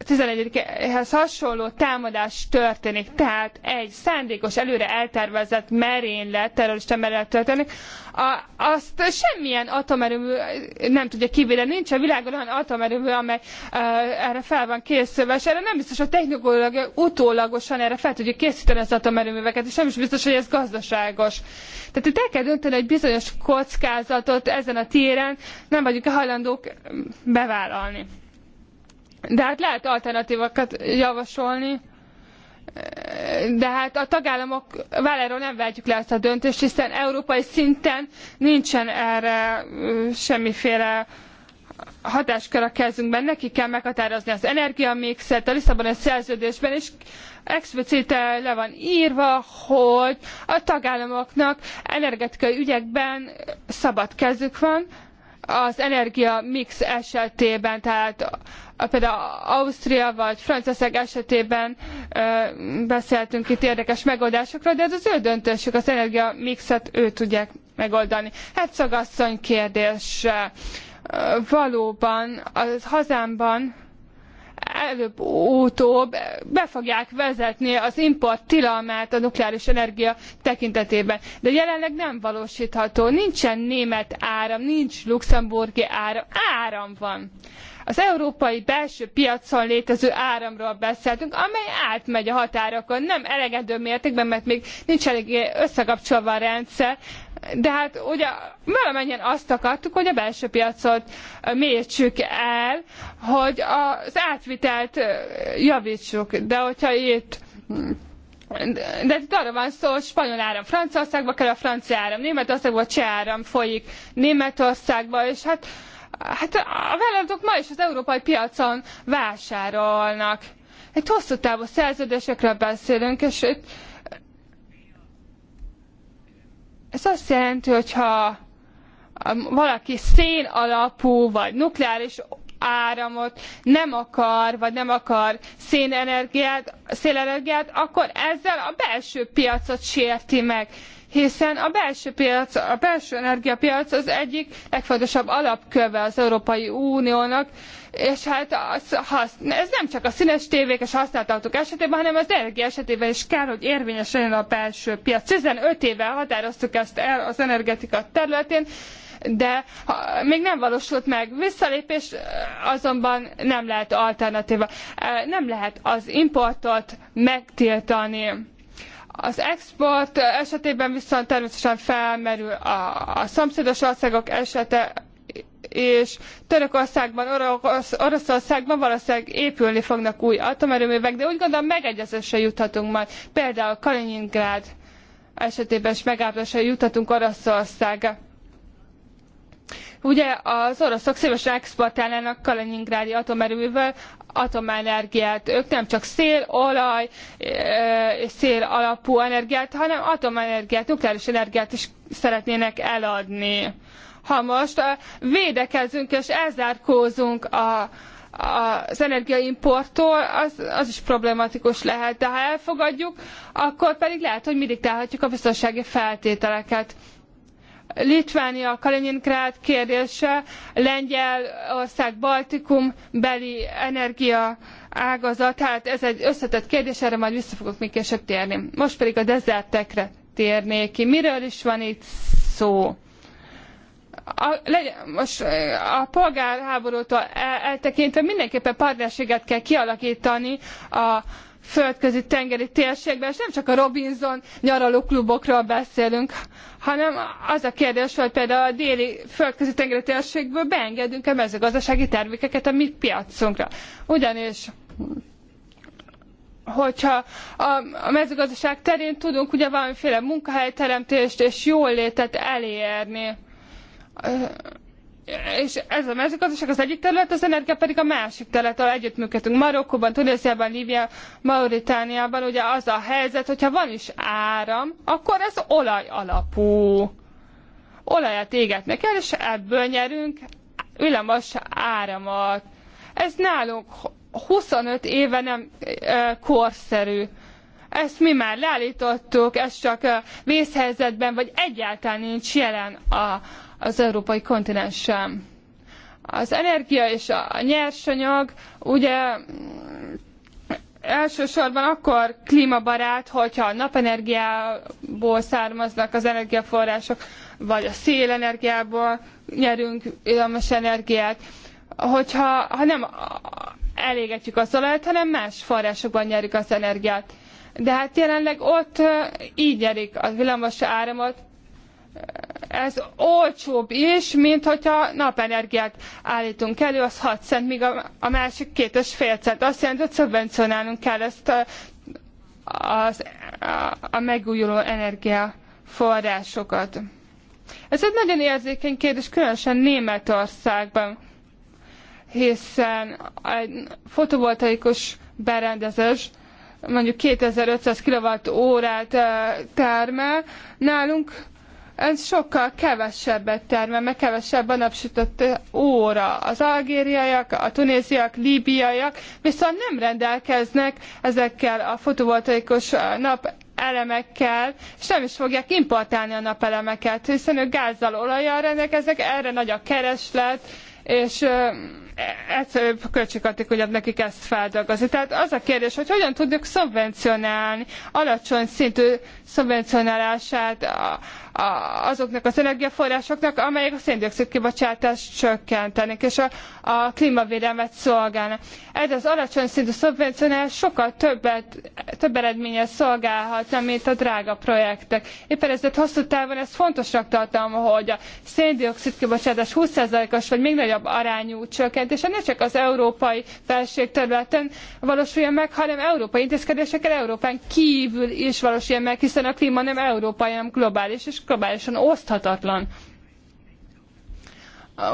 11-hez hasonló támadás történik, tehát egy szándékos, előre eltervezett merénylet, terrorista merénylet történik, a, azt semmilyen atomerőmű nem tudja kivédeni. Nincs a világon olyan atomerőmű, amely e, erre fel van készülve, és erre nem biztos, hogy technikailag utólagosan erre fel tudjuk készíteni az atomerőműveket, és nem is biztos, hogy ez gazdaságos. Tehát itt el kell dönteni egy bizonyos kockázatot ezen a téren, nem vagyunk hajlandók bevállalni. De hát lehet alternatívakat javasolni, de hát a tagállamok válláról nem vehetjük le ezt a döntést, hiszen európai szinten nincsen erre semmiféle hatáskör a kezünkben, neki kell meghatározni az energiamixet, a Lisszaboni szerződésben, és explicite le van írva, hogy a tagállamoknak energetikai ügyekben szabad kezük van, az energia mix esetében, tehát például Ausztria vagy Franciaország esetében beszéltünk itt érdekes megoldásokról, de ez az ő döntésük, az energia mixet ő tudják megoldani. Hetzog asszony kérdése. Valóban, az hazámban előbb-utóbb be fogják vezetni az import tilalmát a nukleáris energia tekintetében. De jelenleg nem valósítható. Nincsen német áram, nincs luxemburgi áram. Áram van. Az európai belső piacon létező áramról beszéltünk, amely átmegy a határokon, nem elegendő mértékben, mert még nincs elég összekapcsolva a rendszer, de hát ugye valamennyien azt akartuk, hogy a belső piacot mértsük el, hogy az átvitelt javítsuk. De hogyha itt hm, de itt arra van szó, hogy spanyol áram Franciaországba kell, a francia áram Németországba, cseh áram folyik Németországba, és hát, hát a vállalatok ma is az európai piacon vásárolnak. Egy hosszú távú szerződésekről beszélünk, és itt ez azt jelenti, hogyha um, valaki szén alapú vagy nukleáris áramot nem akar, vagy nem akar szénenergiát, szélenergiát, akkor ezzel a belső piacot sérti meg. Hiszen a belső piac, a belső energiapiac az egyik legfontosabb alapköve az Európai Uniónak, és hát az, hasz, ez nem csak a színes tévék és használt autók esetében, hanem az energia esetében is kell, hogy érvényes legyen a belső piac. 15 éve határoztuk ezt el az energetika területén, de ha, még nem valósult meg visszalépés, eh, azonban nem lehet alternatíva. Eh, nem lehet az importot megtiltani. Az export esetében viszont természetesen felmerül a, a szomszédos országok esete, és Törökországban, Oroszországban valószínűleg épülni fognak új atomerőművek, de úgy gondolom megegyezésre juthatunk majd. Például Kaliningrád esetében is megállapodásra juthatunk Oroszország. Ugye az oroszok szívesen exportálnának Kaliningrádi atomerőművel atomenergiát. Ők nem csak szél, olaj, eh, és szél alapú energiát, hanem atomenergiát, nukleáris energiát is szeretnének eladni ha most védekezünk és elzárkózunk a, az energiaimporttól, az, az is problematikus lehet. De ha elfogadjuk, akkor pedig lehet, hogy mi diktálhatjuk a biztonsági feltételeket. Litvánia, Kaliningrád kérdése, Lengyelország, Baltikum beli energia ágazat, hát ez egy összetett kérdés, erre majd vissza fogok még később térni. Most pedig a dezertekre térnék ki. Miről is van itt szó? a, legyen, most a polgárháborútól e, eltekintve mindenképpen partnerséget kell kialakítani a földközi tengeri térségben, és nem csak a Robinson nyaralóklubokról beszélünk, hanem az a kérdés, hogy például a déli földközi tengeri térségből beengedünk-e mezőgazdasági termékeket a mi piacunkra. Ugyanis hogyha a mezőgazdaság terén tudunk ugye valamiféle munkahelyteremtést és jólétet elérni és ez a mezőgazdaság az egyik terület, az energia pedig a másik terület, ahol együttműködünk. Marokkóban, Tunéziában, Líbia, Mauritániában ugye az a helyzet, hogyha van is áram, akkor ez olaj alapú. Olajat égetnek el, és ebből nyerünk villamos áramot. Ez nálunk 25 éve nem e, korszerű. Ezt mi már leállítottuk, ez csak vészhelyzetben, vagy egyáltalán nincs jelen a, az európai kontinens sem. Az energia és a nyersanyag ugye elsősorban akkor klímabarát, hogyha a napenergiából származnak az energiaforrások, vagy a szélenergiából nyerünk illamos energiát, hogyha ha nem elégetjük az olajat, hanem más forrásokban nyerjük az energiát. De hát jelenleg ott így nyerik a villamos áramot, ez olcsóbb is, mint hogyha napenergiát állítunk elő, az 6 cent, míg a, a másik két és fél cent. Azt jelenti, hogy szubvencionálnunk kell ezt a, az, a, a megújuló energiaforrásokat. Ez egy nagyon érzékeny kérdés, különösen Németországban, hiszen egy fotovoltaikus berendezés mondjuk 2500 kWh-órát termel, nálunk ez sokkal kevesebbet termel, mert kevesebb a napsütött óra. Az algériaiak, a tunéziak, líbiaiak viszont nem rendelkeznek ezekkel a fotovoltaikus nap elemekkel, és nem is fogják importálni a napelemeket, hiszen ők gázzal, olajjal rendelkeznek, erre nagy a kereslet, és e, egyszerűbb hogy nekik ezt feldolgozni. Tehát az a kérdés, hogy hogyan tudjuk szubvencionálni, alacsony szintű szubvencionálását a, azoknak az energiaforrásoknak, amelyek a széndiokszid kibocsátást csökkentenek, és a, a klímavédelmet szolgálnak. Ez az alacsony szintű szubvencionálás sokkal többet, több eredménye szolgálhatna, mint a drága projektek. Éppen ezért hosszú távon ezt fontosnak tartom, hogy a széndiokszid kibocsátás 20%-os vagy még nagyobb arányú csökkentése ne csak az európai felség területen valósuljon meg, hanem európai intézkedésekkel Európán kívül is valósuljon meg, hiszen a klíma nem európai, hanem globális. És globálisan oszthatatlan.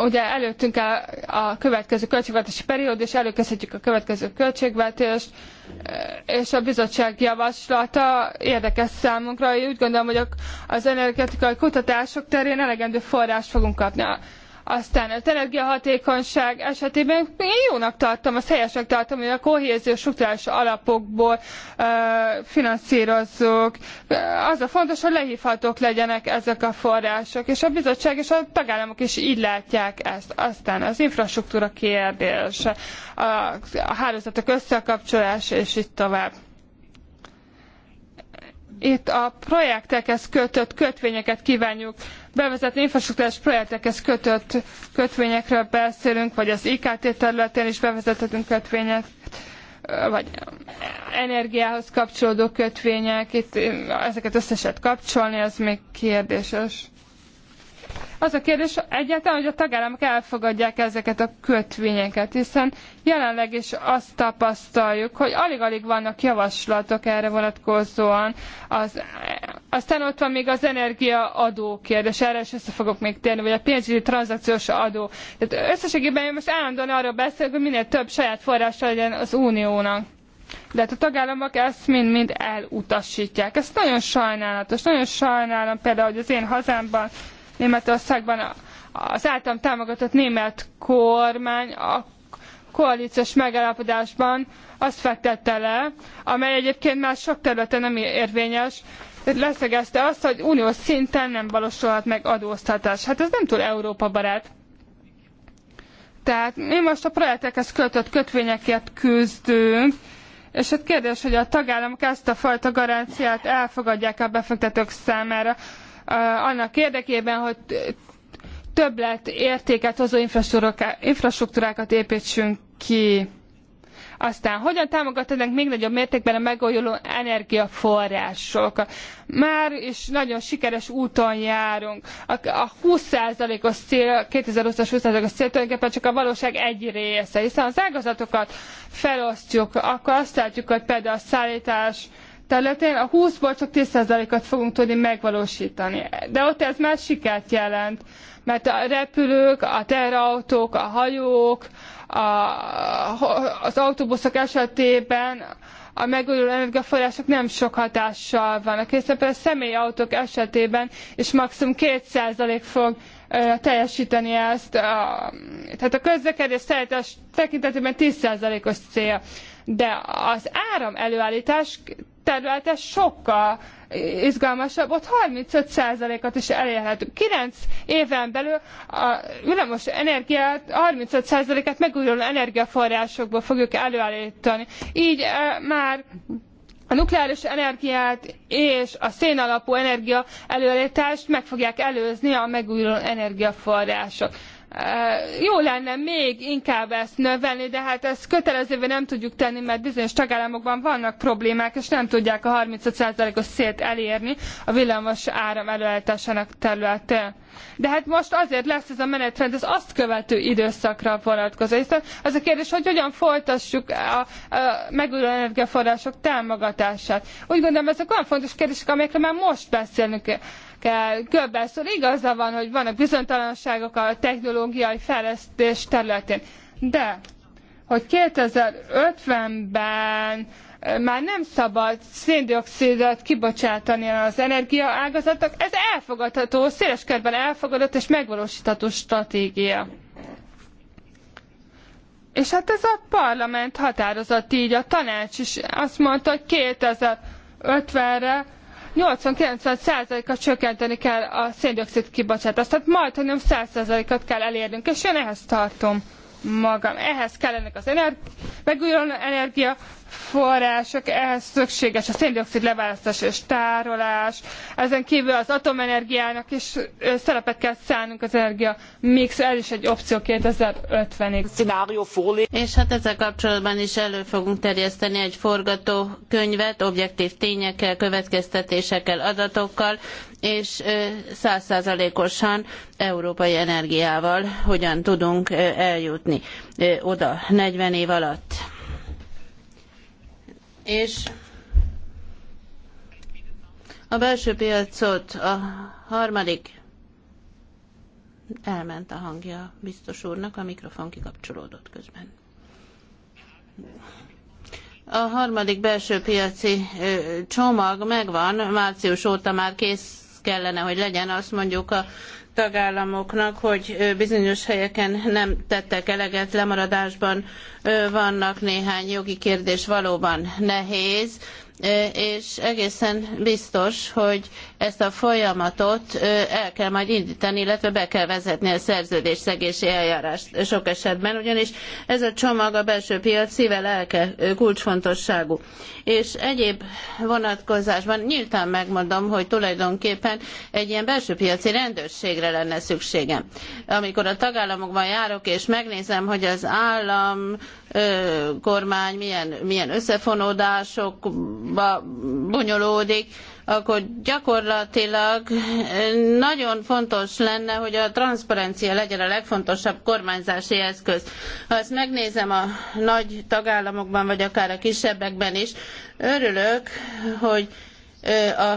Ugye előttünk áll a következő költségvetési periód, és előkezdhetjük a következő költségvetést, és a bizottság javaslata érdekes számunkra. Én úgy gondolom, hogy az energetikai kutatások terén elegendő forrást fogunk kapni. Aztán az energiahatékonyság esetében én jónak tartom, azt helyesnek tartom, hogy a kohéziós struktúrás alapokból ö, finanszírozzuk. Az a fontos, hogy lehívhatók legyenek ezek a források, és a bizottság és a tagállamok is így látják ezt. Aztán az infrastruktúra kérdése, a, a hálózatok összekapcsolása, és így tovább itt a projektekhez kötött kötvényeket kívánjuk bevezetni infrastruktúrás projektekhez kötött kötvényekről beszélünk, vagy az IKT területén is bevezethetünk kötvényeket vagy energiához kapcsolódó kötvények, itt ezeket összeset kapcsolni, az még kérdéses. Az a kérdés egyáltalán, hogy a tagállamok elfogadják ezeket a kötvényeket, hiszen jelenleg is azt tapasztaljuk, hogy alig-alig vannak javaslatok erre vonatkozóan az aztán ott van még az energiaadó kérdés, erre is össze fogok még térni, vagy a pénzügyi tranzakciós adó. Tehát összességében én most állandóan arról beszélek, hogy minél több saját forrása legyen az uniónak. De hát a tagállamok ezt mind-mind elutasítják. Ez nagyon sajnálatos. Nagyon sajnálom például, hogy az én hazámban, Németországban az általam támogatott német kormány a koalíciós megállapodásban azt fektette le, amely egyébként már sok területen nem érvényes, leszögezte azt, hogy uniós szinten nem valósulhat meg adóztatás. Hát ez nem túl Európa barát. Tehát mi most a projektekhez költött kötvényeket küzdünk, és hát kérdés, hogy a tagállamok ezt a fajta garanciát elfogadják a befektetők számára eh, annak érdekében, hogy többlet értéket hozó infrastruktúrákat építsünk ki. Aztán hogyan támogatnak még nagyobb mértékben a megújuló energiaforrások? Már is nagyon sikeres úton járunk. A 20%-os cél, 2020-as 20%-os cél tulajdonképpen csak a valóság egy része, hiszen az ágazatokat felosztjuk, akkor azt látjuk, hogy például a szállítás, területén a 20-ból csak 10%-at fogunk tudni megvalósítani. De ott ez már sikert jelent, mert a repülők, a terautók, a hajók, a, az autóbuszok esetében a megújuló energiaforrások nem sok hatással vannak, hiszen például a személyautók esetében is maximum 2% fog teljesíteni ezt. A, tehát a közlekedés szállítás tekintetében 10%-os cél de az áram előállítás területe sokkal izgalmasabb, ott 35%-at is elérhetünk. 9 éven belül a villamos energiát 35%-át megújuló energiaforrásokból fogjuk előállítani. Így e, már a nukleáris energiát és a szénalapú energia előállítást meg fogják előzni a megújuló energiaforrások jó lenne még inkább ezt növelni, de hát ezt kötelezővé nem tudjuk tenni, mert bizonyos tagállamokban vannak problémák, és nem tudják a 35%-os szélt elérni a villamos áram előállításának területén. De hát most azért lesz ez a menetrend, ez azt követő időszakra vonatkozó. Hiszen az a kérdés, hogy hogyan folytassuk a, a megújuló energiaforrások támogatását. Úgy gondolom, ezek olyan fontos kérdések, amelyekről már most beszélnünk kell köbbelszor. Igaza van, hogy vannak bizonytalanságok a technológiai fejlesztés területén, de hogy 2050-ben eh, már nem szabad széndiokszidot kibocsátani az energiaágazatok, ez elfogadható, széles körben elfogadott és megvalósítható stratégia. És hát ez a parlament határozott így, a tanács is azt mondta, hogy 2050-re 80-90%-a csökkenteni kell a széndiokszid kibocsátást. Tehát nem 100%-at kell elérnünk, és én ehhez tartom magam. Ehhez kellenek az energi- megújuló energia források, ehhez szükséges a széndiokszid leválasztás és tárolás, ezen kívül az atomenergiának is szerepet kell szánnunk az energia mix, ez is egy opció 2050-ig. És hát ezzel kapcsolatban is elő fogunk terjeszteni egy forgatókönyvet, objektív tényekkel, következtetésekkel, adatokkal, és százszázalékosan európai energiával hogyan tudunk eljutni oda 40 év alatt és a belső piacot a harmadik elment a hangja biztos úrnak, a mikrofon kikapcsolódott közben. A harmadik belső piaci csomag megvan, március óta már kész kellene, hogy legyen, azt mondjuk a tagállamoknak, hogy bizonyos helyeken nem tettek eleget, lemaradásban vannak néhány jogi kérdés valóban nehéz, és egészen biztos, hogy ezt a folyamatot el kell majd indítani, illetve be kell vezetni a szerződésszegési eljárást sok esetben, ugyanis ez a csomag a belső piac szíve lelke kulcsfontosságú. És egyéb vonatkozásban nyíltan megmondom, hogy tulajdonképpen egy ilyen belső piaci rendőrségre lenne szükségem. Amikor a tagállamokban járok és megnézem, hogy az állam, kormány milyen, milyen összefonódások bonyolódik, akkor gyakorlatilag nagyon fontos lenne, hogy a transzparencia legyen a legfontosabb kormányzási eszköz. Ha ezt megnézem a nagy tagállamokban, vagy akár a kisebbekben is, örülök, hogy a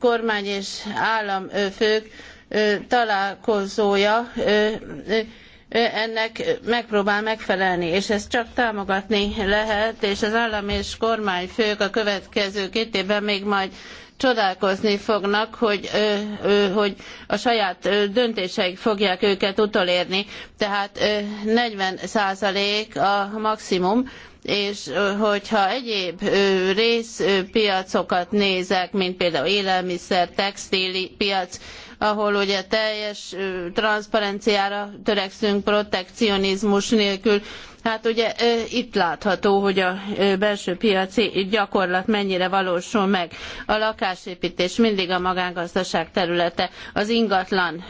kormány és államfők találkozója ennek megpróbál megfelelni, és ezt csak támogatni lehet, és az állam és kormányfők a következő két évben még majd csodálkozni fognak, hogy, hogy a saját döntéseik fogják őket utolérni. Tehát 40 százalék a maximum, és hogyha egyéb részpiacokat nézek, mint például élelmiszer, textíli piac, ahol ugye teljes transzparenciára törekszünk protekcionizmus nélkül, Hát ugye itt látható, hogy a belső piaci gyakorlat mennyire valósul meg. A lakásépítés mindig a magángazdaság területe, az ingatlan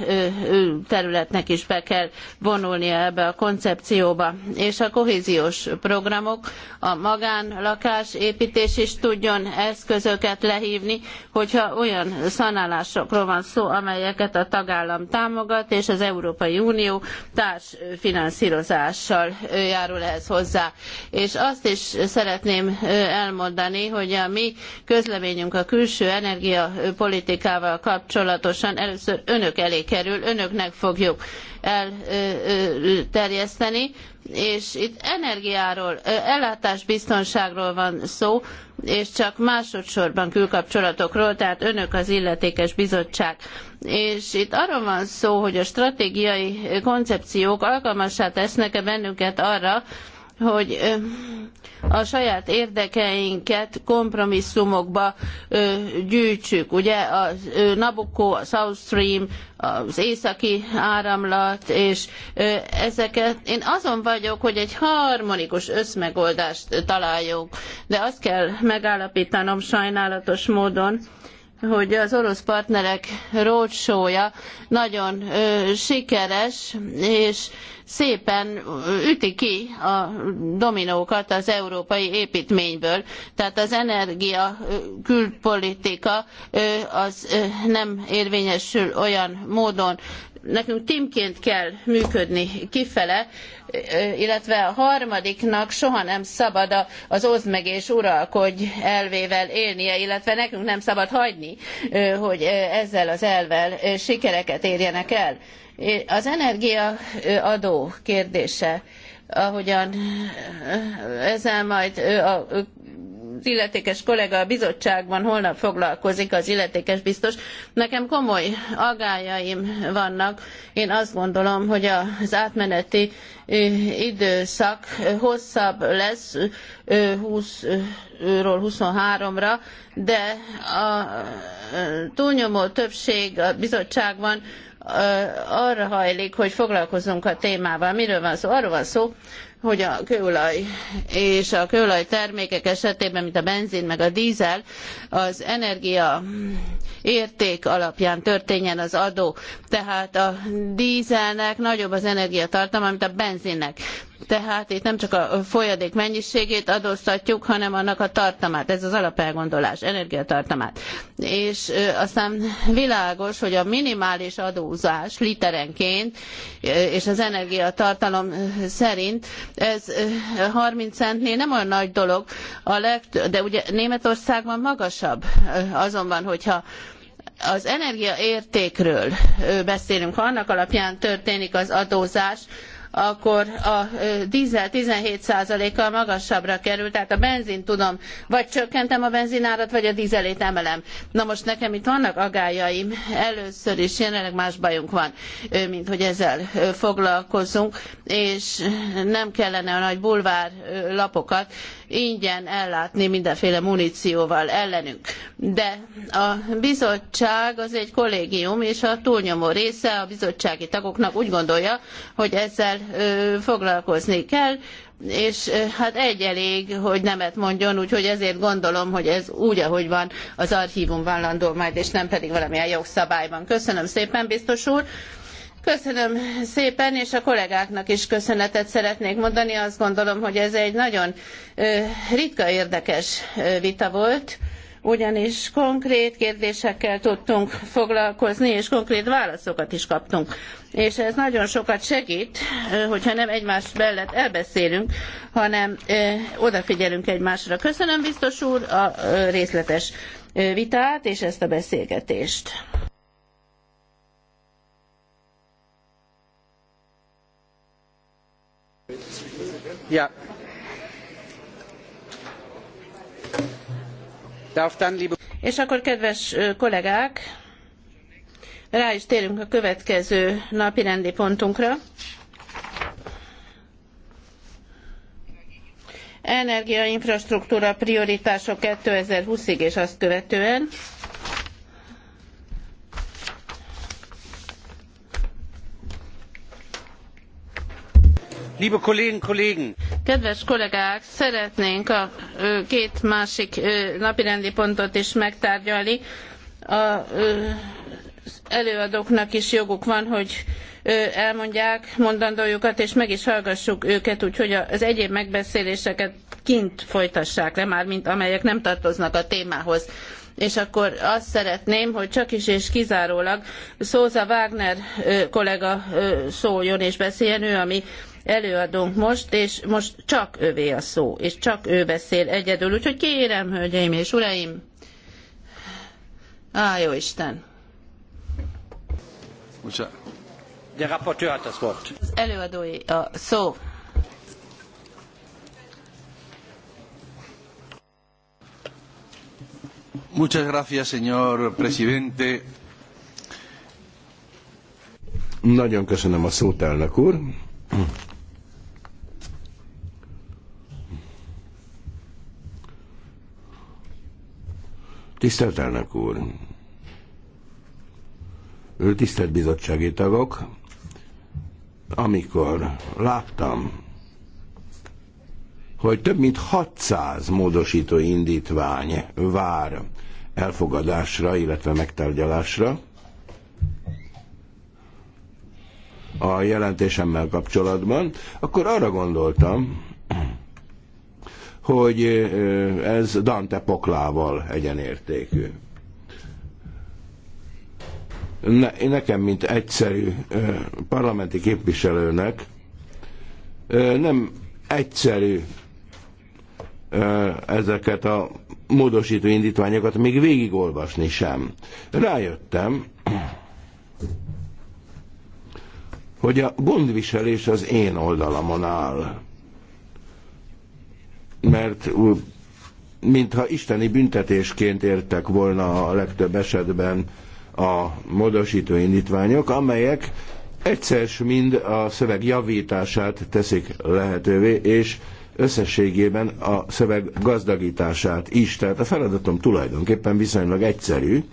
területnek is be kell vonulnia ebbe a koncepcióba. És a kohéziós programok, a magán lakásépítés is tudjon eszközöket lehívni, hogyha olyan szanálásokról van szó, amelyeket a tagállam támogat, és az Európai Unió társfinanszírozással jár járul ehhez hozzá. És azt is szeretném elmondani, hogy a mi közleményünk a külső energiapolitikával kapcsolatosan először önök elé kerül, önöknek fogjuk elterjeszteni, és itt energiáról, ellátásbiztonságról van szó, és csak másodszorban külkapcsolatokról, tehát önök az illetékes bizottság. És itt arról van szó, hogy a stratégiai koncepciók alkalmassá tesznek-e bennünket arra, hogy a saját érdekeinket kompromisszumokba gyűjtsük. Ugye a Nabucco, a South Stream, az északi áramlat, és ezeket én azon vagyok, hogy egy harmonikus összmegoldást találjunk, de azt kell megállapítanom sajnálatos módon, hogy az orosz partnerek roadshowja nagyon ö, sikeres, és szépen üti ki a dominókat az európai építményből. Tehát az energia külpolitika az nem érvényesül olyan módon, nekünk tímként kell működni kifele, illetve a harmadiknak soha nem szabad az oszd meg és uralkodj elvével élnie, illetve nekünk nem szabad hagyni, hogy ezzel az elvel sikereket érjenek el. Az energiaadó kérdése ahogyan ezzel majd a illetékes kollega a bizottságban holnap foglalkozik, az illetékes biztos. Nekem komoly agályaim vannak. Én azt gondolom, hogy az átmeneti időszak hosszabb lesz 20-ról 23-ra, de a túlnyomó többség a bizottságban arra hajlik, hogy foglalkozzunk a témával. Miről van szó? Arról van szó, hogy a kőolaj és a kőolaj termékek esetében, mint a benzin meg a dízel, az energia érték alapján történjen az adó. Tehát a dízelnek nagyobb az energiatartalma, mint a benzinnek tehát itt nem csak a folyadék mennyiségét adóztatjuk, hanem annak a tartamát, ez az alapelgondolás, energiatartamát. És aztán világos, hogy a minimális adózás literenként és az energiatartalom szerint ez 30 centnél nem olyan nagy dolog, a legt- de ugye Németországban magasabb. Azonban, hogyha az energiaértékről beszélünk, ha annak alapján történik az adózás, akkor a dízel 17%-kal magasabbra került, tehát a benzin tudom, vagy csökkentem a benzinárat, vagy a dízelét emelem. Na most nekem itt vannak agályaim, először is jelenleg más bajunk van, mint hogy ezzel foglalkozunk, és nem kellene a nagy bulvár lapokat ingyen ellátni mindenféle munícióval ellenünk. De a bizottság az egy kollégium, és a túlnyomó része a bizottsági tagoknak úgy gondolja, hogy ezzel foglalkozni kell, és hát egy elég, hogy nemet mondjon, úgyhogy ezért gondolom, hogy ez úgy, ahogy van, az archívum vállandó majd, és nem pedig valamilyen jogszabályban. Köszönöm szépen, biztos úr! Köszönöm szépen, és a kollégáknak is köszönetet szeretnék mondani. Azt gondolom, hogy ez egy nagyon ritka érdekes vita volt ugyanis konkrét kérdésekkel tudtunk foglalkozni, és konkrét válaszokat is kaptunk. És ez nagyon sokat segít, hogyha nem egymás mellett elbeszélünk, hanem odafigyelünk egymásra. Köszönöm, biztos úr, a részletes vitát és ezt a beszélgetést. Ja, És akkor, kedves kollégák, rá is térünk a következő napi rendi pontunkra. Energiainfrastruktúra prioritások 2020-ig és azt követően. Liebe Kolleginnen Kollegen! Kedves kollégák, szeretnénk a két másik napirendi pontot is megtárgyalni. Az előadóknak is joguk van, hogy elmondják mondandójukat, és meg is hallgassuk őket, úgyhogy az egyéb megbeszéléseket kint folytassák le, már mint amelyek nem tartoznak a témához és akkor azt szeretném, hogy csak is és kizárólag Szóza Wagner kollega szóljon és beszéljen, ő a mi előadónk most, és most csak övé a szó, és csak ő beszél egyedül. Úgyhogy kérem, hölgyeim és uraim, á, jó Isten! Az előadói a szó. Muchas gracias, señor presidente. Nagyon köszönöm a szót, elnök úr. Tisztelt elnök úr! Tisztelt bizottsági tagok! Amikor láttam, hogy több mint 600 módosító indítvány vár elfogadásra, illetve megtárgyalásra, a jelentésemmel kapcsolatban, akkor arra gondoltam, hogy ez Dante poklával egyenértékű. Ne, nekem, mint egyszerű parlamenti képviselőnek nem egyszerű ezeket a módosító indítványokat még végigolvasni sem. Rájöttem, hogy a gondviselés az én oldalamon áll. Mert mintha isteni büntetésként értek volna a legtöbb esetben a módosító indítványok, amelyek egyszer mind a szöveg javítását teszik lehetővé, és összességében a szöveg gazdagítását is. Tehát a feladatom tulajdonképpen viszonylag egyszerű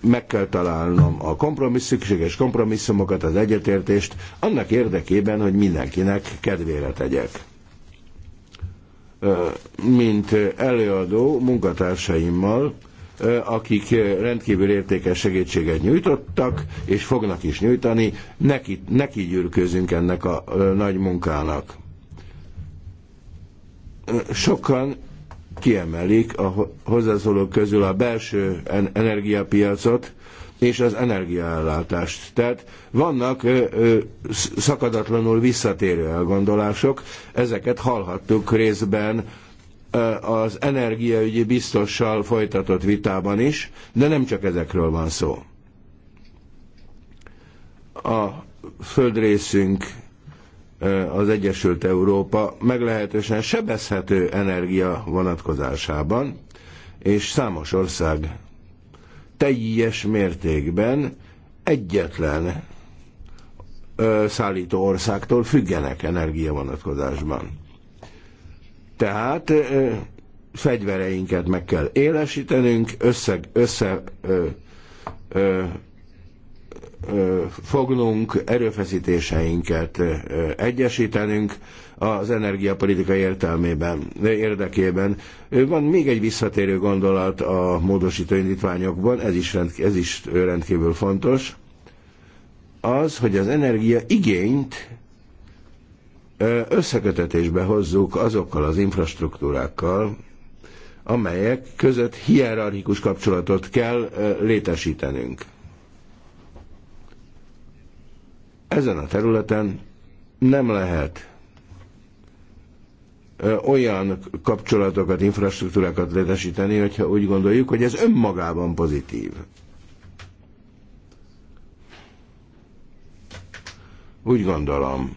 meg kell találnom a kompromissz, szükséges kompromisszumokat, az egyetértést, annak érdekében, hogy mindenkinek kedvére tegyek. Mint előadó munkatársaimmal, akik rendkívül értékes segítséget nyújtottak, és fognak is nyújtani, neki, neki gyűrközünk ennek a nagy munkának. Sokan kiemelik a hozzászólók közül a belső energiapiacot és az energiaellátást. Tehát vannak szakadatlanul visszatérő elgondolások, ezeket hallhattuk részben az energiaügyi biztossal folytatott vitában is, de nem csak ezekről van szó. A földrészünk az Egyesült Európa meglehetősen sebezhető energia vonatkozásában, és számos ország teljes mértékben egyetlen szállító országtól függenek energia vonatkozásban. Tehát fegyvereinket meg kell élesítenünk, össze, össze ö, ö, fognunk, erőfeszítéseinket egyesítenünk az energiapolitika értelmében, érdekében. Van még egy visszatérő gondolat a módosító indítványokban, ez is, rendk- ez is rendkívül fontos, az, hogy az energia igényt összekötetésbe hozzuk azokkal az infrastruktúrákkal, amelyek között hierarchikus kapcsolatot kell létesítenünk ezen a területen nem lehet olyan kapcsolatokat, infrastruktúrákat létesíteni, hogyha úgy gondoljuk, hogy ez önmagában pozitív. Úgy gondolom,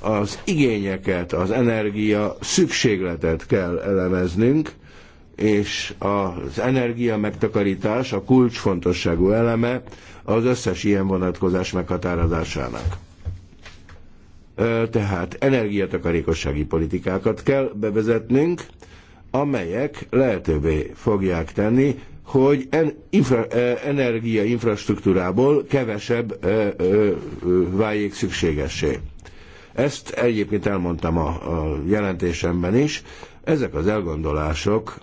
az igényeket, az energia szükségletet kell elemeznünk, és az energia megtakarítás a kulcsfontosságú eleme az összes ilyen vonatkozás meghatározásának. Tehát energiatakarékossági politikákat kell bevezetnünk, amelyek lehetővé fogják tenni, hogy en, infra, energia infrastruktúrából kevesebb ö, ö, ö, váljék szükségessé. Ezt egyébként elmondtam a, a jelentésemben is. Ezek az elgondolások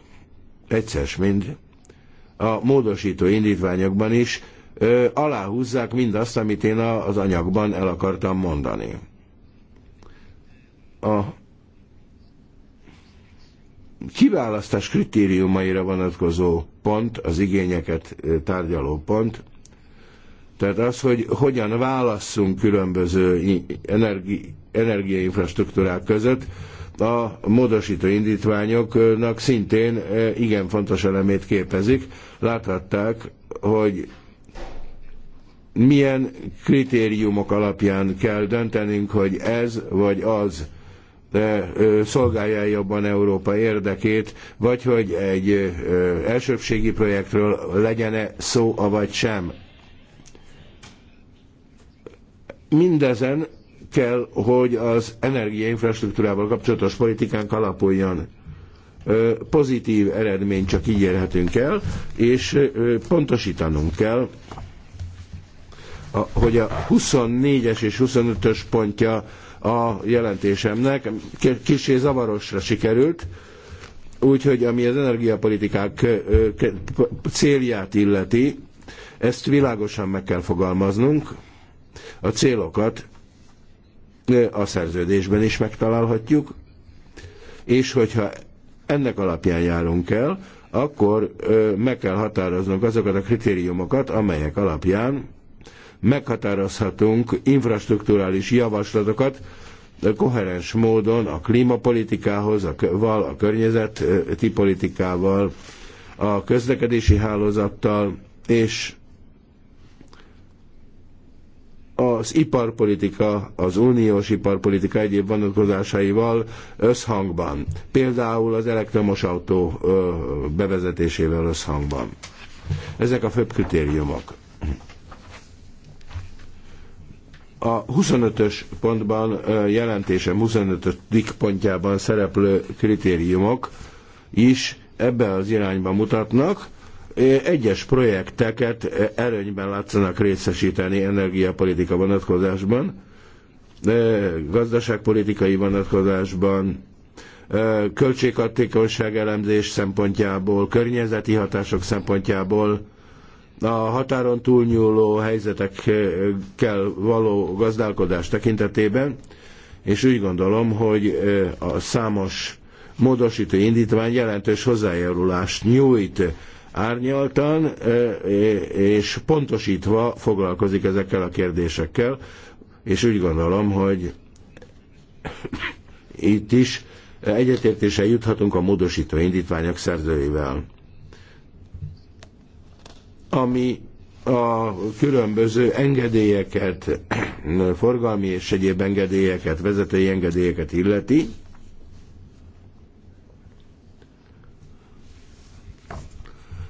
egyszer mind a módosító indítványokban is aláhúzzák mindazt, amit én az anyagban el akartam mondani. A kiválasztás kritériumaira vonatkozó pont, az igényeket tárgyaló pont, tehát az, hogy hogyan válasszunk különböző energi, energiainfrastruktúrák között, a módosító indítványoknak szintén igen fontos elemét képezik. Láthatták, hogy milyen kritériumok alapján kell döntenünk, hogy ez vagy az szolgálja jobban Európa érdekét, vagy hogy egy elsőbségi projektről legyen-e szó, avagy sem. Mindezen kell, hogy az energiainfrastruktúrával kapcsolatos politikánk alapuljon. Pozitív eredményt csak így érhetünk el, és pontosítanunk kell hogy a 24-es és 25-ös pontja a jelentésemnek kicsi zavarosra sikerült, úgyhogy ami az energiapolitikák célját illeti, ezt világosan meg kell fogalmaznunk, a célokat a szerződésben is megtalálhatjuk, és hogyha ennek alapján járunk el, akkor meg kell határoznunk azokat a kritériumokat, amelyek alapján meghatározhatunk infrastruktúrális javaslatokat, de koherens módon a klímapolitikához, a, val, a környezeti politikával, a közlekedési hálózattal és az iparpolitika, az uniós iparpolitika egyéb vonatkozásaival összhangban. Például az elektromos autó bevezetésével összhangban. Ezek a főbb kritériumok. A 25-ös pontban jelentésem 25. pontjában szereplő kritériumok is ebbe az irányba mutatnak, egyes projekteket előnyben látszanak részesíteni energiapolitika vonatkozásban, gazdaságpolitikai vonatkozásban, költséghatékonyság elemzés szempontjából, környezeti hatások szempontjából, a határon túlnyúló helyzetekkel való gazdálkodás tekintetében, és úgy gondolom, hogy a számos módosító indítvány jelentős hozzájárulást nyújt árnyaltan és pontosítva foglalkozik ezekkel a kérdésekkel, és úgy gondolom, hogy itt is egyetértéssel juthatunk a módosító indítványok szerzőivel ami a különböző engedélyeket, [clears throat] forgalmi és egyéb engedélyeket, vezetői engedélyeket illeti.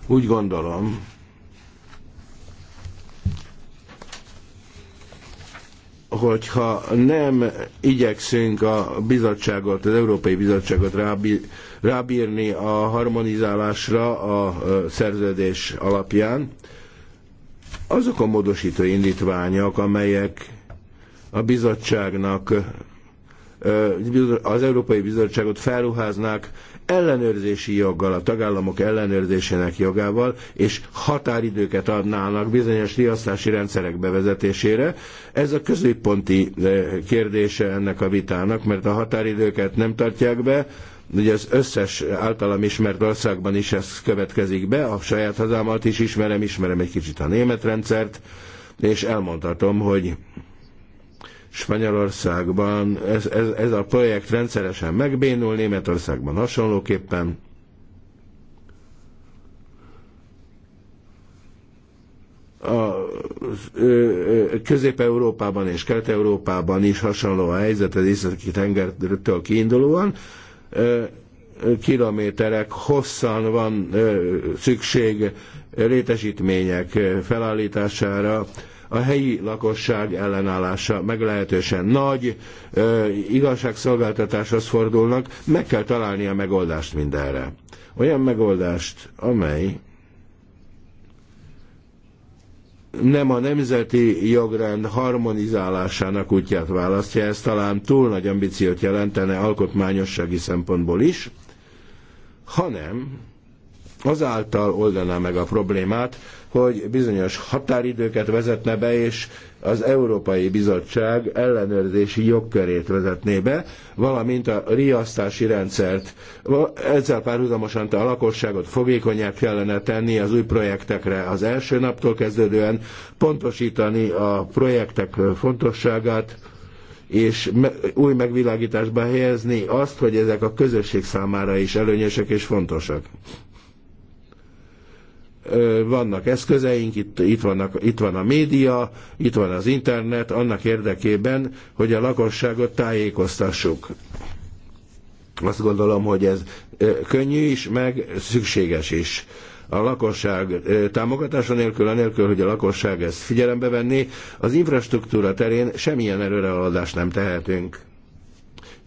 Úgy gondolom, hogyha nem igyekszünk a bizottságot, az Európai Bizottságot rábírni a harmonizálásra a szerződés alapján, azok a módosító indítványok, amelyek a bizottságnak az Európai Bizottságot felruháznák ellenőrzési joggal, a tagállamok ellenőrzésének jogával, és határidőket adnának bizonyos riasztási rendszerek bevezetésére. Ez a középponti kérdése ennek a vitának, mert a határidőket nem tartják be, ugye az összes általam ismert országban is ez következik be, a saját hazámat is ismerem, ismerem egy kicsit a német rendszert, és elmondhatom, hogy Spanyolországban ez, ez, ez a projekt rendszeresen megbénul, Németországban hasonlóképpen. a Közép-Európában és Kelet-Európában is hasonló a helyzet az északi tengertől kiindulóan. Kilométerek hosszan van szükség létesítmények felállítására, a helyi lakosság ellenállása meglehetősen nagy, igazságszolgáltatáshoz fordulnak, meg kell találni a megoldást mindenre. Olyan megoldást, amely nem a nemzeti jogrend harmonizálásának útját választja, ez talán túl nagy ambíciót jelentene alkotmányossági szempontból is, hanem azáltal oldaná meg a problémát, hogy bizonyos határidőket vezetne be, és az Európai Bizottság ellenőrzési jogkörét vezetné be, valamint a riasztási rendszert. Ezzel párhuzamosan a lakosságot fogékonyá kellene tenni az új projektekre az első naptól kezdődően, pontosítani a projektek fontosságát, és új megvilágításba helyezni azt, hogy ezek a közösség számára is előnyösek és fontosak vannak eszközeink, itt, itt, vannak, itt van a média, itt van az internet, annak érdekében, hogy a lakosságot tájékoztassuk. Azt gondolom, hogy ez könnyű is, meg szükséges is a lakosság támogatása nélkül, anélkül, hogy a lakosság ezt figyelembe venné, az infrastruktúra terén semmilyen előrehaladást nem tehetünk.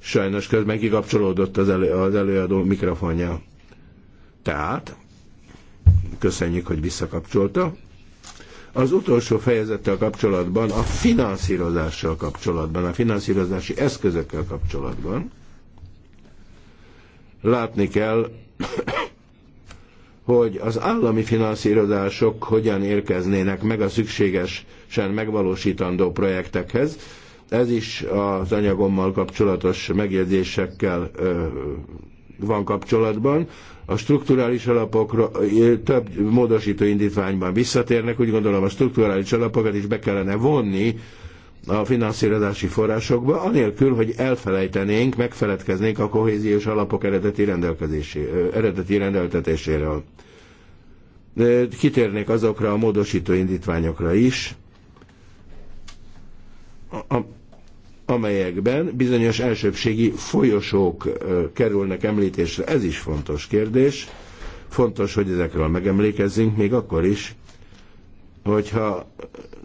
Sajnos közben kikapcsolódott az, elő, az előadó mikrofonja. Tehát Köszönjük, hogy visszakapcsolta. Az utolsó fejezettel kapcsolatban, a finanszírozással kapcsolatban, a finanszírozási eszközökkel kapcsolatban látni kell, [coughs] hogy az állami finanszírozások hogyan érkeznének meg a szükségesen megvalósítandó projektekhez. Ez is az anyagommal kapcsolatos megjegyzésekkel van kapcsolatban a strukturális alapokra több módosító indítványban visszatérnek, úgy gondolom a strukturális alapokat is be kellene vonni a finanszírozási forrásokba, anélkül, hogy elfelejtenénk, megfeledkeznénk a kohéziós alapok eredeti, rendelkezési, eredeti rendeltetéséről. Kitérnék azokra a módosító indítványokra is, amelyekben bizonyos elsőbségi folyosók kerülnek említésre. Ez is fontos kérdés. Fontos, hogy ezekről megemlékezzünk még akkor is, hogyha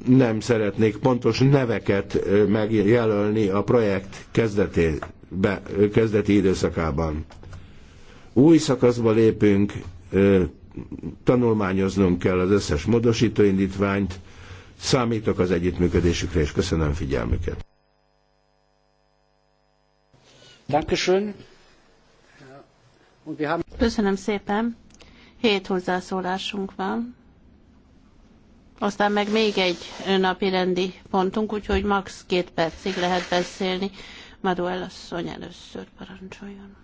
nem szeretnék pontos neveket megjelölni a projekt kezdetébe, kezdeti időszakában. Új szakaszba lépünk, tanulmányoznunk kell az összes módosítóindítványt, számítok az együttműködésükre, és köszönöm figyelmüket. Köszönöm szépen. Hét hozzászólásunk van. Aztán meg még egy napi rendi pontunk, úgyhogy max. két percig lehet beszélni. Maduel asszony először parancsoljon.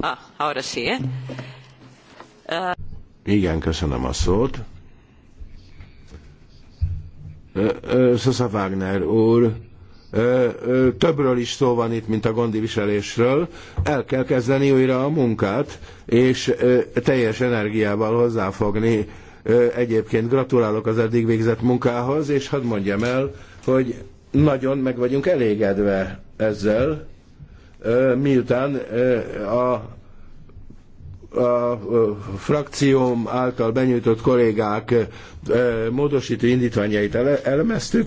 Ah, ahora sí, eh? Uh... Igen, köszönöm a szót. Szosza Wagner úr, többről is szó van itt, mint a gondviselésről. El kell kezdeni újra a munkát, és teljes energiával hozzáfogni. Egyébként gratulálok az eddig végzett munkához, és hadd mondjam el, hogy nagyon meg vagyunk elégedve ezzel, miután a a frakcióm által benyújtott kollégák e, módosító indítványait elemeztük,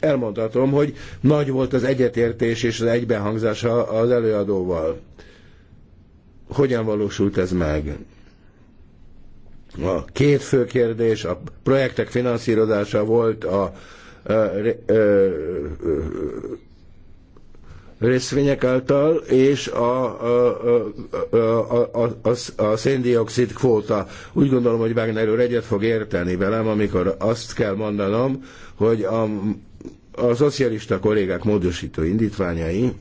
elmondhatom, hogy nagy volt az egyetértés és az egybehangzás az előadóval. Hogyan valósult ez meg? A két fő kérdés, a projektek finanszírozása volt a e, e, részvények által, és a, a, a, a, a, a, a széndiokszid kvóta. Úgy gondolom, hogy Wagner úr egyet fog érteni velem, amikor azt kell mondanom, hogy a, a szocialista kollégák módosító indítványai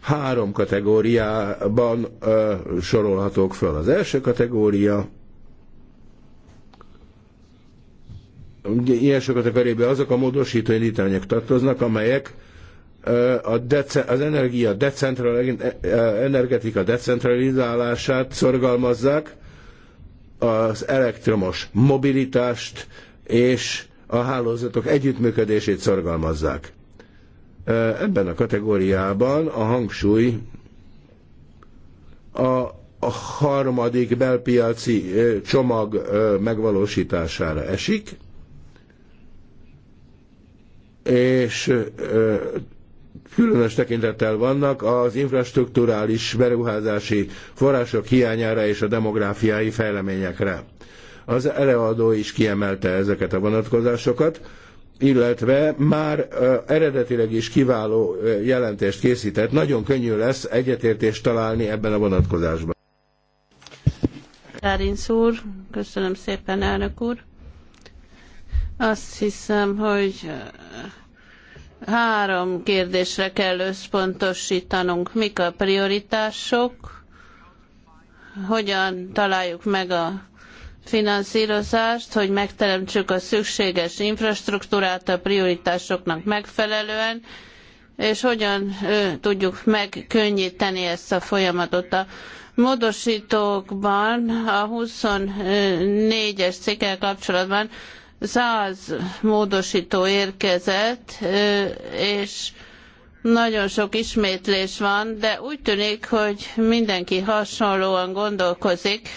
három kategóriában ö, sorolhatók föl. Az első kategória ilyen sokat a azok a módosító indítványok tartoznak, amelyek a dece, az energia decentral, e- e- energetika decentralizálását szorgalmazzák, az elektromos mobilitást és a hálózatok együttműködését szorgalmazzák. Ebben a kategóriában a hangsúly a harmadik belpiaci csomag megvalósítására esik, és különös tekintettel vannak az infrastrukturális beruházási források hiányára és a demográfiai fejleményekre. Az előadó is kiemelte ezeket a vonatkozásokat, illetve már eredetileg is kiváló jelentést készített. Nagyon könnyű lesz egyetértést találni ebben a vonatkozásban. Kárinc úr, köszönöm szépen, elnök úr. Azt hiszem, hogy Három kérdésre kell összpontosítanunk. Mik a prioritások? Hogyan találjuk meg a finanszírozást, hogy megteremtsük a szükséges infrastruktúrát a prioritásoknak megfelelően, és hogyan tudjuk megkönnyíteni ezt a folyamatot. A módosítókban a 24-es cikkel kapcsolatban száz módosító érkezett, és nagyon sok ismétlés van, de úgy tűnik, hogy mindenki hasonlóan gondolkozik.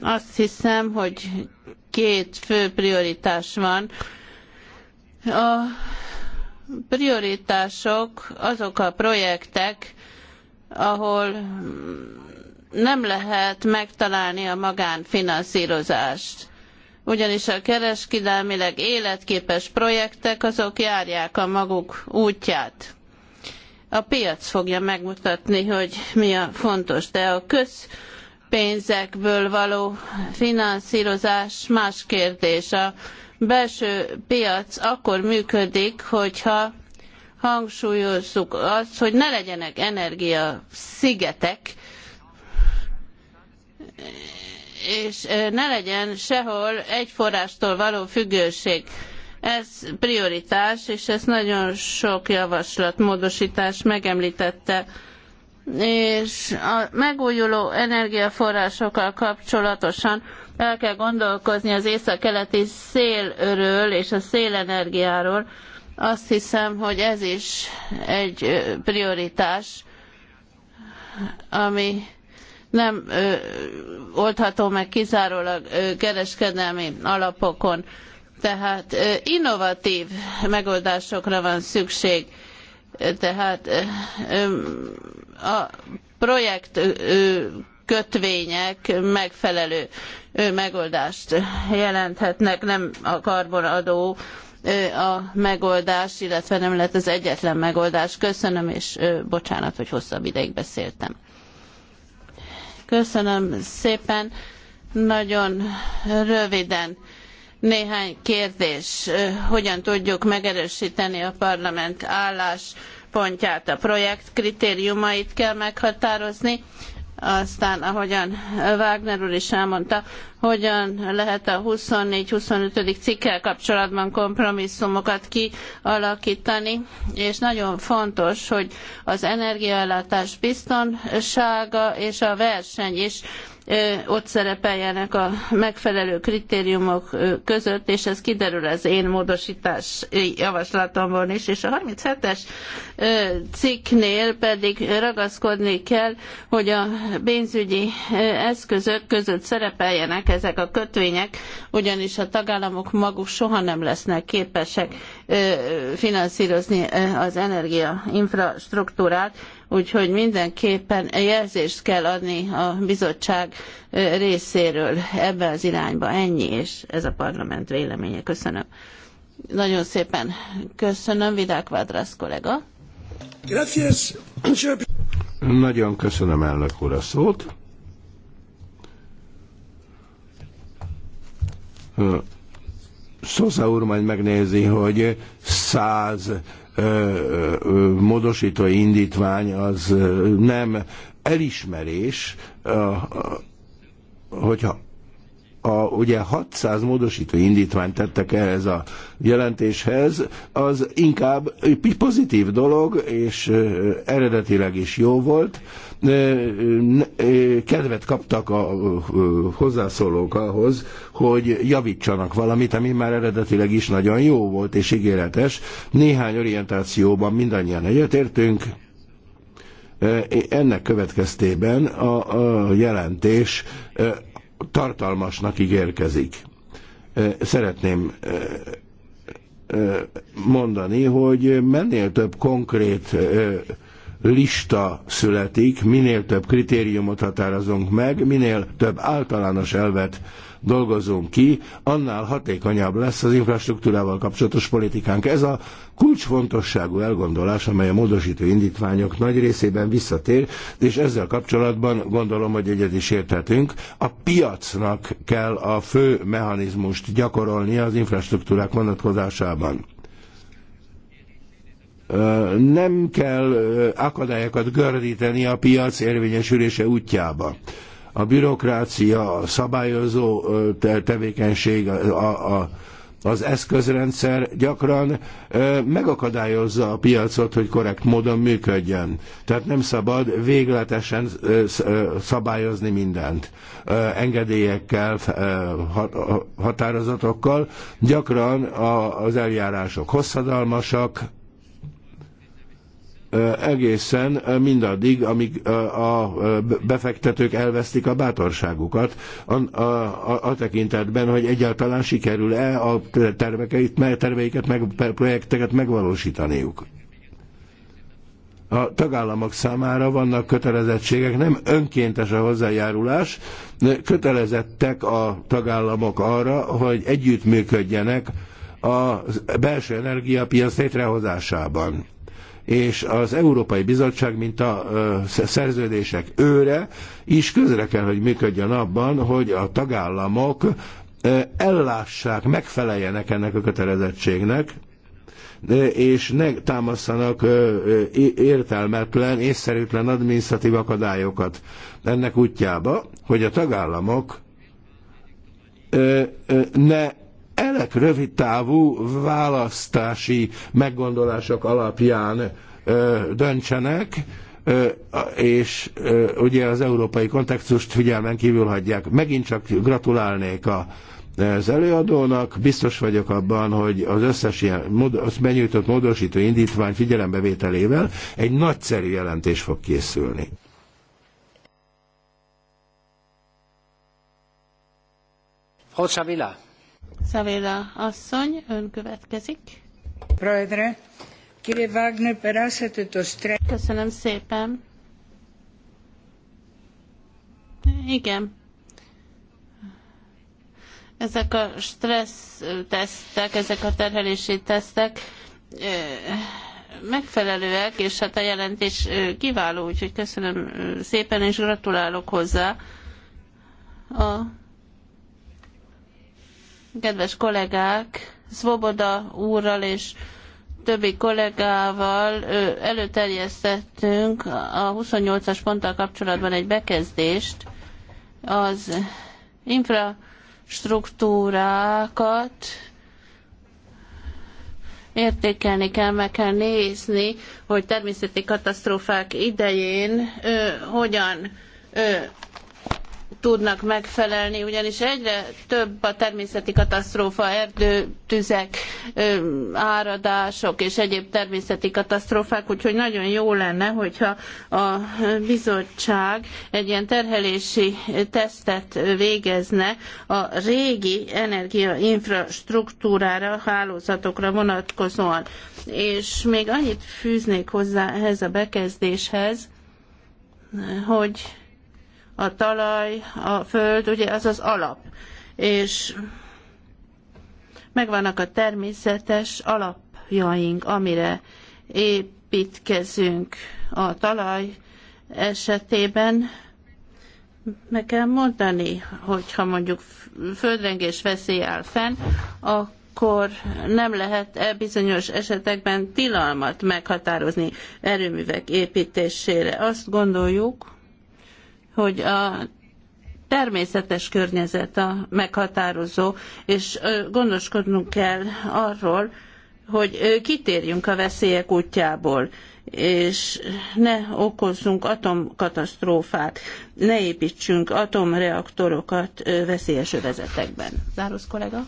Azt hiszem, hogy két fő prioritás van. A prioritások azok a projektek, ahol nem lehet megtalálni a magánfinanszírozást ugyanis a kereskedelmileg életképes projektek azok járják a maguk útját. A piac fogja megmutatni, hogy mi a fontos, de a közpénzekből való finanszírozás más kérdés. A belső piac akkor működik, hogyha hangsúlyozzuk azt, hogy ne legyenek energiaszigetek, és ne legyen sehol egy forrástól való függőség. Ez prioritás, és ezt nagyon sok javaslat, módosítás megemlítette. És a megújuló energiaforrásokkal kapcsolatosan el kell gondolkozni az észak-keleti szélről és a szélenergiáról. Azt hiszem, hogy ez is egy prioritás, ami nem ö, oldható meg kizárólag ö, kereskedelmi alapokon. Tehát ö, innovatív megoldásokra van szükség. Tehát ö, a projekt ö, kötvények megfelelő megoldást jelenthetnek, nem a karbonadó a megoldás, illetve nem lett az egyetlen megoldás. Köszönöm, és bocsánat, hogy hosszabb ideig beszéltem. Köszönöm szépen. Nagyon röviden néhány kérdés. Hogyan tudjuk megerősíteni a parlament álláspontját? A projekt kritériumait kell meghatározni, aztán ahogyan Wagner úr is elmondta, hogyan lehet a 24-25. cikkel kapcsolatban kompromisszumokat kialakítani, és nagyon fontos, hogy az energiaellátás biztonsága és a verseny is ott szerepeljenek a megfelelő kritériumok között, és ez kiderül az én módosítás javaslatomban is, és a 37-es cikknél pedig ragaszkodni kell, hogy a pénzügyi eszközök között szerepeljenek ezek a kötvények, ugyanis a tagállamok maguk soha nem lesznek képesek finanszírozni az energiainfrastruktúrát, Úgyhogy mindenképpen jelzést kell adni a bizottság részéről ebbe az irányba. Ennyi, és ez a parlament véleménye. Köszönöm. Nagyon szépen köszönöm, Vidák Vadrasz kollega. Nagyon köszönöm elnök úr a szót. Szóza úr majd megnézi, hogy száz módosító indítvány az nem elismerés, hogyha a, ugye 600 módosító indítványt tettek ehhez a jelentéshez, az inkább pozitív dolog, és eredetileg is jó volt, kedvet kaptak a hozzászólók ahhoz, hogy javítsanak valamit, ami már eredetileg is nagyon jó volt és ígéretes. Néhány orientációban mindannyian egyetértünk, ennek következtében a, jelentés tartalmasnak ígérkezik. Szeretném mondani, hogy mennél több konkrét lista születik, minél több kritériumot határozunk meg, minél több általános elvet dolgozunk ki, annál hatékonyabb lesz az infrastruktúrával kapcsolatos politikánk. Ez a kulcsfontosságú elgondolás, amely a módosító indítványok nagy részében visszatér, és ezzel kapcsolatban gondolom, hogy egyet is érthetünk. A piacnak kell a fő mechanizmust gyakorolnia az infrastruktúrák vonatkozásában nem kell akadályokat gördíteni a piac érvényesülése útjába. A bürokrácia, a szabályozó tevékenység, a, a, az eszközrendszer gyakran megakadályozza a piacot, hogy korrekt módon működjön. Tehát nem szabad végletesen szabályozni mindent. engedélyekkel, határozatokkal. Gyakran az eljárások hosszadalmasak, egészen mindaddig, amíg a befektetők elvesztik a bátorságukat a, a, a tekintetben, hogy egyáltalán sikerül-e a terveiket, terveiket meg, projekteket megvalósítaniuk a tagállamok számára vannak kötelezettségek, nem önkéntes a hozzájárulás, kötelezettek a tagállamok arra, hogy együttműködjenek a belső energiapiac létrehozásában és az Európai Bizottság, mint a szerződések őre is közre kell, hogy működjön abban, hogy a tagállamok ellássák, megfeleljenek ennek a kötelezettségnek, és ne támasszanak értelmetlen, észszerűtlen adminisztratív akadályokat ennek útjába, hogy a tagállamok ne ezek rövidtávú választási meggondolások alapján ö, döntsenek, ö, és ö, ugye az európai kontextust figyelmen kívül hagyják. Megint csak gratulálnék a, az előadónak, biztos vagyok abban, hogy az összes ilyen az benyújtott módosító indítvány figyelembevételével egy nagyszerű jelentés fog készülni. Hozzá Villa. Szavéla asszony, ön következik. Proedre, kire Wagner perásete to Köszönöm szépen. Igen. Ezek a stressz tesztek, ezek a terhelési tesztek megfelelőek, és hát a jelentés kiváló, úgyhogy köszönöm szépen, és gratulálok hozzá. A Kedves kollégák, Svoboda úrral és többi kollégával előterjesztettünk a 28-as ponttal kapcsolatban egy bekezdést az infrastruktúrákat értékelni kell, meg kell nézni, hogy természeti katasztrófák idején ö, hogyan ö, tudnak megfelelni, ugyanis egyre több a természeti katasztrófa, erdőtüzek, áradások és egyéb természeti katasztrófák, úgyhogy nagyon jó lenne, hogyha a bizottság egy ilyen terhelési tesztet végezne a régi energiainfrastruktúrára, hálózatokra vonatkozóan. És még annyit fűznék hozzá ehhez a bekezdéshez, hogy a talaj, a föld, ugye az az alap. És megvannak a természetes alapjaink, amire építkezünk a talaj esetében. Meg kell mondani, hogyha mondjuk földrengés veszély áll fenn, akkor akkor nem lehet e bizonyos esetekben tilalmat meghatározni erőművek építésére. Azt gondoljuk, hogy a természetes környezet a meghatározó, és gondoskodnunk kell arról, hogy kitérjünk a veszélyek útjából, és ne okozzunk atomkatasztrófát, ne építsünk atomreaktorokat veszélyes övezetekben. Zárusz kollega?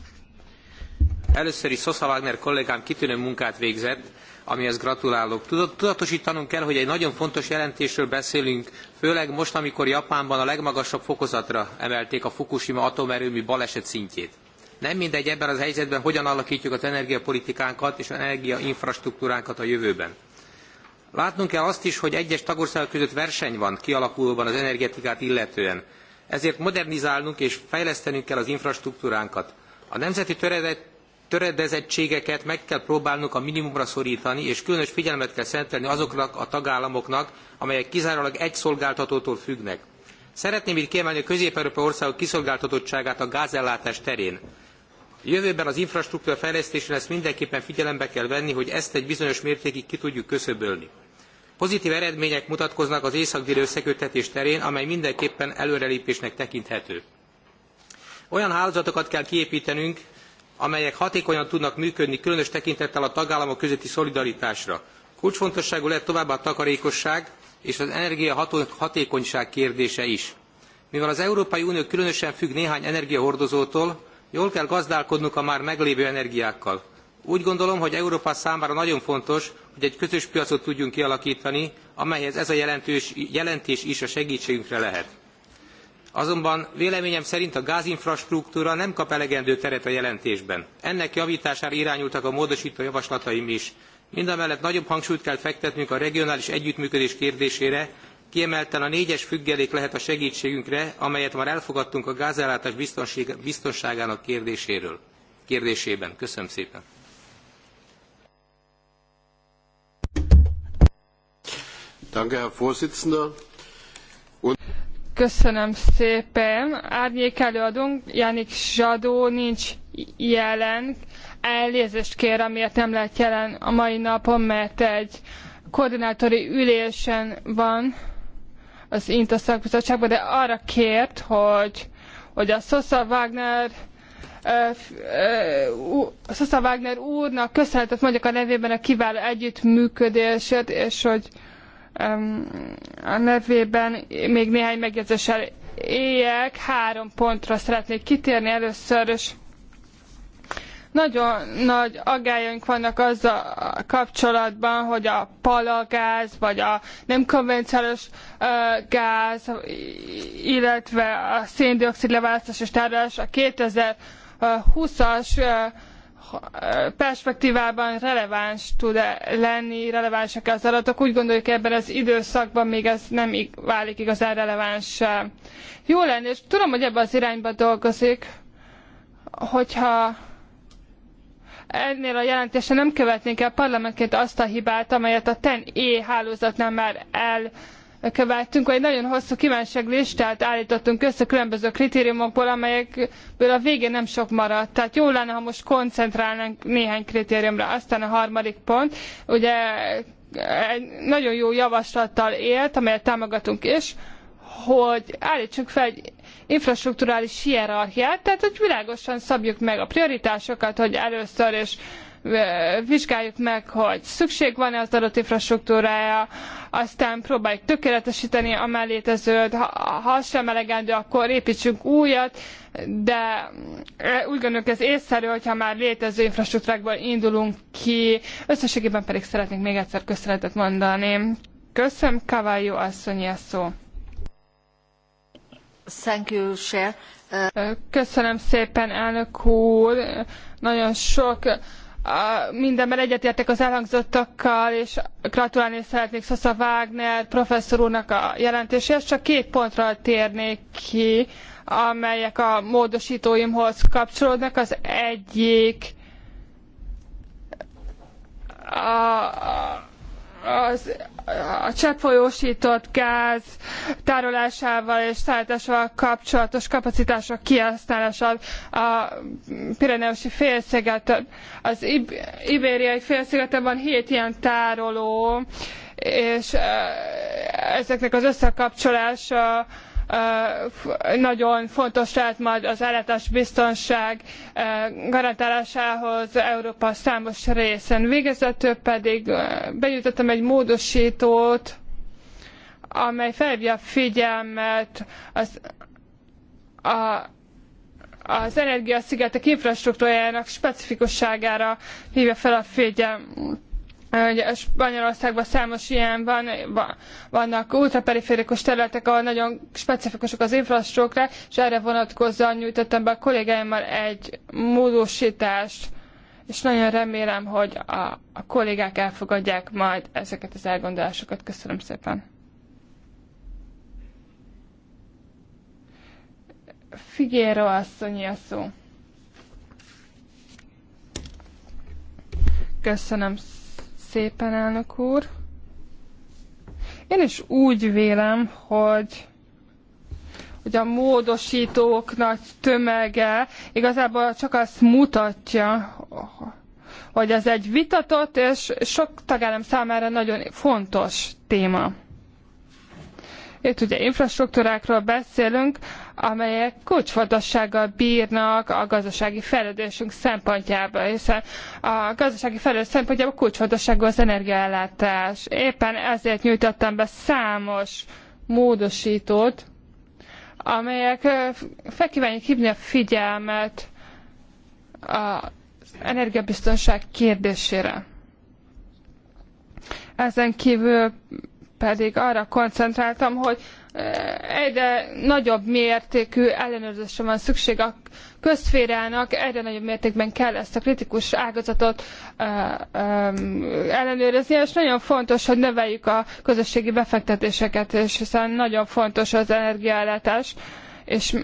Először is Szosza Wagner kollégám kitűnő munkát végzett, amihez gratulálok. Tudatosítanunk kell, hogy egy nagyon fontos jelentésről beszélünk, főleg most, amikor Japánban a legmagasabb fokozatra emelték a Fukushima atomerőmű baleset szintjét. Nem mindegy ebben az helyzetben, hogyan alakítjuk az energiapolitikánkat és az energiainfrastruktúránkat a jövőben. Látnunk kell azt is, hogy egyes tagországok között verseny van kialakulóban az energetikát illetően. Ezért modernizálnunk és fejlesztenünk kell az infrastruktúránkat. A nemzeti töredezettségeket meg kell próbálnunk a minimumra szorítani, és különös figyelmet kell szentelni azoknak a tagállamoknak, amelyek kizárólag egy szolgáltatótól függnek. Szeretném itt kiemelni a közép-európai országok kiszolgáltatottságát a gázellátás terén. Jövőben az infrastruktúra fejlesztésén ezt mindenképpen figyelembe kell venni, hogy ezt egy bizonyos mértékig ki tudjuk köszöbölni. Pozitív eredmények mutatkoznak az észak-déli terén, amely mindenképpen előrelépésnek tekinthető. Olyan hálózatokat kell kiépítenünk, amelyek hatékonyan tudnak működni különös tekintettel a tagállamok közötti szolidaritásra. Kulcsfontosságú lett továbbá a takarékosság és az energiahatékonyság kérdése is. Mivel az Európai Unió különösen függ néhány energiahordozótól, jól kell gazdálkodnunk a már meglévő energiákkal. Úgy gondolom, hogy Európa számára nagyon fontos, hogy egy közös piacot tudjunk kialakítani, amelyhez ez a jelentős, jelentés is a segítségünkre lehet. Azonban véleményem szerint a gázinfrastruktúra nem kap elegendő teret a jelentésben. Ennek javítására irányultak a módosító javaslataim is. Mindamellett nagyobb hangsúlyt kell fektetnünk a regionális együttműködés kérdésére, kiemelten a négyes függelék lehet a segítségünkre, amelyet már elfogadtunk a gázellátás biztonságának kérdéséről. kérdésében. Köszönöm szépen! Danke, Herr Vorsitzender. Köszönöm szépen. Árnyék előadónk, Jánik Zsadó nincs jelen. Elnézést kér, amiért nem lehet jelen a mai napon, mert egy koordinátori ülésen van az INTA szakbizottságban, de arra kért, hogy, hogy a Sosa Wagner Sosa Wagner úrnak köszönetet mondjak a nevében a kiváló együttműködésért, és hogy a nevében még néhány megjegyzéssel éljek. Három pontra szeretnék kitérni először, és nagyon nagy aggályaink vannak azzal kapcsolatban, hogy a palagáz, vagy a nem konvencionális gáz, illetve a széndiokszid leválasztás és tárolás a 2020-as perspektívában releváns tud -e lenni, relevánsak-e az adatok. Úgy gondoljuk ebben az időszakban még ez nem válik igazán releváns. Jó lenne, és tudom, hogy ebbe az irányba dolgozik, hogyha ennél a jelentésen nem követnénk el parlamentként azt a hibát, amelyet a TEN-E hálózatnál már el követtünk, egy nagyon hosszú listát állítottunk össze különböző kritériumokból, amelyekből a végén nem sok maradt. Tehát jó lenne, ha most koncentrálnánk néhány kritériumra. Aztán a harmadik pont, ugye egy nagyon jó javaslattal élt, amelyet támogatunk is, hogy állítsunk fel egy infrastrukturális hierarchiát, tehát hogy világosan szabjuk meg a prioritásokat, hogy először és vizsgáljuk meg, hogy szükség van-e az adott infrastruktúrája, aztán próbáljuk tökéletesíteni a már létezőt, ha, ha sem elegendő, akkor építsünk újat, de úgy gondoljuk ez észszerű, hogyha már létező infrastruktúrákból indulunk ki. Összességében pedig szeretnék még egyszer köszönetet mondani. Köszönöm, Kavályó asszonyi a szó. Thank you, Chair. Köszönöm szépen, elnök úr. Nagyon sok a, mindenben egyetértek az elhangzottakkal, és gratulálni szeretnék Szosza Wagner professzor úrnak a jelentéséhez. Csak két pontra térnék ki, amelyek a módosítóimhoz kapcsolódnak. Az egyik a, a az, a cseppfolyósított gáz tárolásával és szállításával kapcsolatos kapacitások kihasználása a Pireneusi félszigeten. Az Ibériai félszigeten van hét ilyen tároló, és ezeknek az összekapcsolása nagyon fontos lehet majd az ellátás biztonság garantálásához Európa számos részen. Végezetül pedig benyújtottam egy módosítót, amely felhívja a figyelmet az, a, az energiaszigetek infrastruktúrájának specifikusságára hívja fel a figyelmet Ugye Spanyolországban számos ilyen van, vannak ultraperiférikus területek, ahol nagyon specifikusok az infrastruktúrák, és erre vonatkozóan nyújtottam be a kollégáimmal egy módosítást, és nagyon remélem, hogy a, a kollégák elfogadják majd ezeket az elgondolásokat. Köszönöm szépen. Figyéro asszonyi a szó. Köszönöm szépen szépen, elnök úr. Én is úgy vélem, hogy hogy a módosítók nagy tömege igazából csak azt mutatja, hogy ez egy vitatott és sok tagállam számára nagyon fontos téma. Itt ugye infrastruktúrákról beszélünk, amelyek kulcsfontossággal bírnak a gazdasági fejlődésünk szempontjából, hiszen a gazdasági fejlődés szempontjából kulcsfontosságú az energiaellátás. Éppen ezért nyújtottam be számos módosítót, amelyek felkívánják hívni a figyelmet az energiabiztonság kérdésére. Ezen kívül pedig arra koncentráltam, hogy Eh, egyre nagyobb mértékű ellenőrzésre van szükség a közférának, egyre nagyobb mértékben kell ezt a kritikus ágazatot eh, ellenőrizni, és nagyon fontos, hogy növeljük a közösségi befektetéseket, és hiszen nagyon fontos az energiállátás, és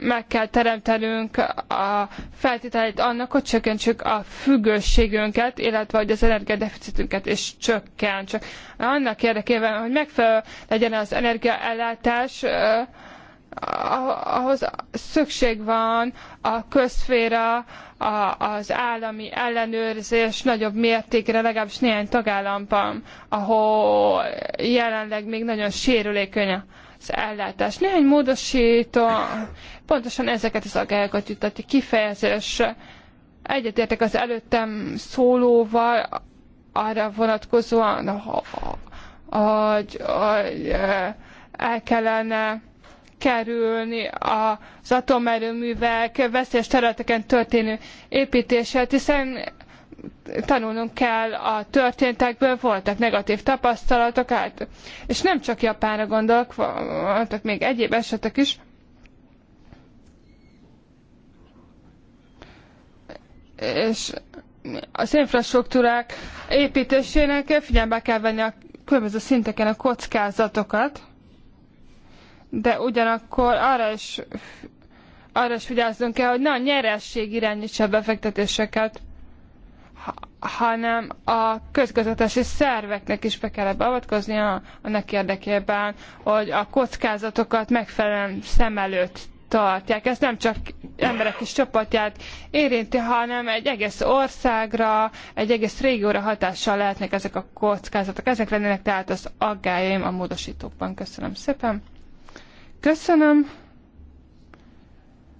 meg kell teremtenünk a feltételeit annak, hogy csökkentsük a függőségünket, illetve hogy az energiadeficitünket is csökkentsük. Annak érdekében, hogy megfelelő legyen az energiaellátás, ah, ahhoz szükség van a közféra, az állami ellenőrzés nagyobb mértékre, legalábbis néhány tagállamban, ahol jelenleg még nagyon sérülékeny ellátás. Néhány módosító pontosan ezeket az agályokat jutati kifejezésre. Egyetértek az előttem szólóval arra vonatkozóan, hogy eh, el kellene kerülni az atomerőművek veszélyes területeken történő építését, hiszen tanulnunk kell a történtekből, voltak negatív tapasztalatok, át, és nem csak Japánra gondolok, voltak még egyéb esetek is. És az infrastruktúrák építésének figyelembe kell venni a különböző szinteken a kockázatokat, de ugyanakkor arra is, arra is vigyázzunk kell, hogy ne a nyeresség irányítsa a befektetéseket hanem a közgazdasági szerveknek is be kell beavatkozni annak érdekében, hogy a kockázatokat megfelelően szem előtt tartják. Ez nem csak emberek és csapatját érinti, hanem egy egész országra, egy egész régióra hatással lehetnek ezek a kockázatok. Ezek lennének tehát az aggályaim a módosítókban. Köszönöm szépen. Köszönöm.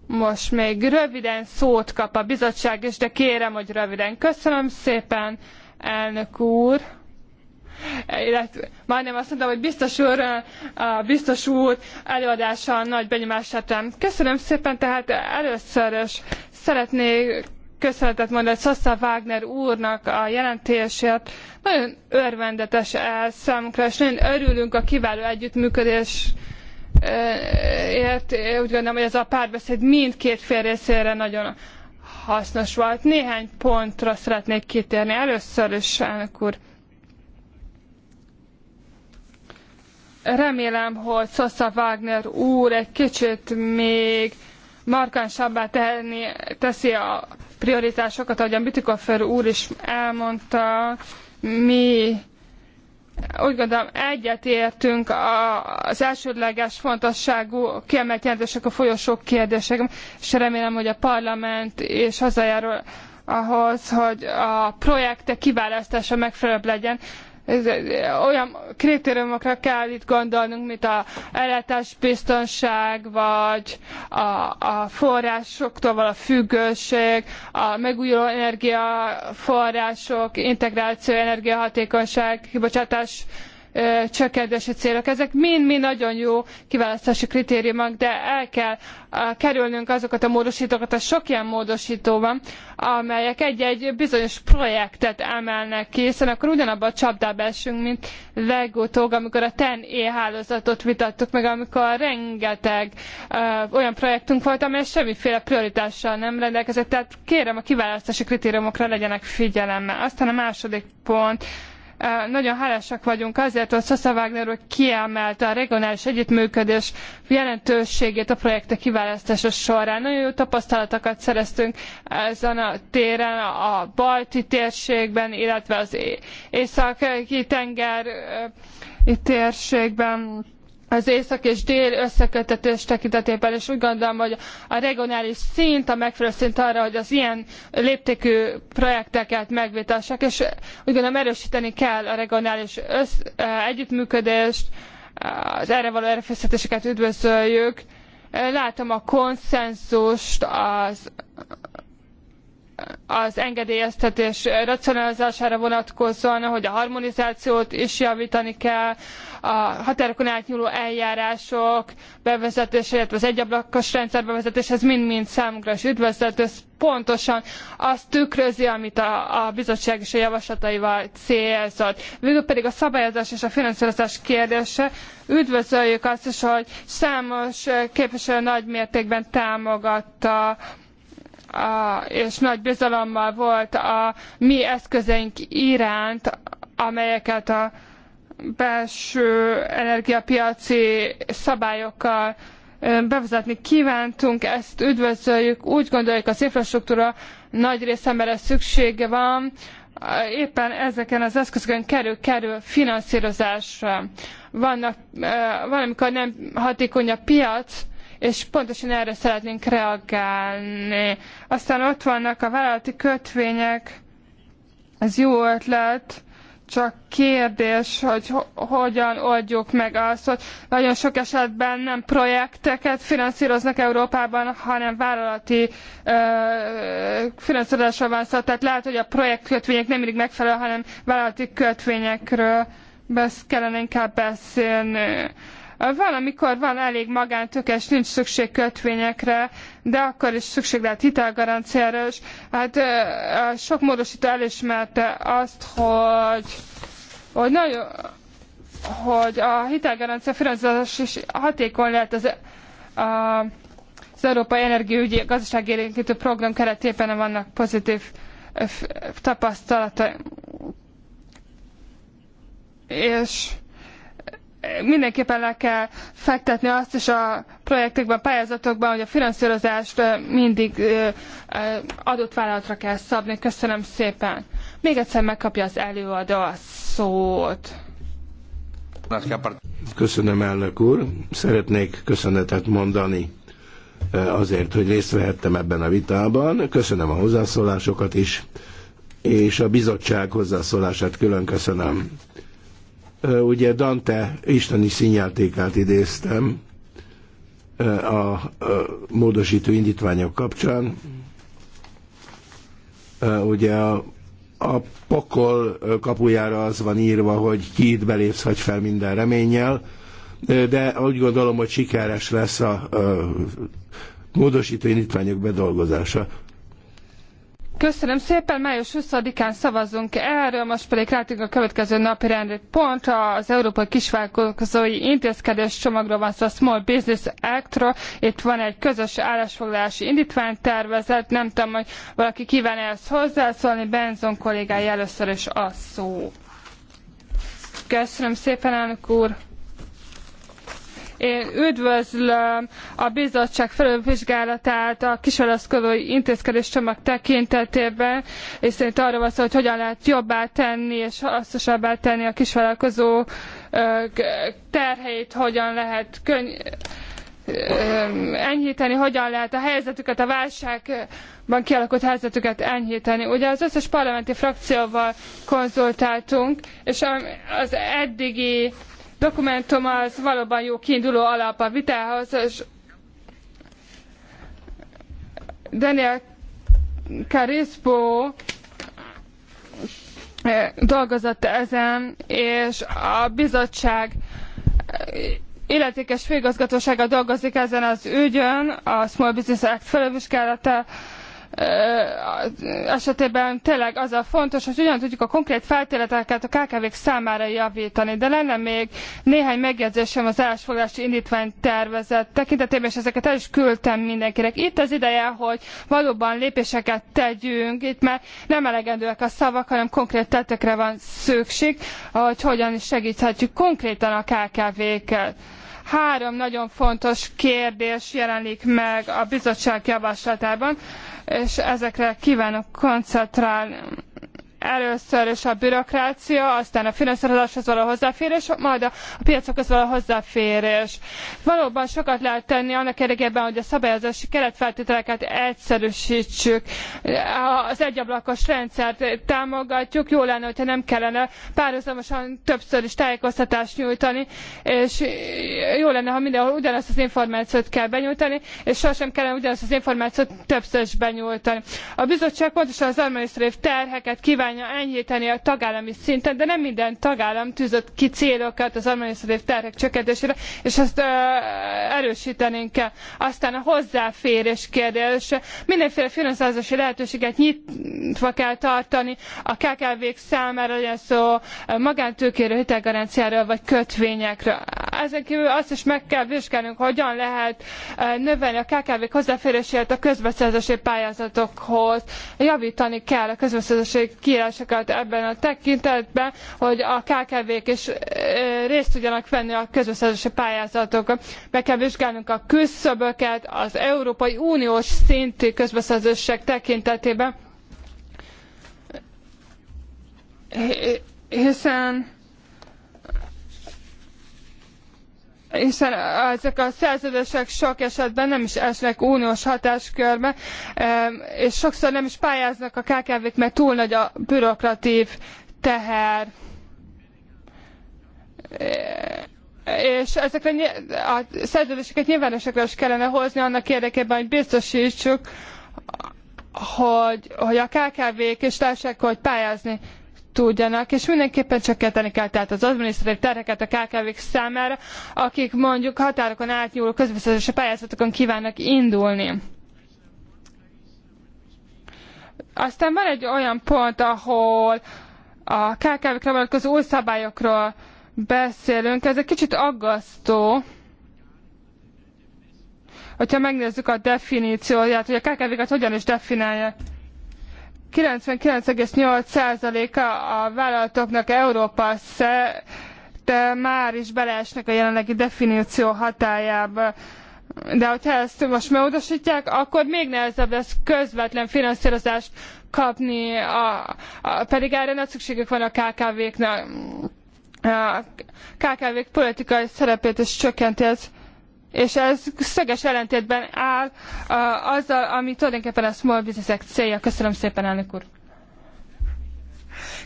Most még röviden szót kap a bizottság is, de kérem, hogy röviden. Köszönöm szépen, elnök úr. Illetve, majdnem azt mondtam, hogy biztos úr, a biztos úr előadása nagy benyomását rám. Köszönöm szépen, tehát először is szeretnék köszönetet mondani Sassa Wagner úrnak a jelentésért. Nagyon örvendetes ez számunkra, és nagyon örülünk a kiváló együttműködésnek ért, hát, úgy gondolom, hogy ez a párbeszéd mindkét fél részére nagyon hasznos volt. Néhány pontra szeretnék kitérni. Először is, elnök úr, remélem, hogy Sosa Wagner úr egy kicsit még markánsabbá tenni, teszi a prioritásokat, ahogyan Bütikofer úr is elmondta, mi úgy gondolom egyetértünk az elsődleges fontosságú kiemelt jelentések a folyosók kérdések, és remélem, hogy a parlament és hozzájárul ahhoz, hogy a projektek kiválasztása megfelelőbb legyen, olyan kritériumokra kell itt gondolnunk, mint a ellátás biztonság, vagy a, a forrásoktól való függőség, a megújuló energiaforrások, integráció, energiahatékonyság, kibocsátás csökkentési célok. Ezek mind-mind nagyon jó kiválasztási kritériumok, de el kell kerülnünk azokat a módosítókat, a sok ilyen módosító van, amelyek egy-egy bizonyos projektet emelnek ki, hiszen akkor ugyanabba a csapdába esünk, mint legutóbb, amikor a TEN-E hálózatot vitattuk meg, amikor rengeteg olyan projektünk volt, amely semmiféle prioritással nem rendelkezett. Tehát kérem a kiválasztási kritériumokra legyenek figyelemmel. Aztán a második pont, nagyon hálásak vagyunk azért, hogy Sosa Wagner úr kiemelte a regionális együttműködés jelentőségét a projektek kiválasztása során. Nagyon jó tapasztalatokat szereztünk ezen a téren, a balti térségben, illetve az északi tenger térségben az észak és dél összekötetés tekintetében, és úgy gondolom, hogy a regionális szint, a megfelelő szint arra, hogy az ilyen léptékű projekteket megvitassák, és úgy gondolom erősíteni kell a regionális össz, eh, együttműködést, az erre való erőfeszítéseket üdvözöljük. Látom a konszenzust az az engedélyeztetés racionalizására vonatkozóan, hogy a harmonizációt is javítani kell, a határokon átnyúló eljárások bevezetése, illetve az egyablakos rendszer bevezetése, ez mind-mind számunkra is üdvözlhető. Ez pontosan azt tükrözi, amit a, a bizottság is a javaslataival célzott. Végül pedig a szabályozás és a finanszírozás kérdése. Üdvözöljük azt is, hogy számos képviselő nagy mértékben támogatta a, és nagy bizalommal volt a mi eszközeink iránt, amelyeket a belső energiapiaci szabályokkal bevezetni kívántunk, ezt üdvözöljük, úgy gondoljuk az infrastruktúra nagy része, amire szüksége van, éppen ezeken az eszközökön kerül, kerül finanszírozásra. Vannak, valamikor nem hatékony a piac, és pontosan erre szeretnénk reagálni. Aztán ott vannak a vállalati kötvények, ez jó ötlet, csak kérdés, hogy ho hogyan oldjuk meg azt, hogy nagyon sok esetben nem projekteket finanszíroznak Európában, hanem vállalati ö, finanszírozásra van szó. Tehát lehet, hogy a projektkötvények nem mindig megfelelő, hanem vállalati kötvényekről kellene inkább beszélni. Valamikor van elég magántökes, nincs szükség kötvényekre, de akkor is szükség lehet hitelgaranciára, és hát sok módosító elismerte azt, hogy, hogy nagyon, hogy a hitelgarancia finanszírozás is hatékony lehet az, a, az Európai Energiaügyi Gazdaságérénkítő Program keretében vannak pozitív tapasztalatai. És mindenképpen le kell fektetni azt is a projektekben, pályázatokban, hogy a finanszírozást mindig adott vállalatra kell szabni. Köszönöm szépen. Még egyszer megkapja az előadó a szót. Köszönöm, elnök úr. Szeretnék köszönetet mondani azért, hogy részt vehettem ebben a vitában. Köszönöm a hozzászólásokat is, és a bizottság hozzászólását külön köszönöm ugye Dante isteni színjátékát idéztem a módosító indítványok kapcsán. Ugye a, a pokol kapujára az van írva, hogy ki itt belépsz, hagy fel minden reménnyel, de úgy gondolom, hogy sikeres lesz a, a módosító indítványok bedolgozása. Köszönöm szépen, május 20-án szavazunk erről, most pedig rátünk a következő napi pont pontra, az Európai Kisvállalkozói Intézkedés csomagról van szó, a Small Business Act-ról, itt van egy közös állásfoglalási indítványtervezet, nem tudom, hogy valaki kíván ezt hozzászólni, Benzon kollégája először is a szó. Köszönöm szépen, elnök úr! Én üdvözlöm a bizottság felülvizsgálatát a kisválaszkodói intézkedés csomag tekintetében, és szerint arról van szó, hogy hogyan lehet jobbá tenni és hasznosabbá tenni a kisvállalkozó terheit, hogyan lehet könny enyhíteni, hogyan lehet a helyzetüket, a válságban kialakult helyzetüket enyhíteni. Ugye az összes parlamenti frakcióval konzultáltunk, és az eddigi dokumentum az valóban jó kiinduló alap a vitához, és Daniel Carispo eh, dolgozott ezen, és a bizottság eh, illetékes főigazgatósága dolgozik ezen az ügyön, a Small Business Act felülvizsgálata esetében tényleg az a fontos, hogy hogyan tudjuk a konkrét feltételeket a KKV-k számára javítani. De lenne még néhány megjegyzésem az állásfoglalási indítvány tervezett. tekintetében, és ezeket el is küldtem mindenkinek. Itt az ideje, hogy valóban lépéseket tegyünk, itt már nem elegendőek a szavak, hanem konkrét tettekre van szükség, hogy hogyan is segíthetjük konkrétan a KKV-ket. Három nagyon fontos kérdés jelenik meg a bizottság javaslatában, és ezekre kívánok koncentrálni. Először is a bürokrácia, aztán a finanszírozáshoz való hozzáférés, majd a, piacokhoz való hozzáférés. Valóban sokat lehet tenni annak érdekében, hogy a szabályozási keretfeltételeket egyszerűsítsük. Az egyablakos rendszert támogatjuk, jó lenne, hogyha nem kellene párhuzamosan többször is tájékoztatást nyújtani, és jó lenne, ha mindenhol ugyanazt az információt kell benyújtani, és sosem kellene ugyanazt az információt többször is benyújtani. A bizottság pontosan az administratív terheket kívánja kívánja enyhteni a tagállami szinten, de nem minden tagállam tűzött ki célokat az adminisztratív terhek csökkentésére, és ezt erőstenünk kell. Aztán a hozzáférés kérdése. Mindenféle finanszírozási lehetőséget nyitva kell tartani a KKV-k számára, legyen szó magántőkéről, hitelgaranciáról vagy kötvényekről. Ezen kívül azt is meg kell vizsgálnunk, hogyan lehet növelni a KKV-k hozzáférését a közbeszerzési pályázatokhoz. Javítani kell a közbeszerzési kiírások megoldásokat ebben a tekintetben, hogy a KKV-k is részt tudjanak venni a közbeszerzési pályázatokon. Meg kell vizsgálnunk a küszöböket az Európai Uniós szintű közbeszerzések tekintetében, hiszen hiszen ezek a szerződések sok esetben nem is esnek uniós hatáskörbe, és sokszor nem is pályáznak a KKV-k, mert túl nagy a bürokratív teher e, és ezekre a szerződéseket nyilvánosakra is kellene hozni annak érdekében, hogy biztosítsuk, hogy, hogy a KKV-k is lássák, hogy pályázni tudjanak, és mindenképpen csökkenteni kell tehát az adminisztratív terheket a KKV-k számára, akik mondjuk határokon átnyúló közbeszerzési pályázatokon kívánnak indulni. Aztán van egy olyan pont, ahol a KKV-kre vonatkozó új szabályokról beszélünk. Ez egy kicsit aggasztó, hogyha megnézzük a definícióját, hogy a KKV-kat hogyan is definiálják. 99,8%-a a vállalatoknak Európa szerte már is beleesnek a jelenlegi definíció hatájába. De hogyha ezt most módosítják, akkor még nehezebb lesz közvetlen finanszírozást kapni, a, a, pedig erre nagy szükségük van a KKV-knak. A KKV-k politikai szerepét is csökkenti ez és ez szöges ellentétben áll a, azzal, ami tulajdonképpen a Small Business Act célja. Köszönöm szépen, elnök úr!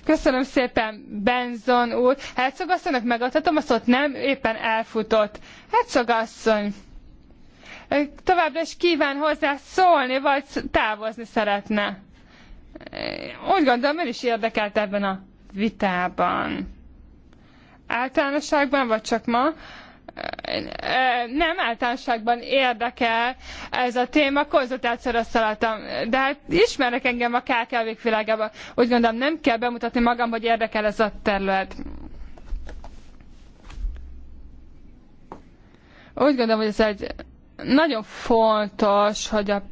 Köszönöm szépen, Benzon úr. Hát asszonynak megadhatom a szót, nem éppen elfutott. Hát asszony! továbbra is kíván hozzá szólni, vagy távozni szeretne. Úgy gondolom, ön is érdekelt ebben a vitában. Általánosságban, vagy csak ma? nem általánosságban érdekel ez a téma, konzultációra szaladtam. De hát ismernek engem a kkv világában. Úgy gondolom, nem kell bemutatni magam, hogy érdekel ez a terület. Úgy gondolom, hogy ez egy nagyon fontos, hogy a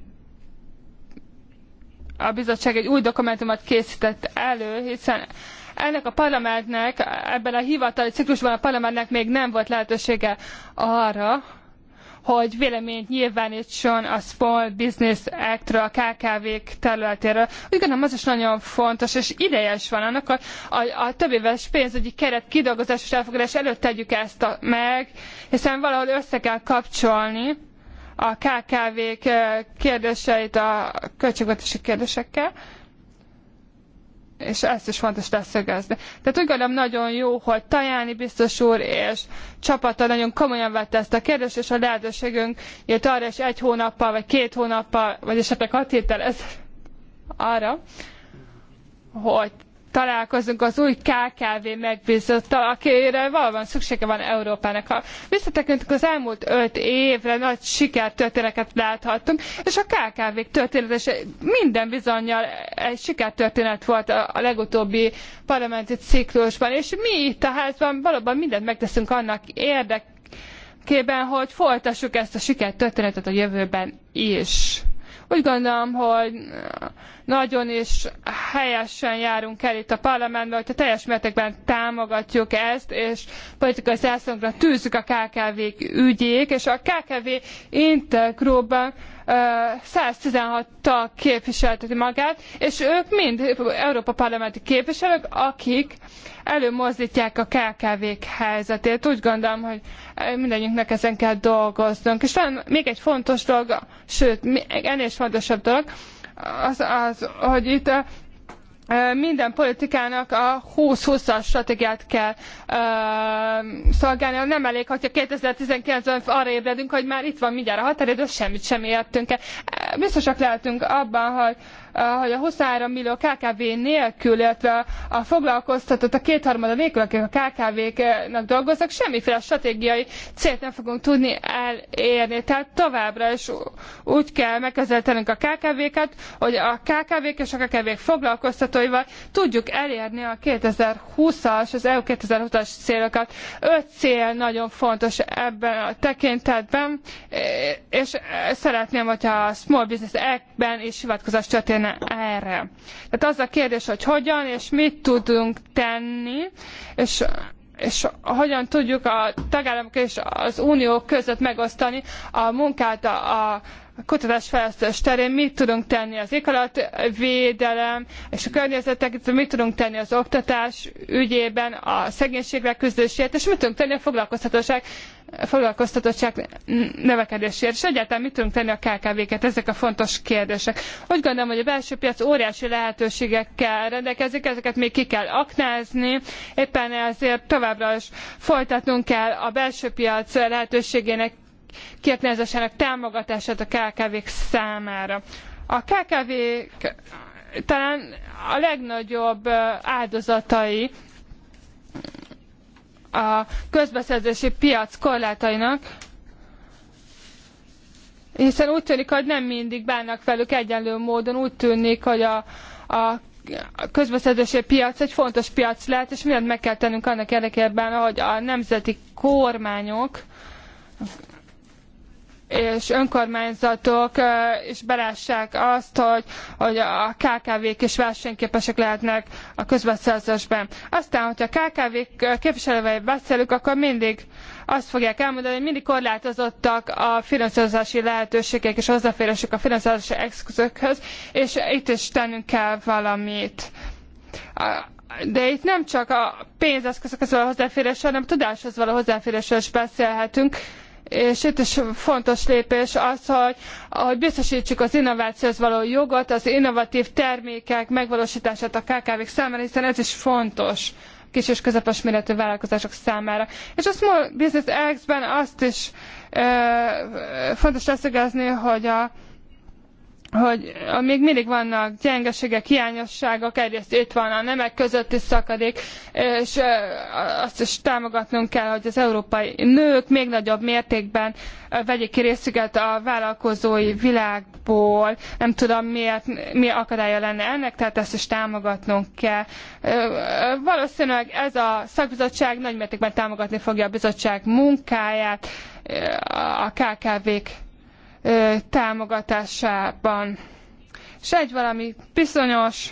a bizottság egy új dokumentumot készített elő, hiszen ennek a parlamentnek, ebben a hivatali ciklusban a parlamentnek még nem volt lehetősége arra, hogy véleményt nyilvánítson a Small Business Act-ről, a KKV-k területéről. Úgy gondolom, az is nagyon fontos, és idejes van annak, hogy a, a, a több éves pénzügyi keret kidolgozás és elfogadás előtt tegyük ezt a, meg, hiszen valahol össze kell kapcsolni a KKV-k eh, kérdéseit a költségvetési kérdésekkel és ezt is fontos leszögezni. Tehát úgy gondolom nagyon jó, hogy Tajáni biztos úr és csapata nagyon komolyan vette ezt a kérdést, és a lehetőségünk jött arra és egy hónappal, vagy két hónappal, vagy esetleg hat héttel ez arra, hogy találkozunk az új KKV megbízottal, akire valóban szüksége van Európának. Ha visszatekintünk az elmúlt öt évre, nagy sikertörténeteket láthattunk, és a KKV-k története minden bizonyal egy sikertörténet volt a legutóbbi parlamenti ciklusban, és mi itt a házban valóban mindent megteszünk annak érdekében, hogy folytassuk ezt a sikertörténetet a jövőben is. Úgy gondolom, hogy nagyon is helyesen járunk el itt a parlamentben, hogyha teljes mértékben támogatjuk ezt, és politikai zászlónkra tűzzük a KKV ügyét, és a KKV integróban 116 tag képviselteti magát, és ők mind Európa parlamenti képviselők, akik előmozdítják a KKV-k helyzetét. Úgy gondolom, hogy mindannyiunknak ezen kell dolgoznunk. És talán még egy fontos dolog, sőt, ennél is fontosabb dolog, az, az, hogy itt minden politikának a 20-20-as stratégiát kell ö, szolgálnia. Nem elég, hogyha 2019-ben arra ébredünk, hogy már itt van mindjárt a határidő, semmit sem értünk el. Biztosak lehetünk abban, hogy hogy a 23 millió KKV nélkül, illetve a foglalkoztatott a kétharmada nélkül, akik a KKV-knak dolgoznak, semmiféle stratégiai célt nem fogunk tudni elérni. Tehát továbbra is úgy kell megközelítenünk a KKV-ket, hogy a KKV-k és a KKV-k foglalkoztatóival tudjuk elérni a 2020-as, az EU 2020-as célokat. Öt cél nagyon fontos ebben a tekintetben, és szeretném, hogyha a Small Business Act-ben is hivatkozás történik történne erre. Tehát az a kérdés, hogy hogyan és mit tudunk tenni, és és hogyan tudjuk a tagállamok és az unió között megosztani a munkát a, a kutatásfejlesztés terén mit tudunk tenni az éghajlatvédelem és a környezetek, mit tudunk tenni az oktatás ügyében, a szegénységre küzdésért, és mit tudunk tenni a foglalkoztatóság, foglalkoztatottság növekedésért, és egyáltalán mit tudunk tenni a KKV-ket, ezek a fontos kérdések. Úgy gondolom, hogy a belső piac óriási lehetőségekkel rendelkezik, ezeket még ki kell aknázni, éppen ezért továbbra is folytatnunk kell a belső piac lehetőségének kiaknázásának támogatását a KKV-k számára. A kkv talán a legnagyobb áldozatai a közbeszerzési piac korlátainak, hiszen úgy tűnik, hogy nem mindig bánnak velük egyenlő módon, úgy tűnik, hogy a, a közbeszerzési piac egy fontos piac lehet, és mindent meg kell tennünk annak érdekében, hogy a nemzeti kormányok és önkormányzatok is belássák azt, hogy, hogy a KKV-k is versenyképesek lehetnek a közbeszerzésben. Aztán, hogyha a KKV-k képviselővel beszélünk, akkor mindig azt fogják elmondani, hogy mindig korlátozottak a finanszírozási lehetőségek és hozzáférésük a finanszírozási eszközökhöz, és itt is tennünk kell valamit. De itt nem csak a pénzeszközökhez való hozzáférésről, hanem a tudáshoz való hozzáférésről is beszélhetünk, és itt is fontos lépés az, hogy, hogy biztosítsuk az innovációhoz való jogot, az innovatív termékek megvalósítását a KKV-k számára, hiszen ez is fontos kis és közepes méretű vállalkozások számára. És a Small Business Act-ben azt is fontos leszögezni, hogy a, hogy eh, még mindig vannak gyengeségek, hiányosságok, egyrészt itt van a nemek közötti szakadék, és eh, azt is támogatnunk kell, hogy az európai nők még nagyobb mértékben eh, vegyék ki részüket a vállalkozói világból. Nem tudom, miért, mi akadálya lenne ennek, tehát ezt is támogatnunk kell. Valószínűleg ez a szakbizottság mértékben támogatni fogja a bizottság munkáját, a KKV-k támogatásában. És egy valami bizonyos,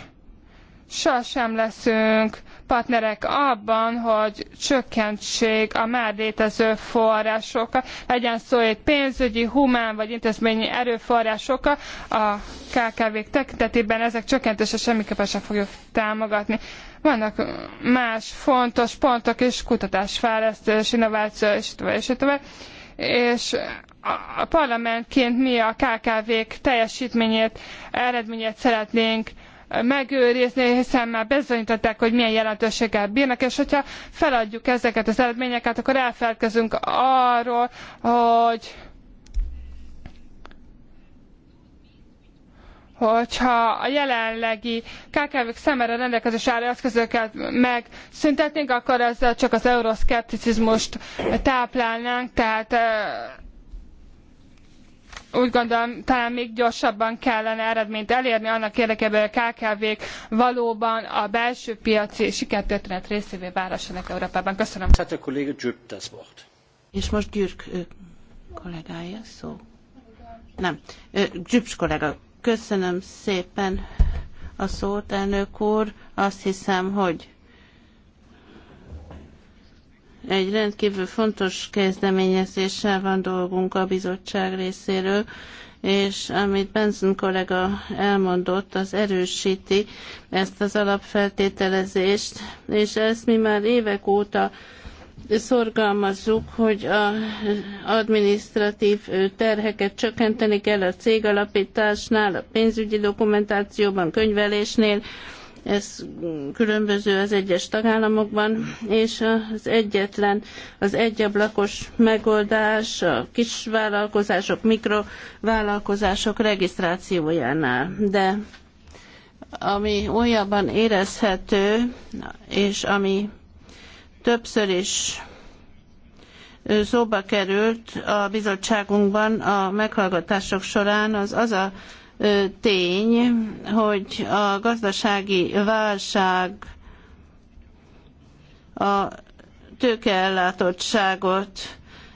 sosem leszünk partnerek abban, hogy csökkentsék a már létező forrásokat, legyen szó itt pénzügyi, humán vagy intézményi erőforrásokkal, a KKV-k tekintetében ezek csökkentése semmiképpen sem fogjuk támogatni. Vannak más fontos pontok is, kutatás, fejlesztés, innováció, és tovább, és tovább. És a parlamentként mi a KKV-k teljesítményét, eredményét szeretnénk megőrizni, hiszen már bizonyították, hogy milyen jelentőséggel bírnak, és hogyha feladjuk ezeket az eredményeket, akkor elfelelkezünk arról, hogy hogyha a jelenlegi KKV-k számára rendelkezés álló eszközöket megszüntetnénk, akkor ezzel csak az euroszkepticizmust táplálnánk, tehát úgy gondolom, talán még gyorsabban kellene eredményt elérni annak érdekében, hogy a KKV-k valóban a belső piaci sikertörténet részévé válhassanak Európában. Köszönöm. Hát a És most Gyürk kollégája szó. Nem, Gyürk kollega. Köszönöm szépen a szót, elnök úr. Azt hiszem, hogy egy rendkívül fontos kezdeményezéssel van dolgunk a bizottság részéről, és amit Benson kollega elmondott, az erősíti ezt az alapfeltételezést, és ezt mi már évek óta szorgalmazzuk, hogy a adminisztratív terheket csökkenteni kell a cégalapításnál, a pénzügyi dokumentációban, könyvelésnél, ez különböző az egyes tagállamokban, és az egyetlen, az egyablakos megoldás a kisvállalkozások, mikrovállalkozások regisztrációjánál. De ami újabban érezhető, és ami többször is szóba került a bizottságunkban a meghallgatások során, az az a tény, hogy a gazdasági válság a tőkeellátottságot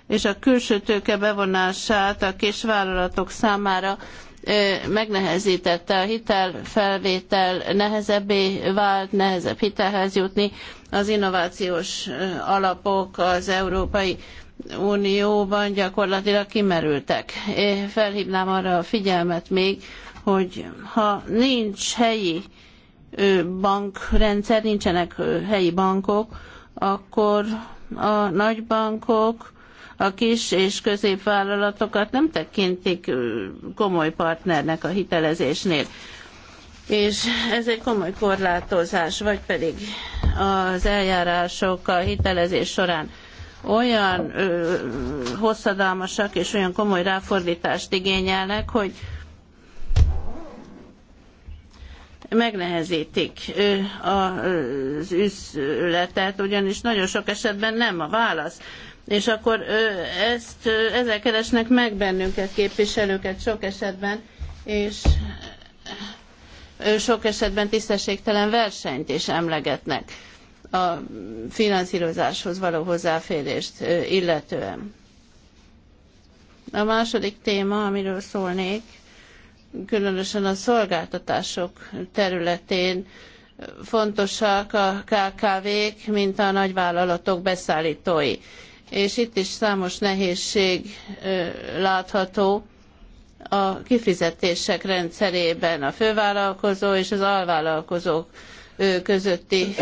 és a külső tőke bevonását a kisvállalatok számára megnehezítette a hitelfelvétel, nehezebbé vált, nehezebb hitelhez jutni, az innovációs alapok, az európai Unióban gyakorlatilag kimerültek. Én felhívnám arra a figyelmet még, hogy ha nincs helyi bankrendszer, nincsenek helyi bankok, akkor a nagybankok a kis és középvállalatokat nem tekintik komoly partnernek a hitelezésnél. És ez egy komoly korlátozás, vagy pedig az eljárások a hitelezés során olyan ö, hosszadalmasak és olyan komoly ráfordítást igényelnek, hogy megnehezítik az üzletet, ugyanis nagyon sok esetben nem a válasz. És akkor ezt, ezzel keresnek meg bennünket, képviselőket sok esetben, és sok esetben tisztességtelen versenyt is emlegetnek a finanszírozáshoz való hozzáférést illetően. A második téma, amiről szólnék, különösen a szolgáltatások területén fontosak a KKV-k, mint a nagyvállalatok beszállítói. És itt is számos nehézség látható a kifizetések rendszerében a fővállalkozó és az alvállalkozók közötti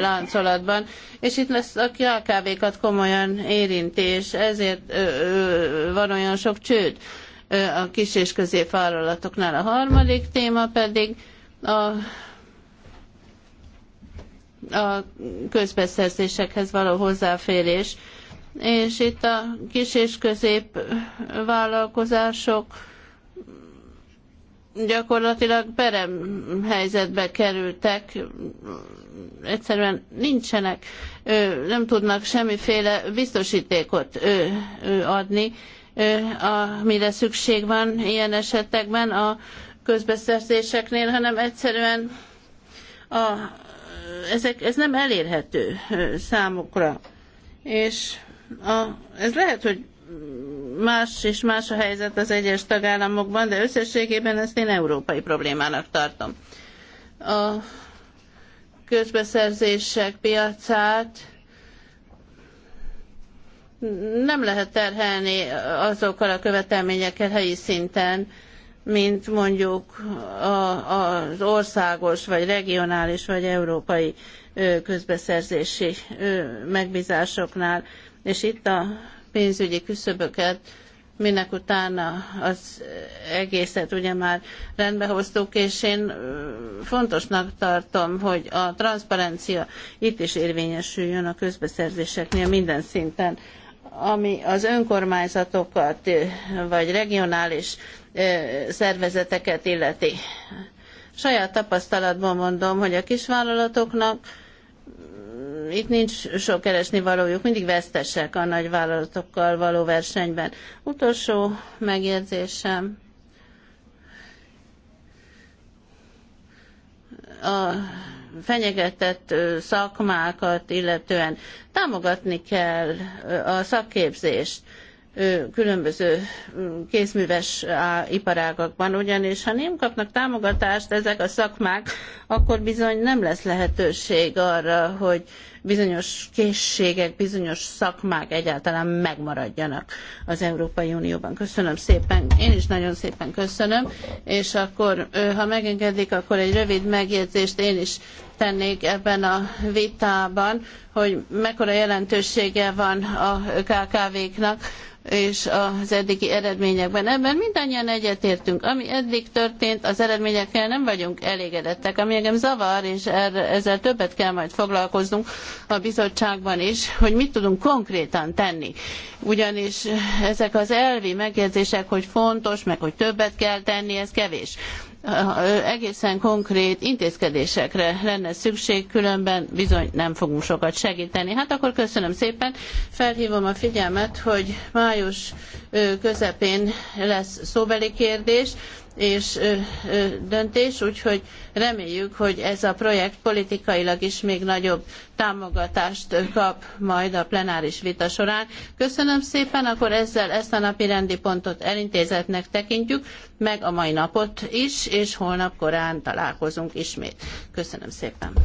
láncolatban, és itt lesz a KKV-kat komolyan érintés, ezért van olyan sok csőd a kis és középvállalatoknál. A harmadik téma pedig a a közbeszerzésekhez való hozzáférés. És itt a kis és közép vállalkozások gyakorlatilag perem helyzetbe kerültek, egyszerűen nincsenek, nem tudnak semmiféle biztosítékot adni, amire szükség van ilyen esetekben a közbeszerzéseknél, hanem egyszerűen a, ezek, ez nem elérhető számukra. És a, ez lehet, hogy más és más a helyzet az egyes tagállamokban, de összességében ezt én európai problémának tartom. A közbeszerzések piacát nem lehet terhelni azokkal a követelményekkel helyi szinten, mint mondjuk az országos, vagy regionális, vagy európai közbeszerzési megbízásoknál. És itt a pénzügyi küszöböket, minek utána az egészet ugye már rendbe hoztuk, és én fontosnak tartom, hogy a transzparencia itt is érvényesüljön a közbeszerzéseknél minden szinten ami az önkormányzatokat vagy regionális szervezeteket illeti. Saját tapasztalatból mondom, hogy a kisvállalatoknak itt nincs sok keresni valójuk, mindig vesztesek a nagy vállalatokkal való versenyben. Utolsó megjegyzésem. A fenyegetett szakmákat illetően támogatni kell a szakképzést különböző kézműves iparágakban, ugyanis ha nem kapnak támogatást ezek a szakmák, akkor bizony nem lesz lehetőség arra, hogy bizonyos készségek, bizonyos szakmák egyáltalán megmaradjanak az Európai Unióban. Köszönöm szépen, én is nagyon szépen köszönöm, és akkor, ha megengedik, akkor egy rövid megjegyzést én is tennék ebben a vitában, hogy mekkora jelentősége van a KKV-knak, és az eddigi eredményekben. Ebben mindannyian egyetértünk. Ami eddig történt, az eredményekkel nem vagyunk elégedettek, ami engem zavar, és erre, ezzel többet kell majd foglalkoznunk a bizottságban is, hogy mit tudunk konkrétan tenni. Ugyanis ezek az elvi megjegyzések, hogy fontos, meg hogy többet kell tenni, ez kevés egészen konkrét intézkedésekre lenne szükség, különben bizony nem fogunk sokat segíteni. Hát akkor köszönöm szépen, felhívom a figyelmet, hogy május közepén lesz szóbeli kérdés, és döntés, úgyhogy reméljük, hogy ez a projekt politikailag is még nagyobb támogatást kap majd a plenáris vita során. Köszönöm szépen, akkor ezzel ezt a napi rendi pontot elintézetnek tekintjük, meg a mai napot is, és holnap korán találkozunk ismét. Köszönöm szépen.